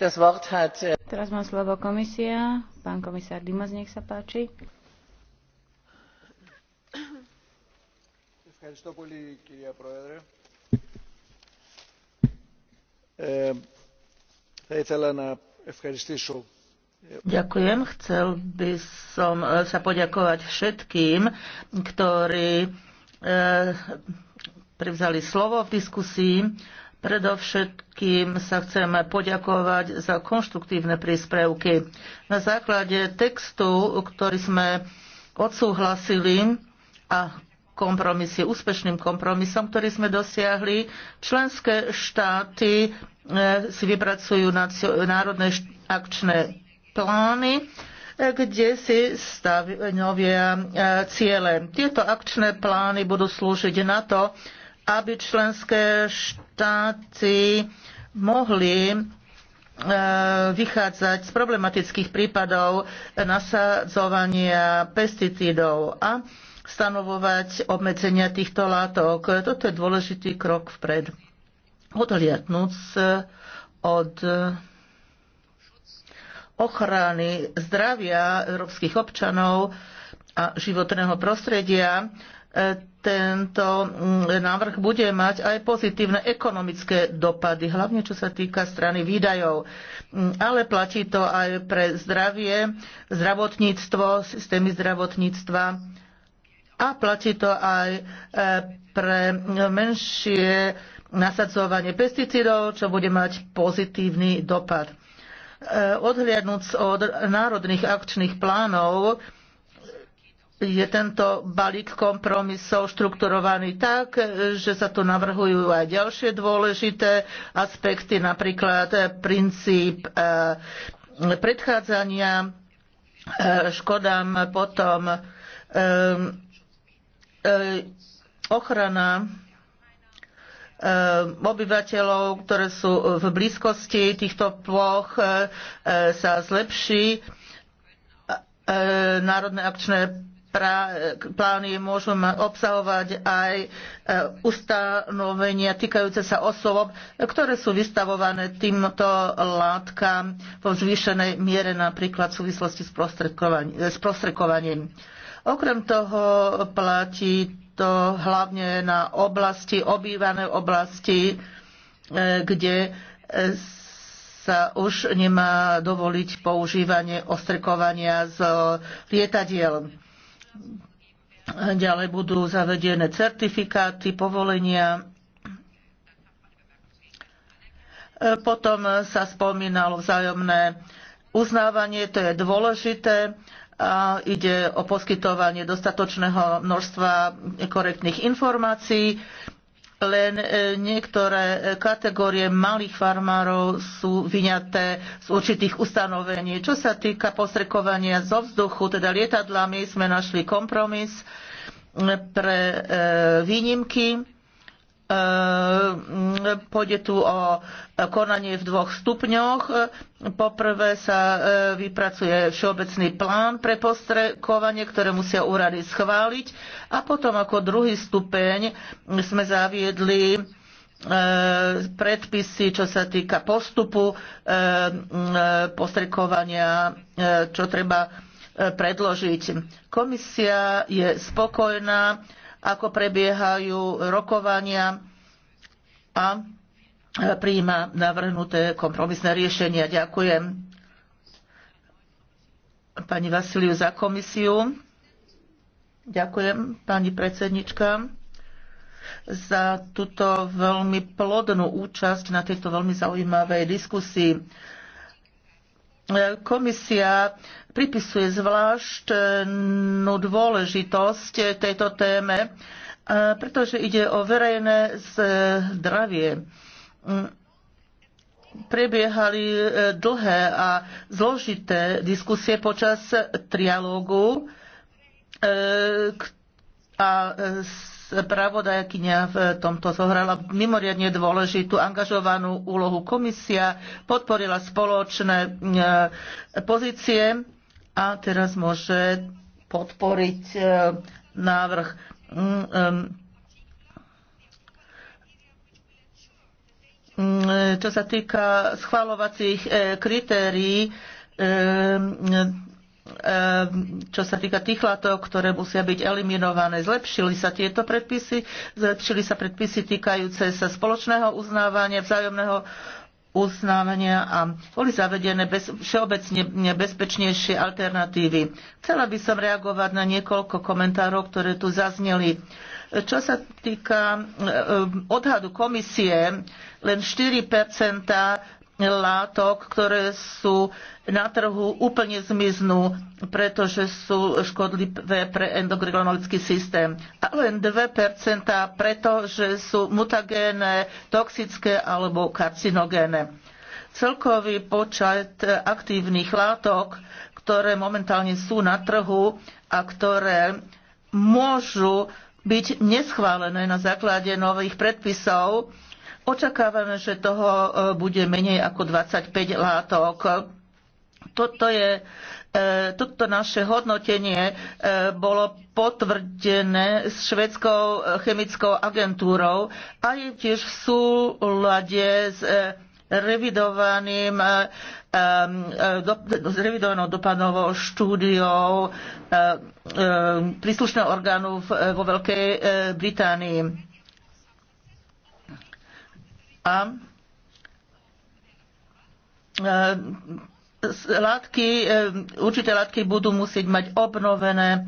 Äh, Teraz má slovo komisia. Pán komisár Dimas, nech sa páči. Ďakujem. Chcel by som sa poďakovať všetkým, ktorí prevzali slovo v diskusii. Predovšetkým sa chceme poďakovať za konštruktívne príspevky. Na základe textu, ktorý sme odsúhlasili a kompromis úspešným kompromisom, ktorý sme dosiahli, členské štáty e, si vypracujú národné akčné plány, e, kde si stavia e, ciele. Tieto akčné plány budú slúžiť na to, aby členské štáty štáty mohli eh, vychádzať z problematických prípadov nasadzovania pesticídov a stanovovať obmedzenia týchto látok. Toto je dôležitý krok vpred. Odhliadnúc eh, od eh, ochrany zdravia európskych občanov a životného prostredia, tento mm, návrh bude mať aj pozitívne ekonomické dopady, hlavne čo sa týka strany výdajov. Mm, ale platí to aj pre zdravie, zdravotníctvo, systémy zdravotníctva a platí to aj e, pre menšie nasadzovanie pesticídov, čo bude mať pozitívny dopad. E, odhliadnúc od národných akčných plánov, je tento balík kompromisov štrukturovaný tak, že sa tu navrhujú aj ďalšie dôležité aspekty, napríklad princíp eh, predchádzania eh, škodám, potom eh, ochrana obyvateľov, ktoré sú v blízkosti týchto ploch, sa zlepší. Národné akčné plány môžu obsahovať aj e, ustanovenia týkajúce sa osôb, ktoré sú vystavované týmto látkam vo zvýšenej miere napríklad v súvislosti s prostrekovaním. E, Okrem toho platí to hlavne na oblasti, obývané oblasti, e, kde sa už nemá dovoliť používanie ostrekovania z lietadiel Ďalej budú zavedené certifikáty, povolenia. Potom sa spomínalo vzájomné uznávanie, to je dôležité. A ide o poskytovanie dostatočného množstva korektných informácií len e, niektoré e, kategórie malých farmárov sú vyňaté z určitých ustanovení. Čo sa týka postrekovania zo vzduchu, teda lietadlami, sme našli kompromis e, pre výnimky Ehm, pôjde tu o konanie v dvoch stupňoch. Poprvé sa ehm, vypracuje všeobecný plán pre postrekovanie, ktoré musia úrady schváliť. A potom ako druhý stupeň sme zaviedli ehm, predpisy, čo sa týka postupu postrekovania, čo treba predložiť. Komisia je spokojná ako prebiehajú rokovania a prijíma navrhnuté kompromisné riešenia. Ďakujem pani Vasiliu za komisiu. Ďakujem pani predsednička za túto veľmi plodnú účasť na tejto veľmi zaujímavej diskusii. Komisia pripisuje zvláštnu dôležitosť tejto téme, e, pretože ide o verejné zdravie. Prebiehali e, dlhé a zložité diskusie počas trialógu e, a spravodajkynia v tomto zohrala mimoriadne dôležitú angažovanú úlohu. Komisia podporila spoločné pozície a teraz môže podporiť e, návrh mm, mm, čo sa týka schvalovacích e, kritérií, čo sa týka tých látok, ktoré musia byť eliminované. Zlepšili sa tieto predpisy, zlepšili sa predpisy týkajúce sa spoločného uznávania, vzájomného uznávania a boli zavedené bez, všeobecne bezpečnejšie alternatívy. Chcela by som reagovať na niekoľko komentárov, ktoré tu zazneli. Čo sa týka e, e, odhadu komisie, len 4 látok, ktoré sú na trhu úplne zmiznú, pretože sú škodlivé pre endokrinologický systém. A len 2% preto, že sú mutagénne, toxické alebo karcinogénne. Celkový počet aktívnych látok, ktoré momentálne sú na trhu a ktoré môžu byť neschválené na základe nových predpisov, Očakávame, že toho e, bude menej ako 25 látok. Toto, je, e, toto naše hodnotenie e, bolo potvrdené s švedskou chemickou agentúrou a je tiež v súlade s revidovaným, revidovanou dopadovou štúdiou príslušného orgánu vo Veľkej Británii a e, látky, e, určité látky budú musieť mať obnovené e,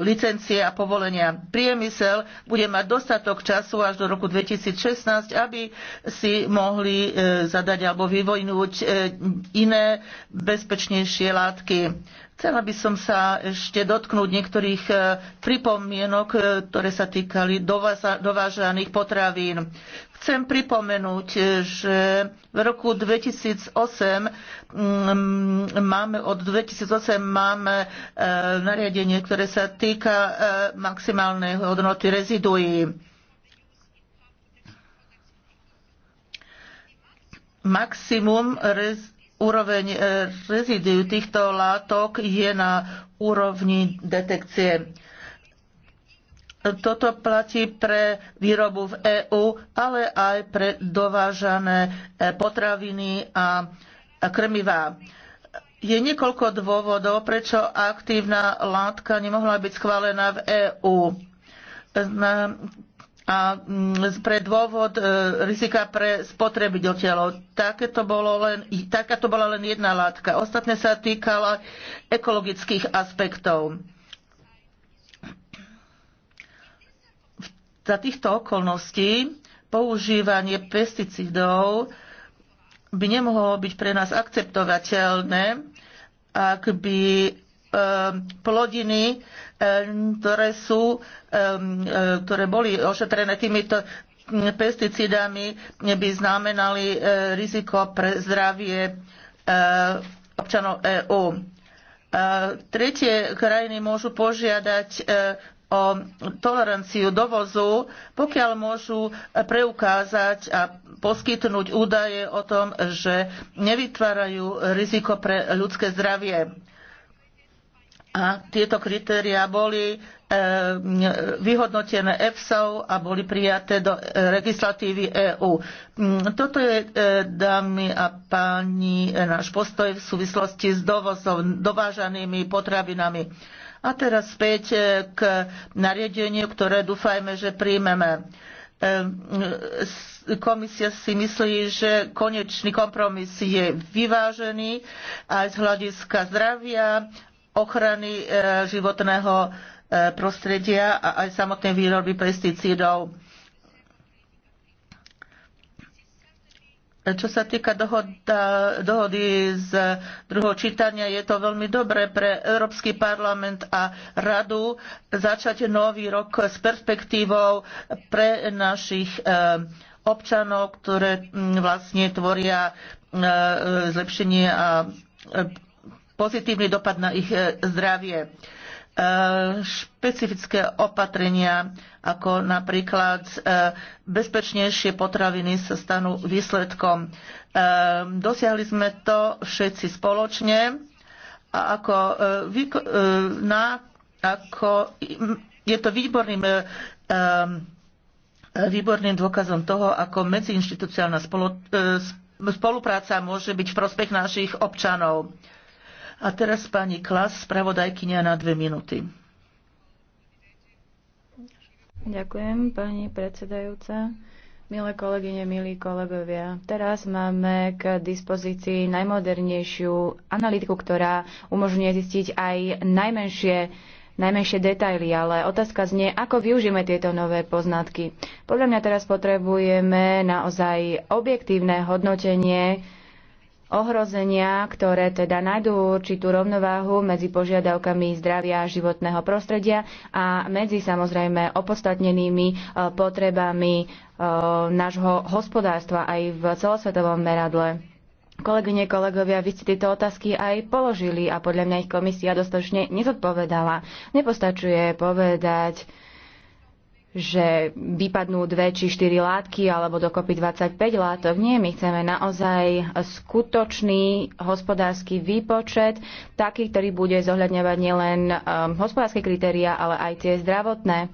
licencie a povolenia. Priemysel bude mať dostatok času až do roku 2016, aby si mohli zadať alebo vyvojnúť iné bezpečnejšie látky. Chcela by som sa ešte dotknúť niektorých e, pripomienok, e, ktoré sa týkali dovážaných potravín. Chcem pripomenúť, e, že v roku 2008 mm, máme, od 2008 máme nariadenie, ktoré sa týka maximálnej hodnoty reziduí. Maximum rez, úroveň e, rezidiu týchto látok je na úrovni detekcie. Toto platí pre výrobu v EÚ, ale aj pre dovážané e, potraviny a krmivá. Je niekoľko dôvodov, prečo aktívna látka nemohla byť schválená v EÚ a mm, pre dôvod e, rizika pre spotrebiteľov. Takéto bolo len, takáto bola len jedna látka. Ostatné sa týkala ekologických aspektov. Za týchto okolností používanie pesticídov by nemohlo byť pre nás akceptovateľné, ak by Um, plodiny, um, ktoré, sú, um, uh, ktoré boli ošetrené týmito pesticídami, by znamenali uh, riziko pre zdravie uh, občanov EÚ. Tretie krajiny môžu požiadať o toleranciu dovozu, pokiaľ môžu preukázať a poskytnúť údaje o tom, že nevytvárajú riziko pre ľudské zdravie. A tieto kritériá boli eh, vyhodnotené EFSA a boli prijaté do eh, legislatívy EÚ. Mm, toto je, eh, dámy a páni, náš postoj v súvislosti s dovozom, dovážanými potravinami. A teraz späť k nariadeniu, ktoré dúfajme, že príjmeme mm, komisia si myslí, že konečný kompromis je vyvážený aj z hľadiska zdravia, ochrany e, životného e, prostredia a aj samotnej výroby pesticídov. E, čo sa týka dohoda, dohody z druhého čítania, je to veľmi dobré pre Európsky parlament a radu začať nový rok s perspektívou pre našich občanov, ktoré vlastne tvoria zlepšenie a pozitívny dopad na ich e, zdravie. E, špecifické opatrenia, ako napríklad e, bezpečnejšie potraviny sa stanú výsledkom. Dosiahli sme to všetci spoločne a ako, na, ako je to výborným výborným dôkazom toho, ako medziinstitucionálna spolupráca môže byť v prospech našich občanov. A teraz pani Klas, spravodajkynia na dve minúty. Ďakujem, pani predsedajúca. Milé kolegyne, milí kolegovia, teraz máme k dispozícii najmodernejšiu analytiku, ktorá umožňuje zistiť aj najmenšie najmenšie detaily, ale otázka znie, ako využijeme tieto nové poznatky. Podľa mňa teraz potrebujeme naozaj objektívne hodnotenie ohrozenia, ktoré teda nájdú určitú rovnováhu medzi požiadavkami zdravia a životného prostredia a medzi samozrejme opodstatnenými e, potrebami e, nášho hospodárstva aj v celosvetovom meradle. Kolegyne, kolegovia, vy ste tieto otázky aj položili a podľa mňa ich komisia dostatočne nezodpovedala. Nepostačuje povedať, že vypadnú dve či štyri látky alebo dokopy 25 látok. Nie, my chceme naozaj skutočný hospodársky výpočet, taký, ktorý bude zohľadňovať nielen um, hospodárske kritéria, ale aj tie zdravotné.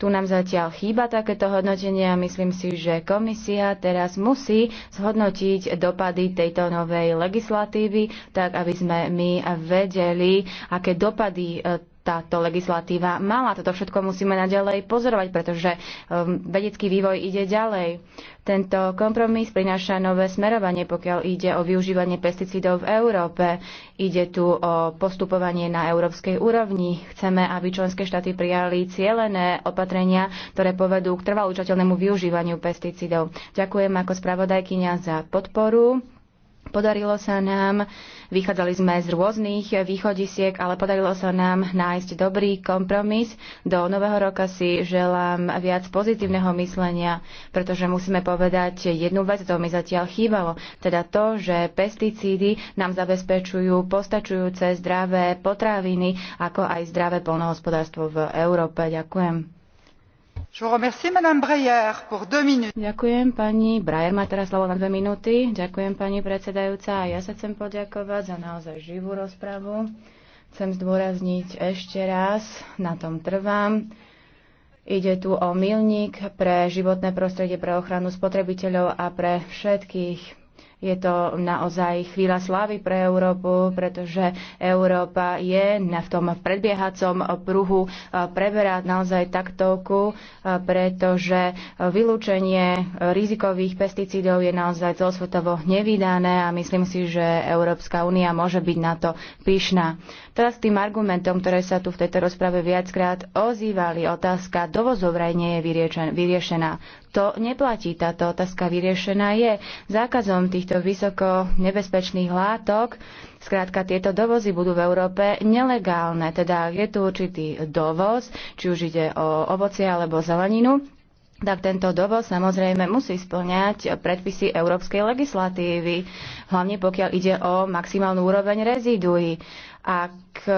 Tu nám zatiaľ chýba takéto hodnotenie a myslím si, že komisia teraz musí zhodnotiť dopady tejto novej legislatívy, tak aby sme my vedeli, aké dopady e, táto legislatíva mala. Toto všetko musíme naďalej pozorovať, pretože um, vedecký vývoj ide ďalej. Tento kompromis prináša nové smerovanie, pokiaľ ide o využívanie pesticídov v Európe. Ide tu o postupovanie na európskej úrovni. Chceme, aby členské štáty prijali cielené opatrenia, ktoré povedú k trvalúčateľnému využívaniu pesticídov. Ďakujem ako spravodajkyňa za podporu. Podarilo sa nám Vychádzali sme z rôznych východisiek, ale podarilo sa nám nájsť dobrý kompromis. Do nového roka si želám viac pozitívneho myslenia, pretože musíme povedať jednu vec, to mi zatiaľ chýbalo, teda to, že pesticídy nám zabezpečujú postačujúce zdravé potraviny, ako aj zdravé polnohospodárstvo v Európe. Ďakujem. Ďakujem pani Breyer, má teraz slovo na dve minúty. Ďakujem pani predsedajúca a ja sa chcem poďakovať za naozaj živú rozpravu. Chcem zdôrazniť ešte raz, na tom trvám. Ide tu o milník pre životné prostredie, pre ochranu spotrebiteľov a pre všetkých je to naozaj chvíľa slávy pre Európu, pretože Európa je v tom predbiehacom pruhu e, preberá naozaj taktovku, e, pretože vylúčenie rizikových pesticídov je naozaj celosvetovo nevydané a myslím si, že Európska únia môže byť na to pyšná. Teraz tým argumentom, ktoré sa tu v tejto rozprave viackrát ozývali, otázka dovozov vraj nie je vyriešená. To neplatí, táto otázka vyriešená je. Zákazom týchto vysoko nebezpečných látok, skrátka tieto dovozy budú v Európe nelegálne, teda je tu určitý dovoz, či už ide o ovocie alebo zeleninu, tak tento dovoz samozrejme musí splňať predpisy európskej legislatívy, hlavne pokiaľ ide o maximálnu úroveň reziduí ak e,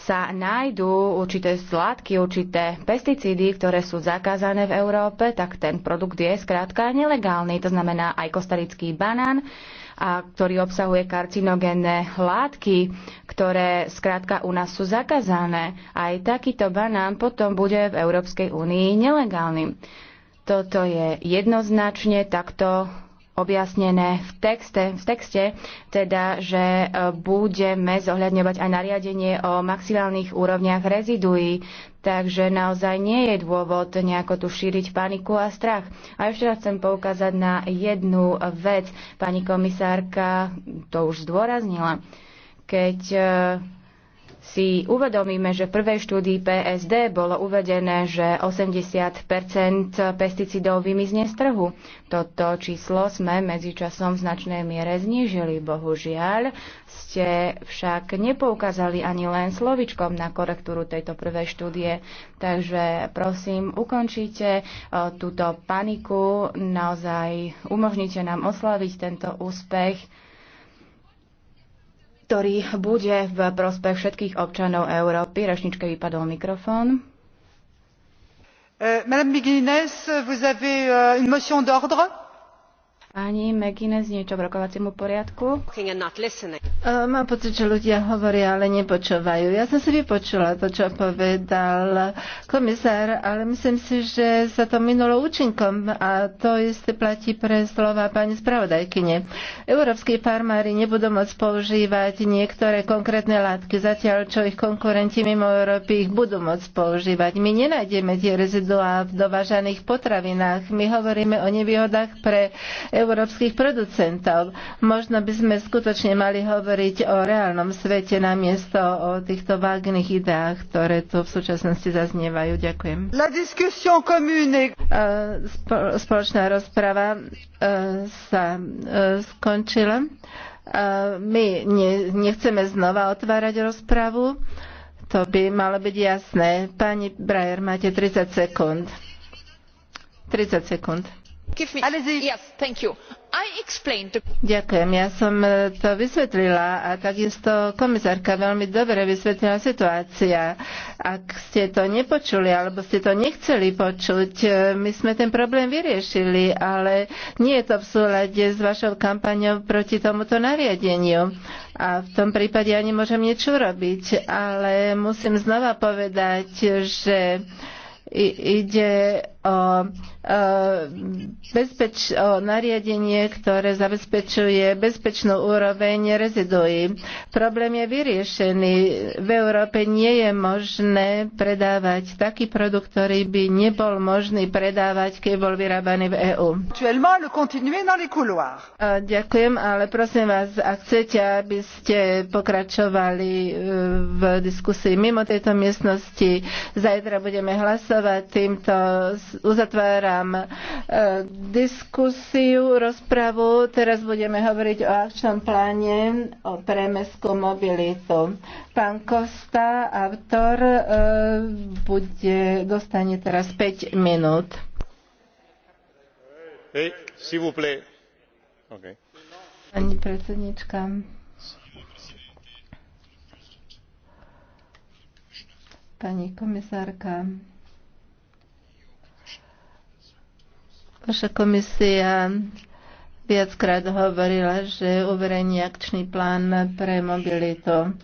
sa nájdú určité sladky, určité pesticídy, ktoré sú zakázané v Európe, tak ten produkt je skrátka nelegálny. To znamená aj kostarický banán, a ktorý obsahuje karcinogénne látky, ktoré skrátka u nás sú zakázané. Aj takýto banán potom bude v Európskej únii nelegálny. Toto je jednoznačne takto objasnené v texte, v texte teda, že e, budeme zohľadňovať aj nariadenie o maximálnych úrovniach reziduí, takže naozaj nie je dôvod nejako tu šíriť paniku a strach. A ešte raz chcem poukázať na jednu vec. Pani komisárka to už zdôraznila. Keď e, si uvedomíme, že v prvej štúdii PSD bolo uvedené, že 80 pesticidov vymizne z trhu. Toto číslo sme medzičasom v značnej miere znížili. Bohužiaľ, ste však nepoukázali ani len slovičkom na korektúru tejto prvej štúdie. Takže prosím, ukončite e, túto paniku, naozaj umožnite nám oslaviť tento úspech ktorý bude v prospech všetkých občanov Európy. Rašničke vypadol mikrofón. Uh, Madame McGuinness, vous avez uh, une motion d'ordre? Pani McGuinness, niečo v rokovaciemu poriadku? Mám pocit, že ľudia hovoria, ale nepočúvajú. Ja som si vypočula to, čo povedal komisár, ale myslím si, že sa to minulo účinkom a to isté platí pre slova pani spravodajkyne. Európsky farmári nebudú môcť používať niektoré konkrétne látky, zatiaľ čo ich konkurenti mimo Európy ich budú môcť používať. My nenájdeme tie reziduá v dovážaných potravinách. My hovoríme o nevýhodách pre európskych producentov. Možno by sme skutočne mali hovoriť o reálnom svete namiesto o týchto vágnych ideách, ktoré tu v súčasnosti zaznievajú. Ďakujem. La discussion commune. Spoločná rozprava e, sa e, skončila. My nechceme znova otvárať rozpravu. To by malo byť jasné. Pani Brajer, máte 30 sekúnd. 30 sekúnd. Ďakujem, ja som e, to vysvetlila a takisto komisárka veľmi dobre vysvetlila situácia. Ak ste to nepočuli alebo ste to nechceli počuť, e, my sme ten problém vyriešili, ale nie je to v súlade s vašou kampaňou proti tomuto nariadeniu. A v tom prípade ja nemôžem niečo robiť. ale musím znova povedať, že ide o, bezpeč, nariadenie, ktoré zabezpečuje bezpečnú úroveň reziduí. Problém je vyriešený. V Európe nie je možné predávať taký produkt, ktorý by nebol možný predávať, keď bol vyrábaný v EÚ. Ďakujem, ale prosím vás, ak chcete, aby ste pokračovali e, v diskusii mimo tejto miestnosti, zajtra budeme hlasovať týmto uzatváram eh, diskusiu, rozpravu. Teraz budeme hovoriť o akčnom pláne o premeskú mobilitu. Pán Kosta, autor, eh, bude, dostane teraz 5 minút. Hej, si vous Okay. Pani predsednička. Pani komisárka. Vaša komisia viackrát hovorila, že uverejní akčný plán pre mobilitu.